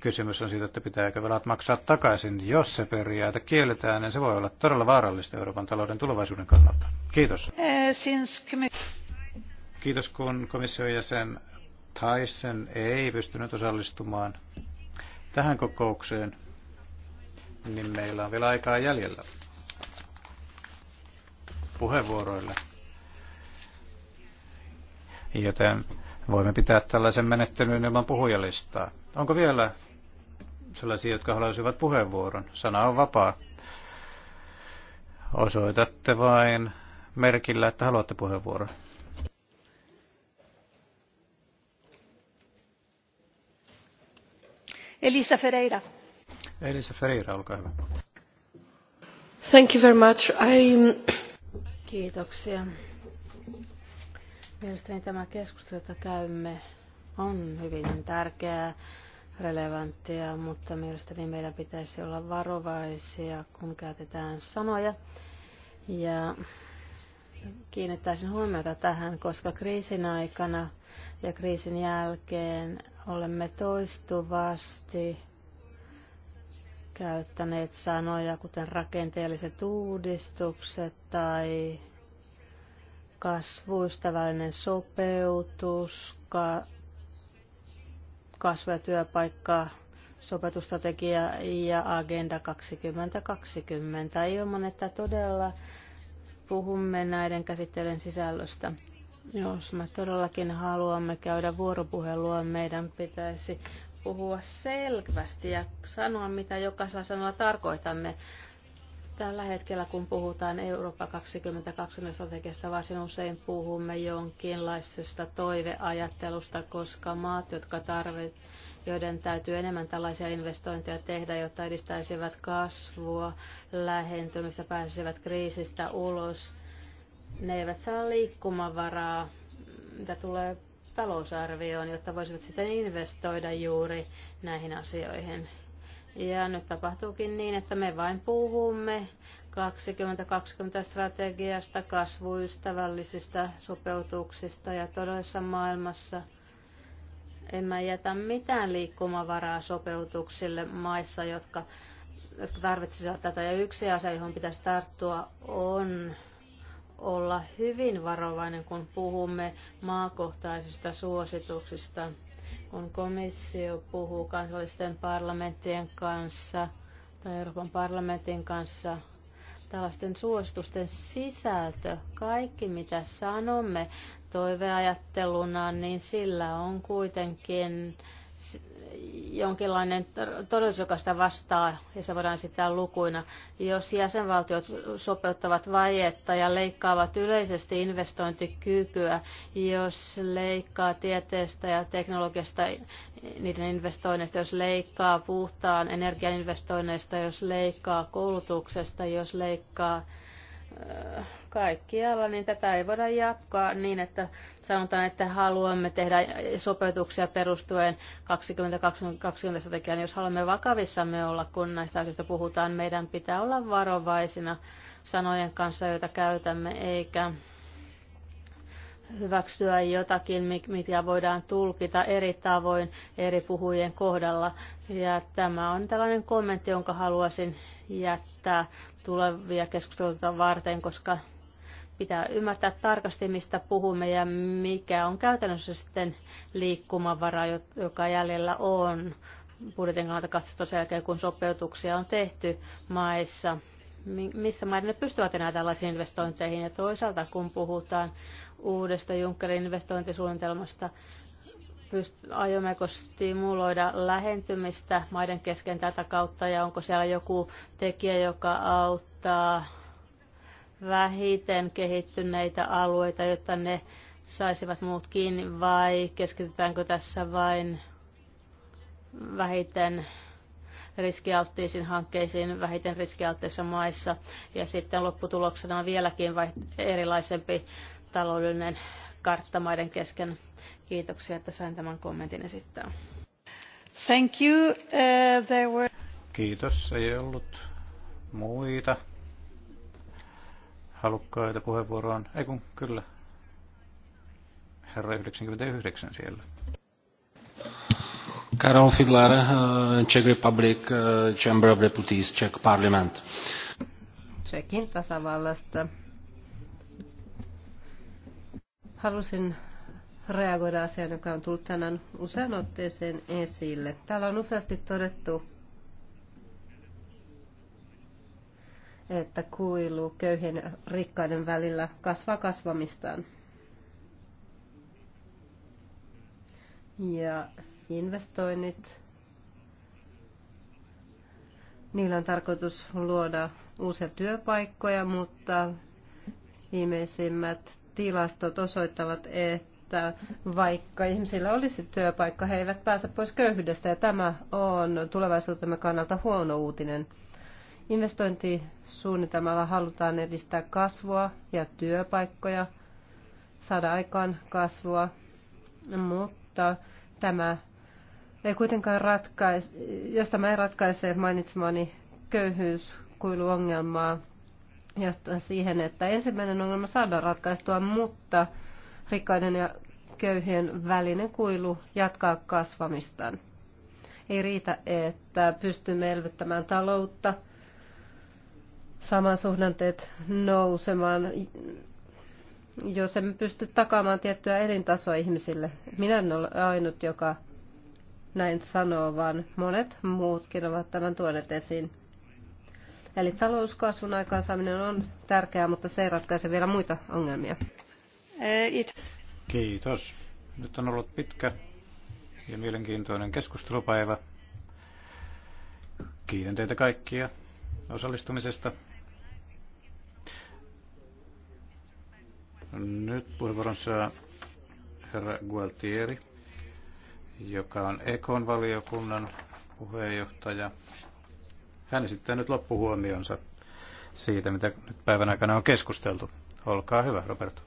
Kysymys on siitä, että pitääkö velat maksaa takaisin. Jos se periaate kielletään, niin se voi olla todella vaarallista Euroopan talouden tulevaisuuden kannalta. Kiitos. Eh, Kiitos, kun komission jäsen Tyson ei pystynyt osallistumaan tähän kokoukseen niin meillä on vielä aikaa jäljellä puheenvuoroille. Joten voimme pitää tällaisen menettelyn ilman puhujalistaa. Onko vielä sellaisia, jotka haluaisivat puheenvuoron? Sana on vapaa. Osoitatte vain merkillä, että haluatte puheenvuoron. Elisa Ferreira. Elisa Ferreira, olkaa hyvä. Thank you very much. I... Kiitoksia. Mielestäni tämä keskustelu, jota käymme, on hyvin tärkeää, relevanttia, mutta mielestäni meidän pitäisi olla varovaisia, kun käytetään sanoja. Ja kiinnittäisin huomiota tähän, koska kriisin aikana ja kriisin jälkeen olemme toistuvasti käyttäneet sanoja, kuten rakenteelliset uudistukset tai kasvuystävällinen sopeutus, ka- kasvu- ja työpaikka, sopeutustrategia ja Agenda 2020 ilman, että todella puhumme näiden käsitteiden sisällöstä. Jos me todellakin haluamme käydä vuoropuhelua, meidän pitäisi puhua selvästi ja sanoa, mitä jokaisella sanalla tarkoitamme. Tällä hetkellä, kun puhutaan Eurooppa 2020 strategiasta, varsin usein puhumme jonkinlaisesta toiveajattelusta, koska maat, jotka tarvitsevat joiden täytyy enemmän tällaisia investointeja tehdä, jotta edistäisivät kasvua, lähentymistä, pääsisivät kriisistä ulos. Ne eivät saa liikkumavaraa, mitä tulee talousarvioon, jotta voisivat sitten investoida juuri näihin asioihin. Ja nyt tapahtuukin niin, että me vain puhumme 2020 strategiasta, kasvuystävällisistä sopeutuksista ja todellisessa maailmassa en mä jätä mitään liikkumavaraa sopeutuksille maissa, jotka, jotka tarvitsisivat tätä. Ja yksi asia, johon pitäisi tarttua, on olla hyvin varovainen, kun puhumme maakohtaisista suosituksista. Kun komissio puhuu kansallisten parlamenttien kanssa tai Euroopan parlamentin kanssa, tällaisten suositusten sisältö, kaikki mitä sanomme toiveajatteluna, niin sillä on kuitenkin jonkinlainen todellisuus, joka sitä vastaa, ja se voidaan esittää lukuina. Jos jäsenvaltiot sopeuttavat vajetta ja leikkaavat yleisesti investointikykyä, jos leikkaa tieteestä ja teknologiasta niiden investoinneista, jos leikkaa puhtaan energiainvestoinneista, jos leikkaa koulutuksesta, jos leikkaa äh, kaikkialla, niin tätä ei voida jatkaa niin, että sanotaan, että haluamme tehdä sopeutuksia perustuen 2020 strategiaan. Jos haluamme vakavissamme olla, kun näistä asioista puhutaan, meidän pitää olla varovaisina sanojen kanssa, joita käytämme, eikä hyväksyä jotakin, mitä voidaan tulkita eri tavoin eri puhujien kohdalla. Ja tämä on tällainen kommentti, jonka haluaisin jättää tulevia keskusteluita varten, koska Pitää ymmärtää tarkasti, mistä puhumme ja mikä on käytännössä sitten liikkumavara, joka jäljellä on budjetin kannalta katsottu sen jälkeen, kun sopeutuksia on tehty maissa missä maiden ne pystyvät enää tällaisiin investointeihin. Ja toisaalta, kun puhutaan uudesta Junckerin investointisuunnitelmasta, aiommeko stimuloida lähentymistä maiden kesken tätä kautta ja onko siellä joku tekijä, joka auttaa vähiten kehittyneitä alueita, jotta ne saisivat muut kiinni, vai keskitytäänkö tässä vain vähiten riskialttiisiin hankkeisiin vähiten riskialttiissa maissa. Ja sitten lopputuloksena on vieläkin vai erilaisempi taloudellinen kartta maiden kesken. Kiitoksia, että sain tämän kommentin esittää. Thank you. Uh, there were... Kiitos. Ei ollut muita halukkaita puheenvuoroon? Ei kun kyllä. Herra 99 siellä. Karol Fidler, uh, Czech Republic, uh, Chamber of Deputies, Czech Parliament. Tsekin tasavallasta. Halusin reagoida asiaan, joka on tullut tänään usean otteeseen esille. Täällä on useasti todettu, että kuilu köyhien ja rikkaiden välillä kasvaa kasvamistaan. Ja investoinnit, niillä on tarkoitus luoda uusia työpaikkoja, mutta viimeisimmät tilastot osoittavat, että vaikka ihmisillä olisi työpaikka, he eivät pääse pois köyhyydestä ja tämä on tulevaisuutemme kannalta huono uutinen. Investointisuunnitelmalla halutaan edistää kasvua ja työpaikkoja, saada aikaan kasvua, mutta tämä ei kuitenkaan ratkaise, jos tämä ei ratkaise mainitsemani köyhyyskuiluongelmaa, johtaa siihen, että ensimmäinen ongelma saadaan ratkaistua, mutta rikkaiden ja köyhien välinen kuilu jatkaa kasvamistaan. Ei riitä, että pystymme elvyttämään taloutta – samansuhdanteet nousemaan, jos emme pysty takaamaan tiettyä elintasoa ihmisille. Minä en ole ainut, joka näin sanoo, vaan monet muutkin ovat tämän tuoneet esiin. Eli talouskasvun aikaansaaminen on tärkeää, mutta se ei ratkaise vielä muita ongelmia. Kiitos. Nyt on ollut pitkä ja mielenkiintoinen keskustelupäivä. Kiitän teitä kaikkia osallistumisesta. Nyt puheenvuoron saa herra Gualtieri, joka on Ekon valiokunnan puheenjohtaja. Hän esittää nyt loppuhuomionsa siitä, mitä nyt päivän aikana on keskusteltu. Olkaa hyvä, Roberto.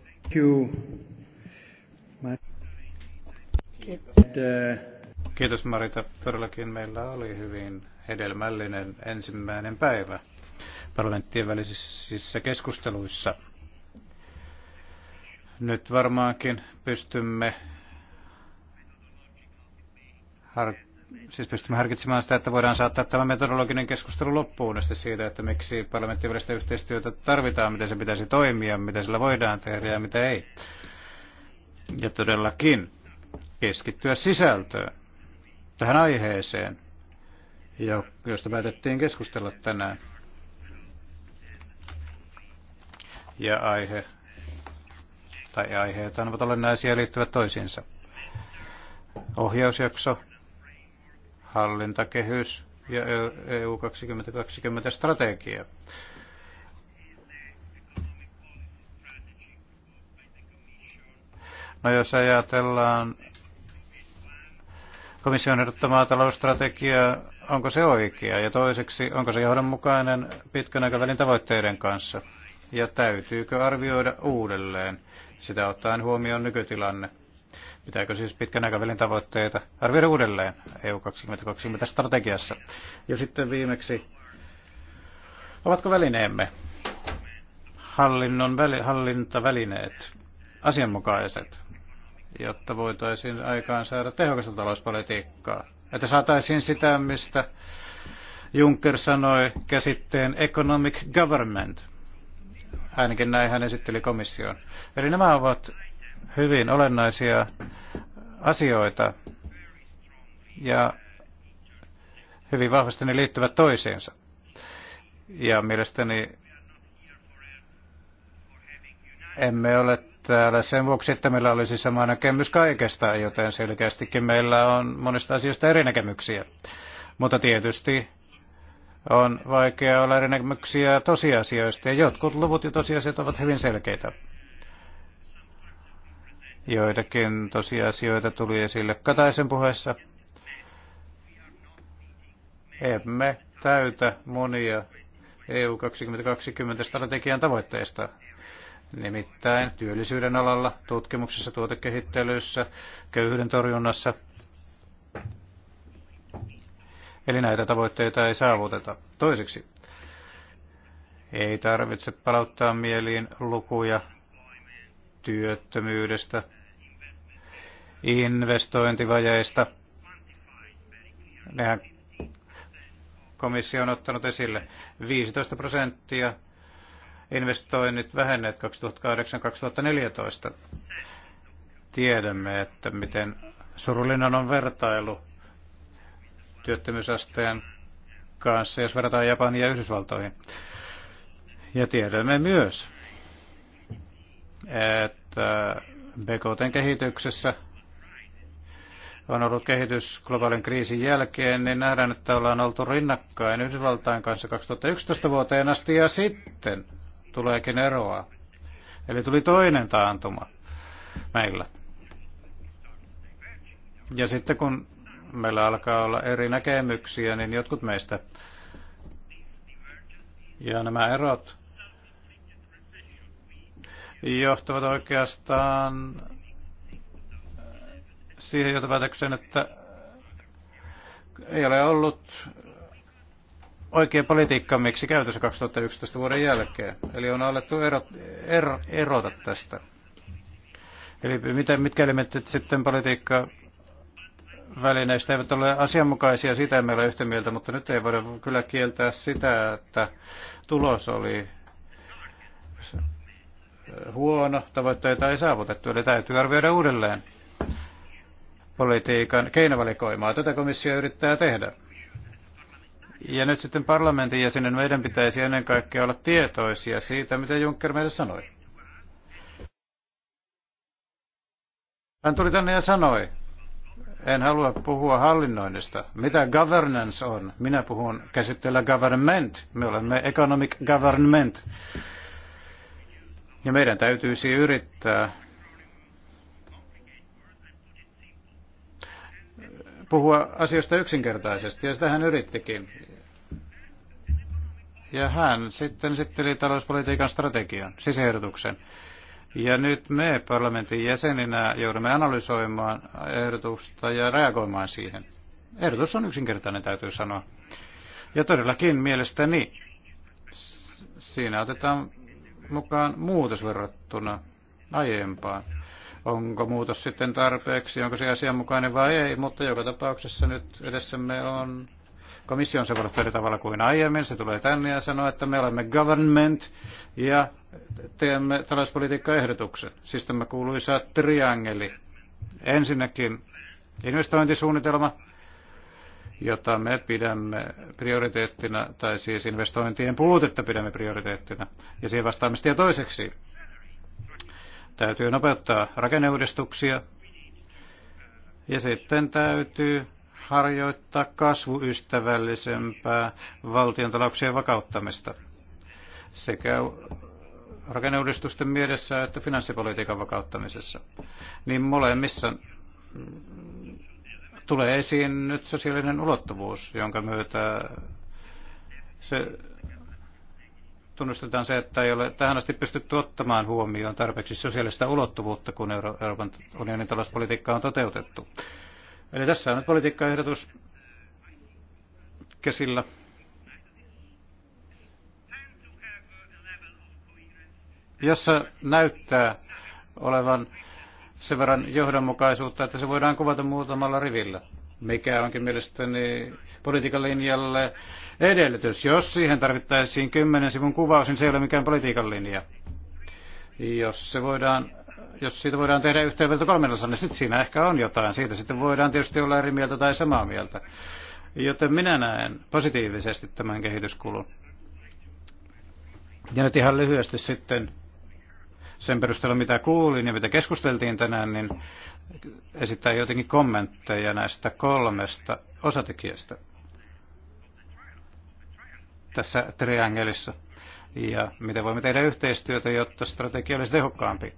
Kiitos. Marita. Todellakin meillä oli hyvin hedelmällinen ensimmäinen päivä parlamenttien välisissä keskusteluissa – nyt varmaankin pystymme, har, siis pystymme harkitsemaan sitä, että voidaan saattaa tämä metodologinen keskustelu loppuun asti siitä, että miksi parlamentin välistä yhteistyötä tarvitaan, miten se pitäisi toimia, mitä sillä voidaan tehdä ja mitä ei. Ja todellakin keskittyä sisältöön, tähän aiheeseen, josta päätettiin keskustella tänään. Ja aihe tai aiheita ovat olennaisia ja liittyvät toisiinsa. Ohjausjakso, hallintakehys ja EU 2020 strategia. No jos ajatellaan komission ehdottamaa talousstrategiaa, onko se oikea? Ja toiseksi, onko se johdonmukainen pitkän aikavälin tavoitteiden kanssa? Ja täytyykö arvioida uudelleen sitä ottaen huomioon nykytilanne. Pitääkö siis pitkän aikavälin tavoitteita arvioida uudelleen EU 2020 strategiassa? Ja sitten viimeksi, ovatko välineemme, hallinnon väli, hallintavälineet, asianmukaiset, jotta voitaisiin aikaan saada tehokasta talouspolitiikkaa? Että saataisiin sitä, mistä Juncker sanoi käsitteen economic government – Ainakin näin hän esitteli komission. Eli nämä ovat hyvin olennaisia asioita ja hyvin vahvasti ne liittyvät toisiinsa. Ja mielestäni emme ole täällä sen vuoksi, että meillä olisi sama näkemys kaikesta, joten selkeästikin meillä on monista asioista eri näkemyksiä. Mutta tietysti on vaikea olla eri näkemyksiä tosiasioista, ja jotkut luvut ja tosiasiat ovat hyvin selkeitä. Joitakin tosiasioita tuli esille Kataisen puheessa. Emme täytä monia EU 2020 strategian tavoitteista. Nimittäin työllisyyden alalla, tutkimuksessa, tuotekehittelyssä, köyhyyden torjunnassa – Eli näitä tavoitteita ei saavuteta. Toiseksi, ei tarvitse palauttaa mieliin lukuja työttömyydestä, investointivajeista. Nehän komissio on ottanut esille 15 prosenttia investoinnit vähenneet 2008-2014. Tiedämme, että miten surullinen on vertailu työttömyysasteen kanssa, jos verrataan Japania ja Yhdysvaltoihin. Ja tiedämme myös, että BKTn kehityksessä on ollut kehitys globaalin kriisin jälkeen, niin nähdään, että ollaan oltu rinnakkain Yhdysvaltain kanssa 2011 vuoteen asti ja sitten tuleekin eroa. Eli tuli toinen taantuma meillä. Ja sitten kun meillä alkaa olla eri näkemyksiä, niin jotkut meistä. Ja nämä erot johtavat oikeastaan siihen johtopäätökseen, että ei ole ollut oikea politiikka miksi käytössä 2011 vuoden jälkeen. Eli on alettu erot, er, erota tästä. Eli mitä, mitkä elementit sitten politiikka välineistä eivät ole asianmukaisia, sitä emme ole yhtä mieltä, mutta nyt ei voida kyllä kieltää sitä, että tulos oli huono, tavoitteita ei saavutettu, eli täytyy arvioida uudelleen politiikan keinovalikoimaa. Tätä komissio yrittää tehdä. Ja nyt sitten parlamentin jäsenen meidän pitäisi ennen kaikkea olla tietoisia siitä, mitä Juncker meille sanoi. Hän tuli tänne ja sanoi, en halua puhua hallinnoinnista. Mitä governance on? Minä puhun käsitteellä government. Me olemme economic government. Ja meidän täytyisi yrittää puhua asioista yksinkertaisesti, ja sitä hän yrittikin. Ja hän sitten esitteli talouspolitiikan strategian, sisehdotuksen. Ja nyt me parlamentin jäseninä joudumme analysoimaan ehdotusta ja reagoimaan siihen. Ehdotus on yksinkertainen, täytyy sanoa. Ja todellakin mielestäni siinä otetaan mukaan muutos verrattuna aiempaan. Onko muutos sitten tarpeeksi, onko se asianmukainen vai ei, mutta joka tapauksessa nyt edessämme on Komissio on seurannut eri tavalla kuin aiemmin. Se tulee tänne ja sanoo, että me olemme government ja teemme talouspolitiikkaehdotuksen. Siis tämä kuuluisa triangeli. Ensinnäkin investointisuunnitelma, jota me pidämme prioriteettina, tai siis investointien puutetta pidämme prioriteettina, ja siihen vastaamista. Ja toiseksi täytyy nopeuttaa rakenneuudistuksia, ja sitten täytyy harjoittaa kasvuystävällisempää valtiontalouksien vakauttamista sekä rakenneuudistusten mielessä että finanssipolitiikan vakauttamisessa. Niin molemmissa tulee esiin nyt sosiaalinen ulottuvuus, jonka myötä se tunnustetaan se, että ei ole tähän asti pystytty ottamaan huomioon tarpeeksi sosiaalista ulottuvuutta, kun Euro- Euroopan unionin talouspolitiikka on toteutettu. Eli tässä on nyt politiikkaehdotus käsillä. jossa näyttää olevan sen verran johdonmukaisuutta, että se voidaan kuvata muutamalla rivillä, mikä onkin mielestäni politiikan linjalle edellytys. Jos siihen tarvittaisiin kymmenen sivun kuvaus, niin se ei ole mikään politiikan linja. Jos se voidaan jos siitä voidaan tehdä yhteenveto kolmennosan, niin sitten siinä ehkä on jotain. Siitä sitten voidaan tietysti olla eri mieltä tai samaa mieltä. Joten minä näen positiivisesti tämän kehityskulun. Ja nyt ihan lyhyesti sitten sen perusteella, mitä kuulin ja mitä keskusteltiin tänään, niin esittää jotenkin kommentteja näistä kolmesta osatekijästä tässä triangelissa ja miten voimme tehdä yhteistyötä, jotta strategia olisi tehokkaampi.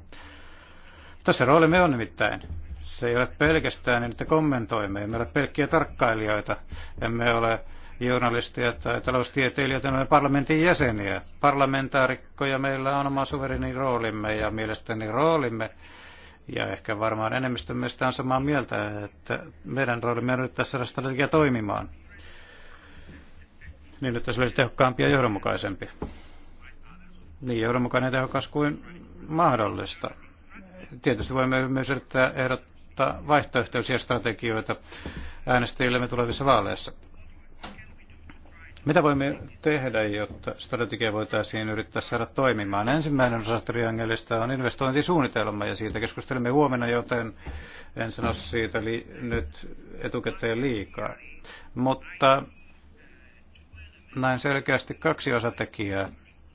Tässä me on nimittäin. Se ei ole pelkästään, että kommentoimme. Emme ole pelkkiä tarkkailijoita. Emme ole journalisteja tai taloustieteilijöitä, olemme parlamentin jäseniä. Parlamentaarikkoja meillä on oma suvereni roolimme ja mielestäni roolimme ja ehkä varmaan enemmistö meistä on samaa mieltä, että meidän roolimme on nyt tässä strategia toimimaan niin, että se olisi tehokkaampi ja johdonmukaisempi. Niin johdonmukainen ja tehokas kuin mahdollista tietysti voimme myös yrittää ehdottaa vaihtoehtoisia strategioita äänestäjillemme tulevissa vaaleissa. Mitä voimme tehdä, jotta strategia voitaisiin yrittää saada toimimaan? Ensimmäinen osa triangelista on investointisuunnitelma ja siitä keskustelemme huomenna, joten en sano siitä li- nyt etukäteen liikaa. Mutta näin selkeästi kaksi osatekijää,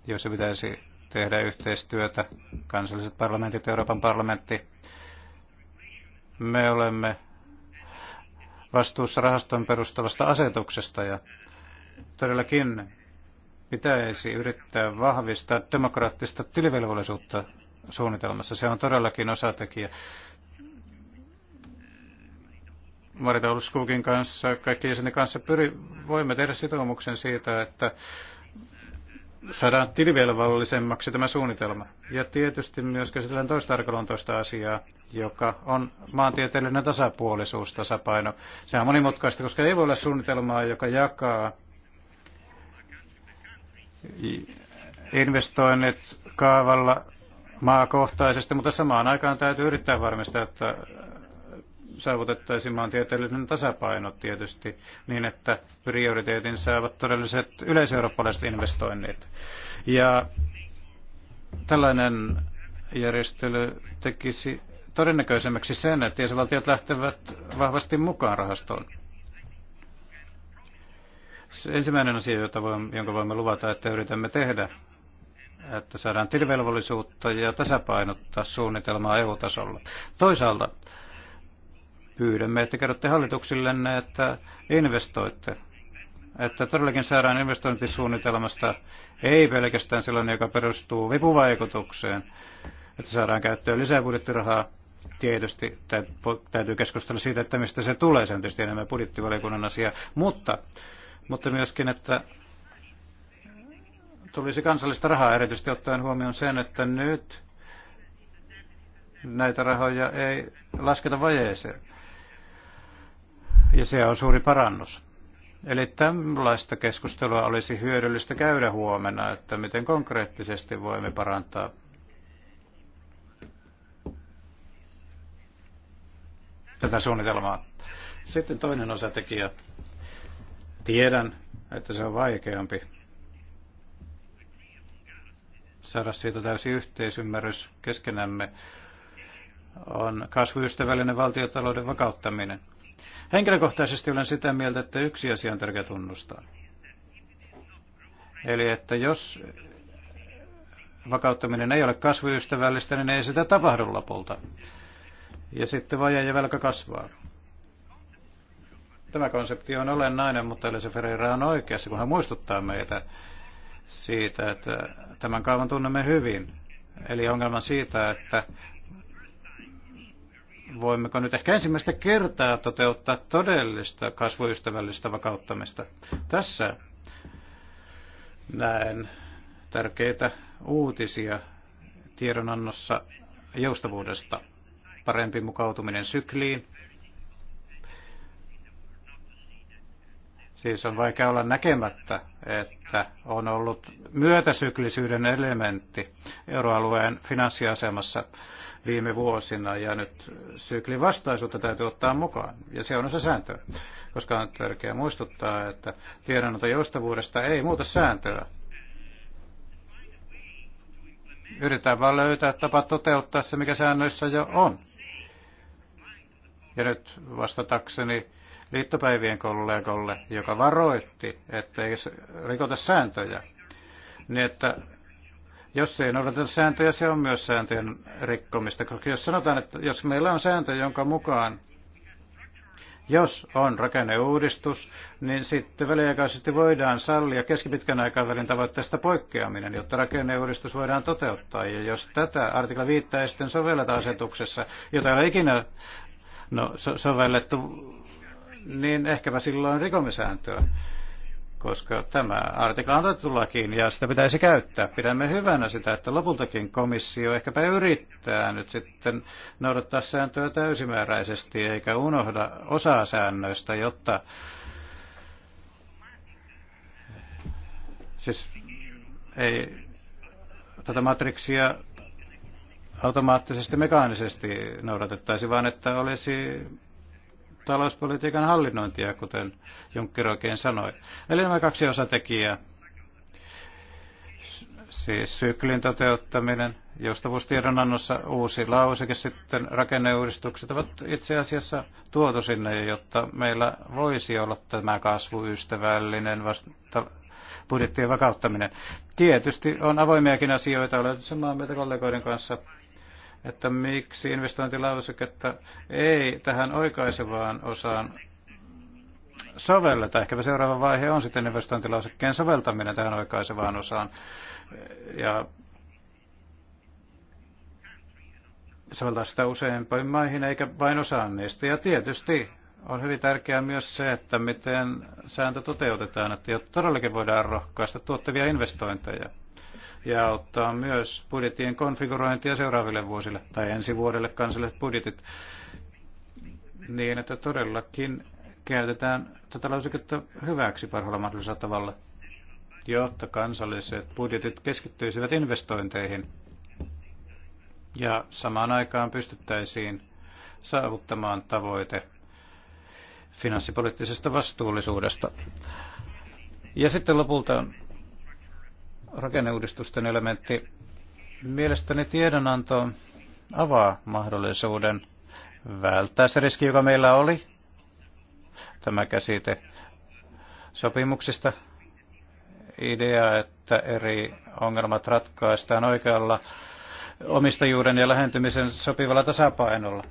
joissa pitäisi tehdä yhteistyötä, kansalliset parlamentit, Euroopan parlamentti. Me olemme vastuussa rahaston perustavasta asetuksesta ja todellakin pitäisi yrittää vahvistaa demokraattista tilivelvollisuutta suunnitelmassa. Se on todellakin osatekijä. Marita Olskukin kanssa, kaikki jäsenen kanssa pyri, voimme tehdä sitoumuksen siitä, että saadaan tilivelvollisemmaksi tämä suunnitelma. Ja tietysti myös käsitellään toista arkaluontoista asiaa, joka on maantieteellinen tasapuolisuus, tasapaino. Se on monimutkaista, koska ei voi olla suunnitelmaa, joka jakaa investoinnit kaavalla maakohtaisesti, mutta samaan aikaan täytyy yrittää varmistaa, että saavutettaisiin maantieteellinen tasapaino tietysti niin, että prioriteetin saavat todelliset yleiseurooppalaiset investoinnit. Ja tällainen järjestely tekisi todennäköisemmäksi sen, että jäsenvaltiot lähtevät vahvasti mukaan rahastoon. Se ensimmäinen asia, jota voimme, jonka voimme luvata, että yritämme tehdä, että saadaan tilivelvollisuutta ja tasapainottaa suunnitelmaa EU-tasolla. Toisaalta pyydämme, että kerrotte hallituksillenne, että investoitte. Että todellakin saadaan investointisuunnitelmasta ei pelkästään sellainen, joka perustuu vipuvaikutukseen, että saadaan käyttöön lisää budjettirahaa. Tietysti täytyy keskustella siitä, että mistä se tulee, se on tietysti enemmän budjettivaliokunnan asia, mutta, mutta myöskin, että tulisi kansallista rahaa, erityisesti ottaen huomioon sen, että nyt näitä rahoja ei lasketa vajeeseen ja se on suuri parannus. Eli tällaista keskustelua olisi hyödyllistä käydä huomenna, että miten konkreettisesti voimme parantaa tätä suunnitelmaa. Sitten toinen osatekijä. Tiedän, että se on vaikeampi saada siitä täysi yhteisymmärrys keskenämme on kasvuystävällinen valtiotalouden vakauttaminen. Henkilökohtaisesti olen sitä mieltä, että yksi asia on tärkeä tunnustaa. Eli että jos vakauttaminen ei ole kasvuystävällistä, niin ei sitä tapahdu lopulta. Ja sitten vaje ja velka kasvaa. Tämä konsepti on olennainen, mutta Elisa Ferreira on oikeassa, kun hän muistuttaa meitä siitä, että tämän kaavan tunnemme hyvin. Eli ongelma siitä, että voimmeko nyt ehkä ensimmäistä kertaa toteuttaa todellista kasvuystävällistä vakauttamista. Tässä näen tärkeitä uutisia tiedonannossa joustavuudesta. Parempi mukautuminen sykliin. Siis on vaikea olla näkemättä, että on ollut myötäsyklisyyden elementti euroalueen finanssiasemassa viime vuosina ja nyt syklin vastaisuutta täytyy ottaa mukaan. Ja se on osa sääntöä, koska on tärkeää muistuttaa, että tiedonanto joustavuudesta ei muuta sääntöä. Yritetään vain löytää tapa toteuttaa se, mikä säännöissä jo on. Ja nyt vastatakseni liittopäivien kollegolle, joka varoitti, että ei rikota sääntöjä, niin että jos ei noudateta sääntöjä, se on myös sääntöjen rikkomista, koska jos sanotaan, että jos meillä on sääntö, jonka mukaan jos on rakenneuudistus, niin sitten väliaikaisesti voidaan sallia keskipitkän aikavälin tavoitteesta poikkeaminen, jotta rakenneuudistus voidaan toteuttaa. Ja jos tätä artikla 5 sitten sovelleta asetuksessa, jota ei ole ikinä no, so- sovellettu, niin ehkäpä silloin rikomisääntöä koska tämä artikla on otettu lakiin ja sitä pitäisi käyttää. Pidämme hyvänä sitä, että lopultakin komissio ehkäpä yrittää nyt sitten noudattaa sääntöä täysimääräisesti eikä unohda osaa säännöistä, jotta siis ei tätä matriksia automaattisesti mekaanisesti noudatettaisi, vaan että olisi talouspolitiikan hallinnointia, kuten Juncker oikein sanoi. Eli nämä kaksi osatekijää, siis syklin toteuttaminen, joustavuustiedonannossa uusi lauseke, sitten rakenneuudistukset ovat itse asiassa tuotu sinne, jotta meillä voisi olla tämä kasvuystävällinen vasta- budjettien vakauttaminen. Tietysti on avoimiakin asioita, olen samaa mieltä kollegoiden kanssa että miksi investointilauseketta ei tähän oikaisevaan osaan sovelleta. Ehkä seuraava vaihe on sitten investointilausekkeen soveltaminen tähän oikaisevaan osaan. Ja soveltaa sitä useampiin maihin eikä vain osaan niistä. Ja tietysti on hyvin tärkeää myös se, että miten sääntö toteutetaan, että todellakin voidaan rohkaista tuottavia investointeja ja auttaa myös budjettien konfigurointia seuraaville vuosille tai ensi vuodelle kansalliset budjetit niin, että todellakin käytetään tätä lausiketta hyväksi parhaalla mahdollisella tavalla, jotta kansalliset budjetit keskittyisivät investointeihin ja samaan aikaan pystyttäisiin saavuttamaan tavoite finanssipoliittisesta vastuullisuudesta. Ja sitten lopulta rakenneuudistusten elementti. Mielestäni tiedonanto avaa mahdollisuuden välttää se riski, joka meillä oli, tämä käsite sopimuksista, idea, että eri ongelmat ratkaistaan oikealla omistajuuden ja lähentymisen sopivalla tasapainolla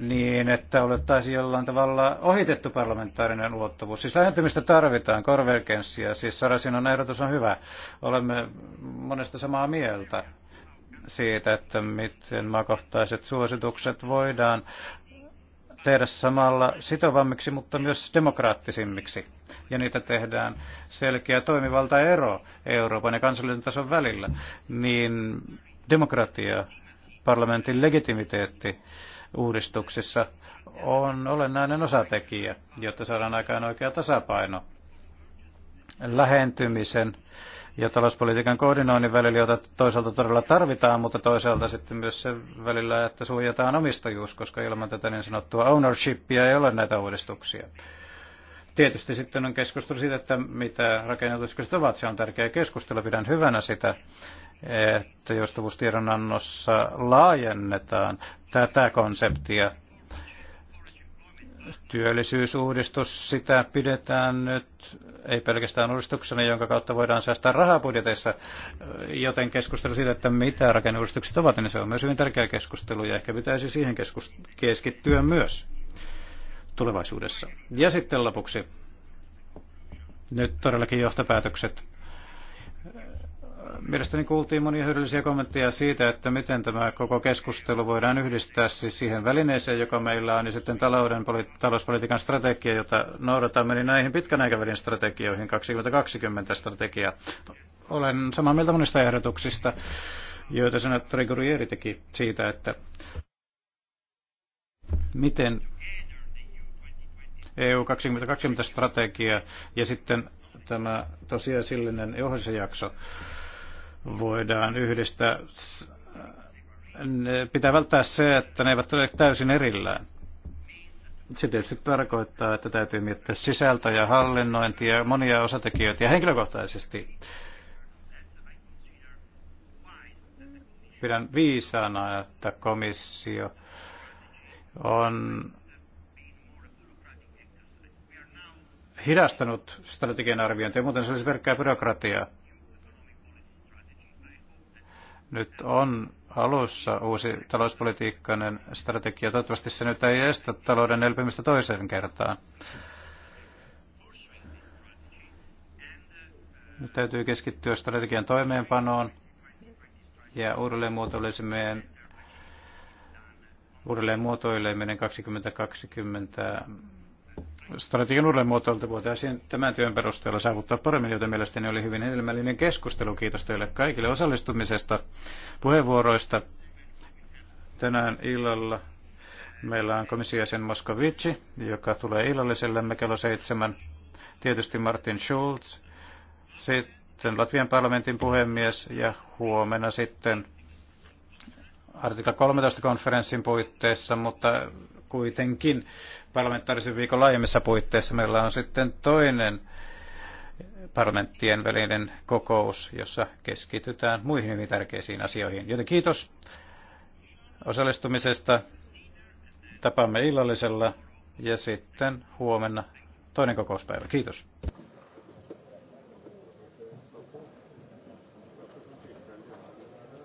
niin, että olettaisiin jollain tavalla ohitettu parlamentaarinen luottavuus. Siis lähentymistä tarvitaan, konvergenssia, siis Sarasinon ehdotus on hyvä. Olemme monesta samaa mieltä siitä, että miten maakohtaiset suositukset voidaan tehdä samalla sitovammiksi, mutta myös demokraattisimmiksi. Ja niitä tehdään selkeä toimivalta ero Euroopan ja kansallisen tason välillä. Niin demokratia, parlamentin legitimiteetti, uudistuksissa on olennainen osatekijä, jotta saadaan aikaan oikea tasapaino lähentymisen ja talouspolitiikan koordinoinnin välillä, jota toisaalta todella tarvitaan, mutta toisaalta sitten myös se välillä, että suojataan omistajuus, koska ilman tätä niin sanottua ownershipia ei ole näitä uudistuksia. Tietysti sitten on keskustelu siitä, että mitä rakennetuskysymykset ovat. Se on tärkeä keskustelu. Pidän hyvänä sitä, että joustavuustiedonannossa laajennetaan tätä konseptia. Työllisyysuudistus, sitä pidetään nyt ei pelkästään uudistuksena, jonka kautta voidaan säästää rahaa budjeteissa, joten keskustelu siitä, että mitä rakenneuudistukset ovat, niin se on myös hyvin tärkeä keskustelu ja ehkä pitäisi siihen keskittyä myös tulevaisuudessa. Ja sitten lopuksi nyt todellakin johtopäätökset. Mielestäni kuultiin monia hyödyllisiä kommentteja siitä, että miten tämä koko keskustelu voidaan yhdistää siis siihen välineeseen, joka meillä on, ja sitten talouden, talouspolitiikan strategia, jota noudatamme, niin näihin pitkän aikavälin strategioihin, 2020 strategia. Olen samaa mieltä monista ehdotuksista, joita senaattori Gurrieri teki siitä, että miten EU 2020 strategia ja sitten tämä tosiasiallinen ohjausjakso jakso voidaan yhdistää, pitää välttää se, että ne eivät ole täysin erillään. Se tietysti tarkoittaa, että täytyy miettiä sisältöä ja hallinnointia ja monia osatekijöitä ja henkilökohtaisesti pidän viisaana, että komissio on hidastanut strategian arviointia, muuten se olisi pelkkää byrokratiaa. Nyt on alussa uusi talouspolitiikkainen strategia. Toivottavasti se nyt ei estä talouden elpymistä toiseen kertaan. Nyt täytyy keskittyä strategian toimeenpanoon ja uudelleenmuotoilemiseen uudelleenmuotoileminen 2020 strategian uudelleenmuotoilta voitaisiin tämän työn perusteella saavuttaa paremmin, joten mielestäni oli hyvin hedelmällinen keskustelu. Kiitos teille kaikille osallistumisesta, puheenvuoroista. Tänään illalla meillä on komissiojäsen Moskovici, joka tulee illallisellemme kello seitsemän. Tietysti Martin Schulz, sitten Latvian parlamentin puhemies ja huomenna sitten artikla 13 konferenssin puitteissa, mutta kuitenkin parlamentaarisen viikon laajemmissa puitteissa meillä on sitten toinen parlamenttien välinen kokous, jossa keskitytään muihin hyvin tärkeisiin asioihin. Joten kiitos osallistumisesta. Tapaamme illallisella ja sitten huomenna toinen kokouspäivä. Kiitos.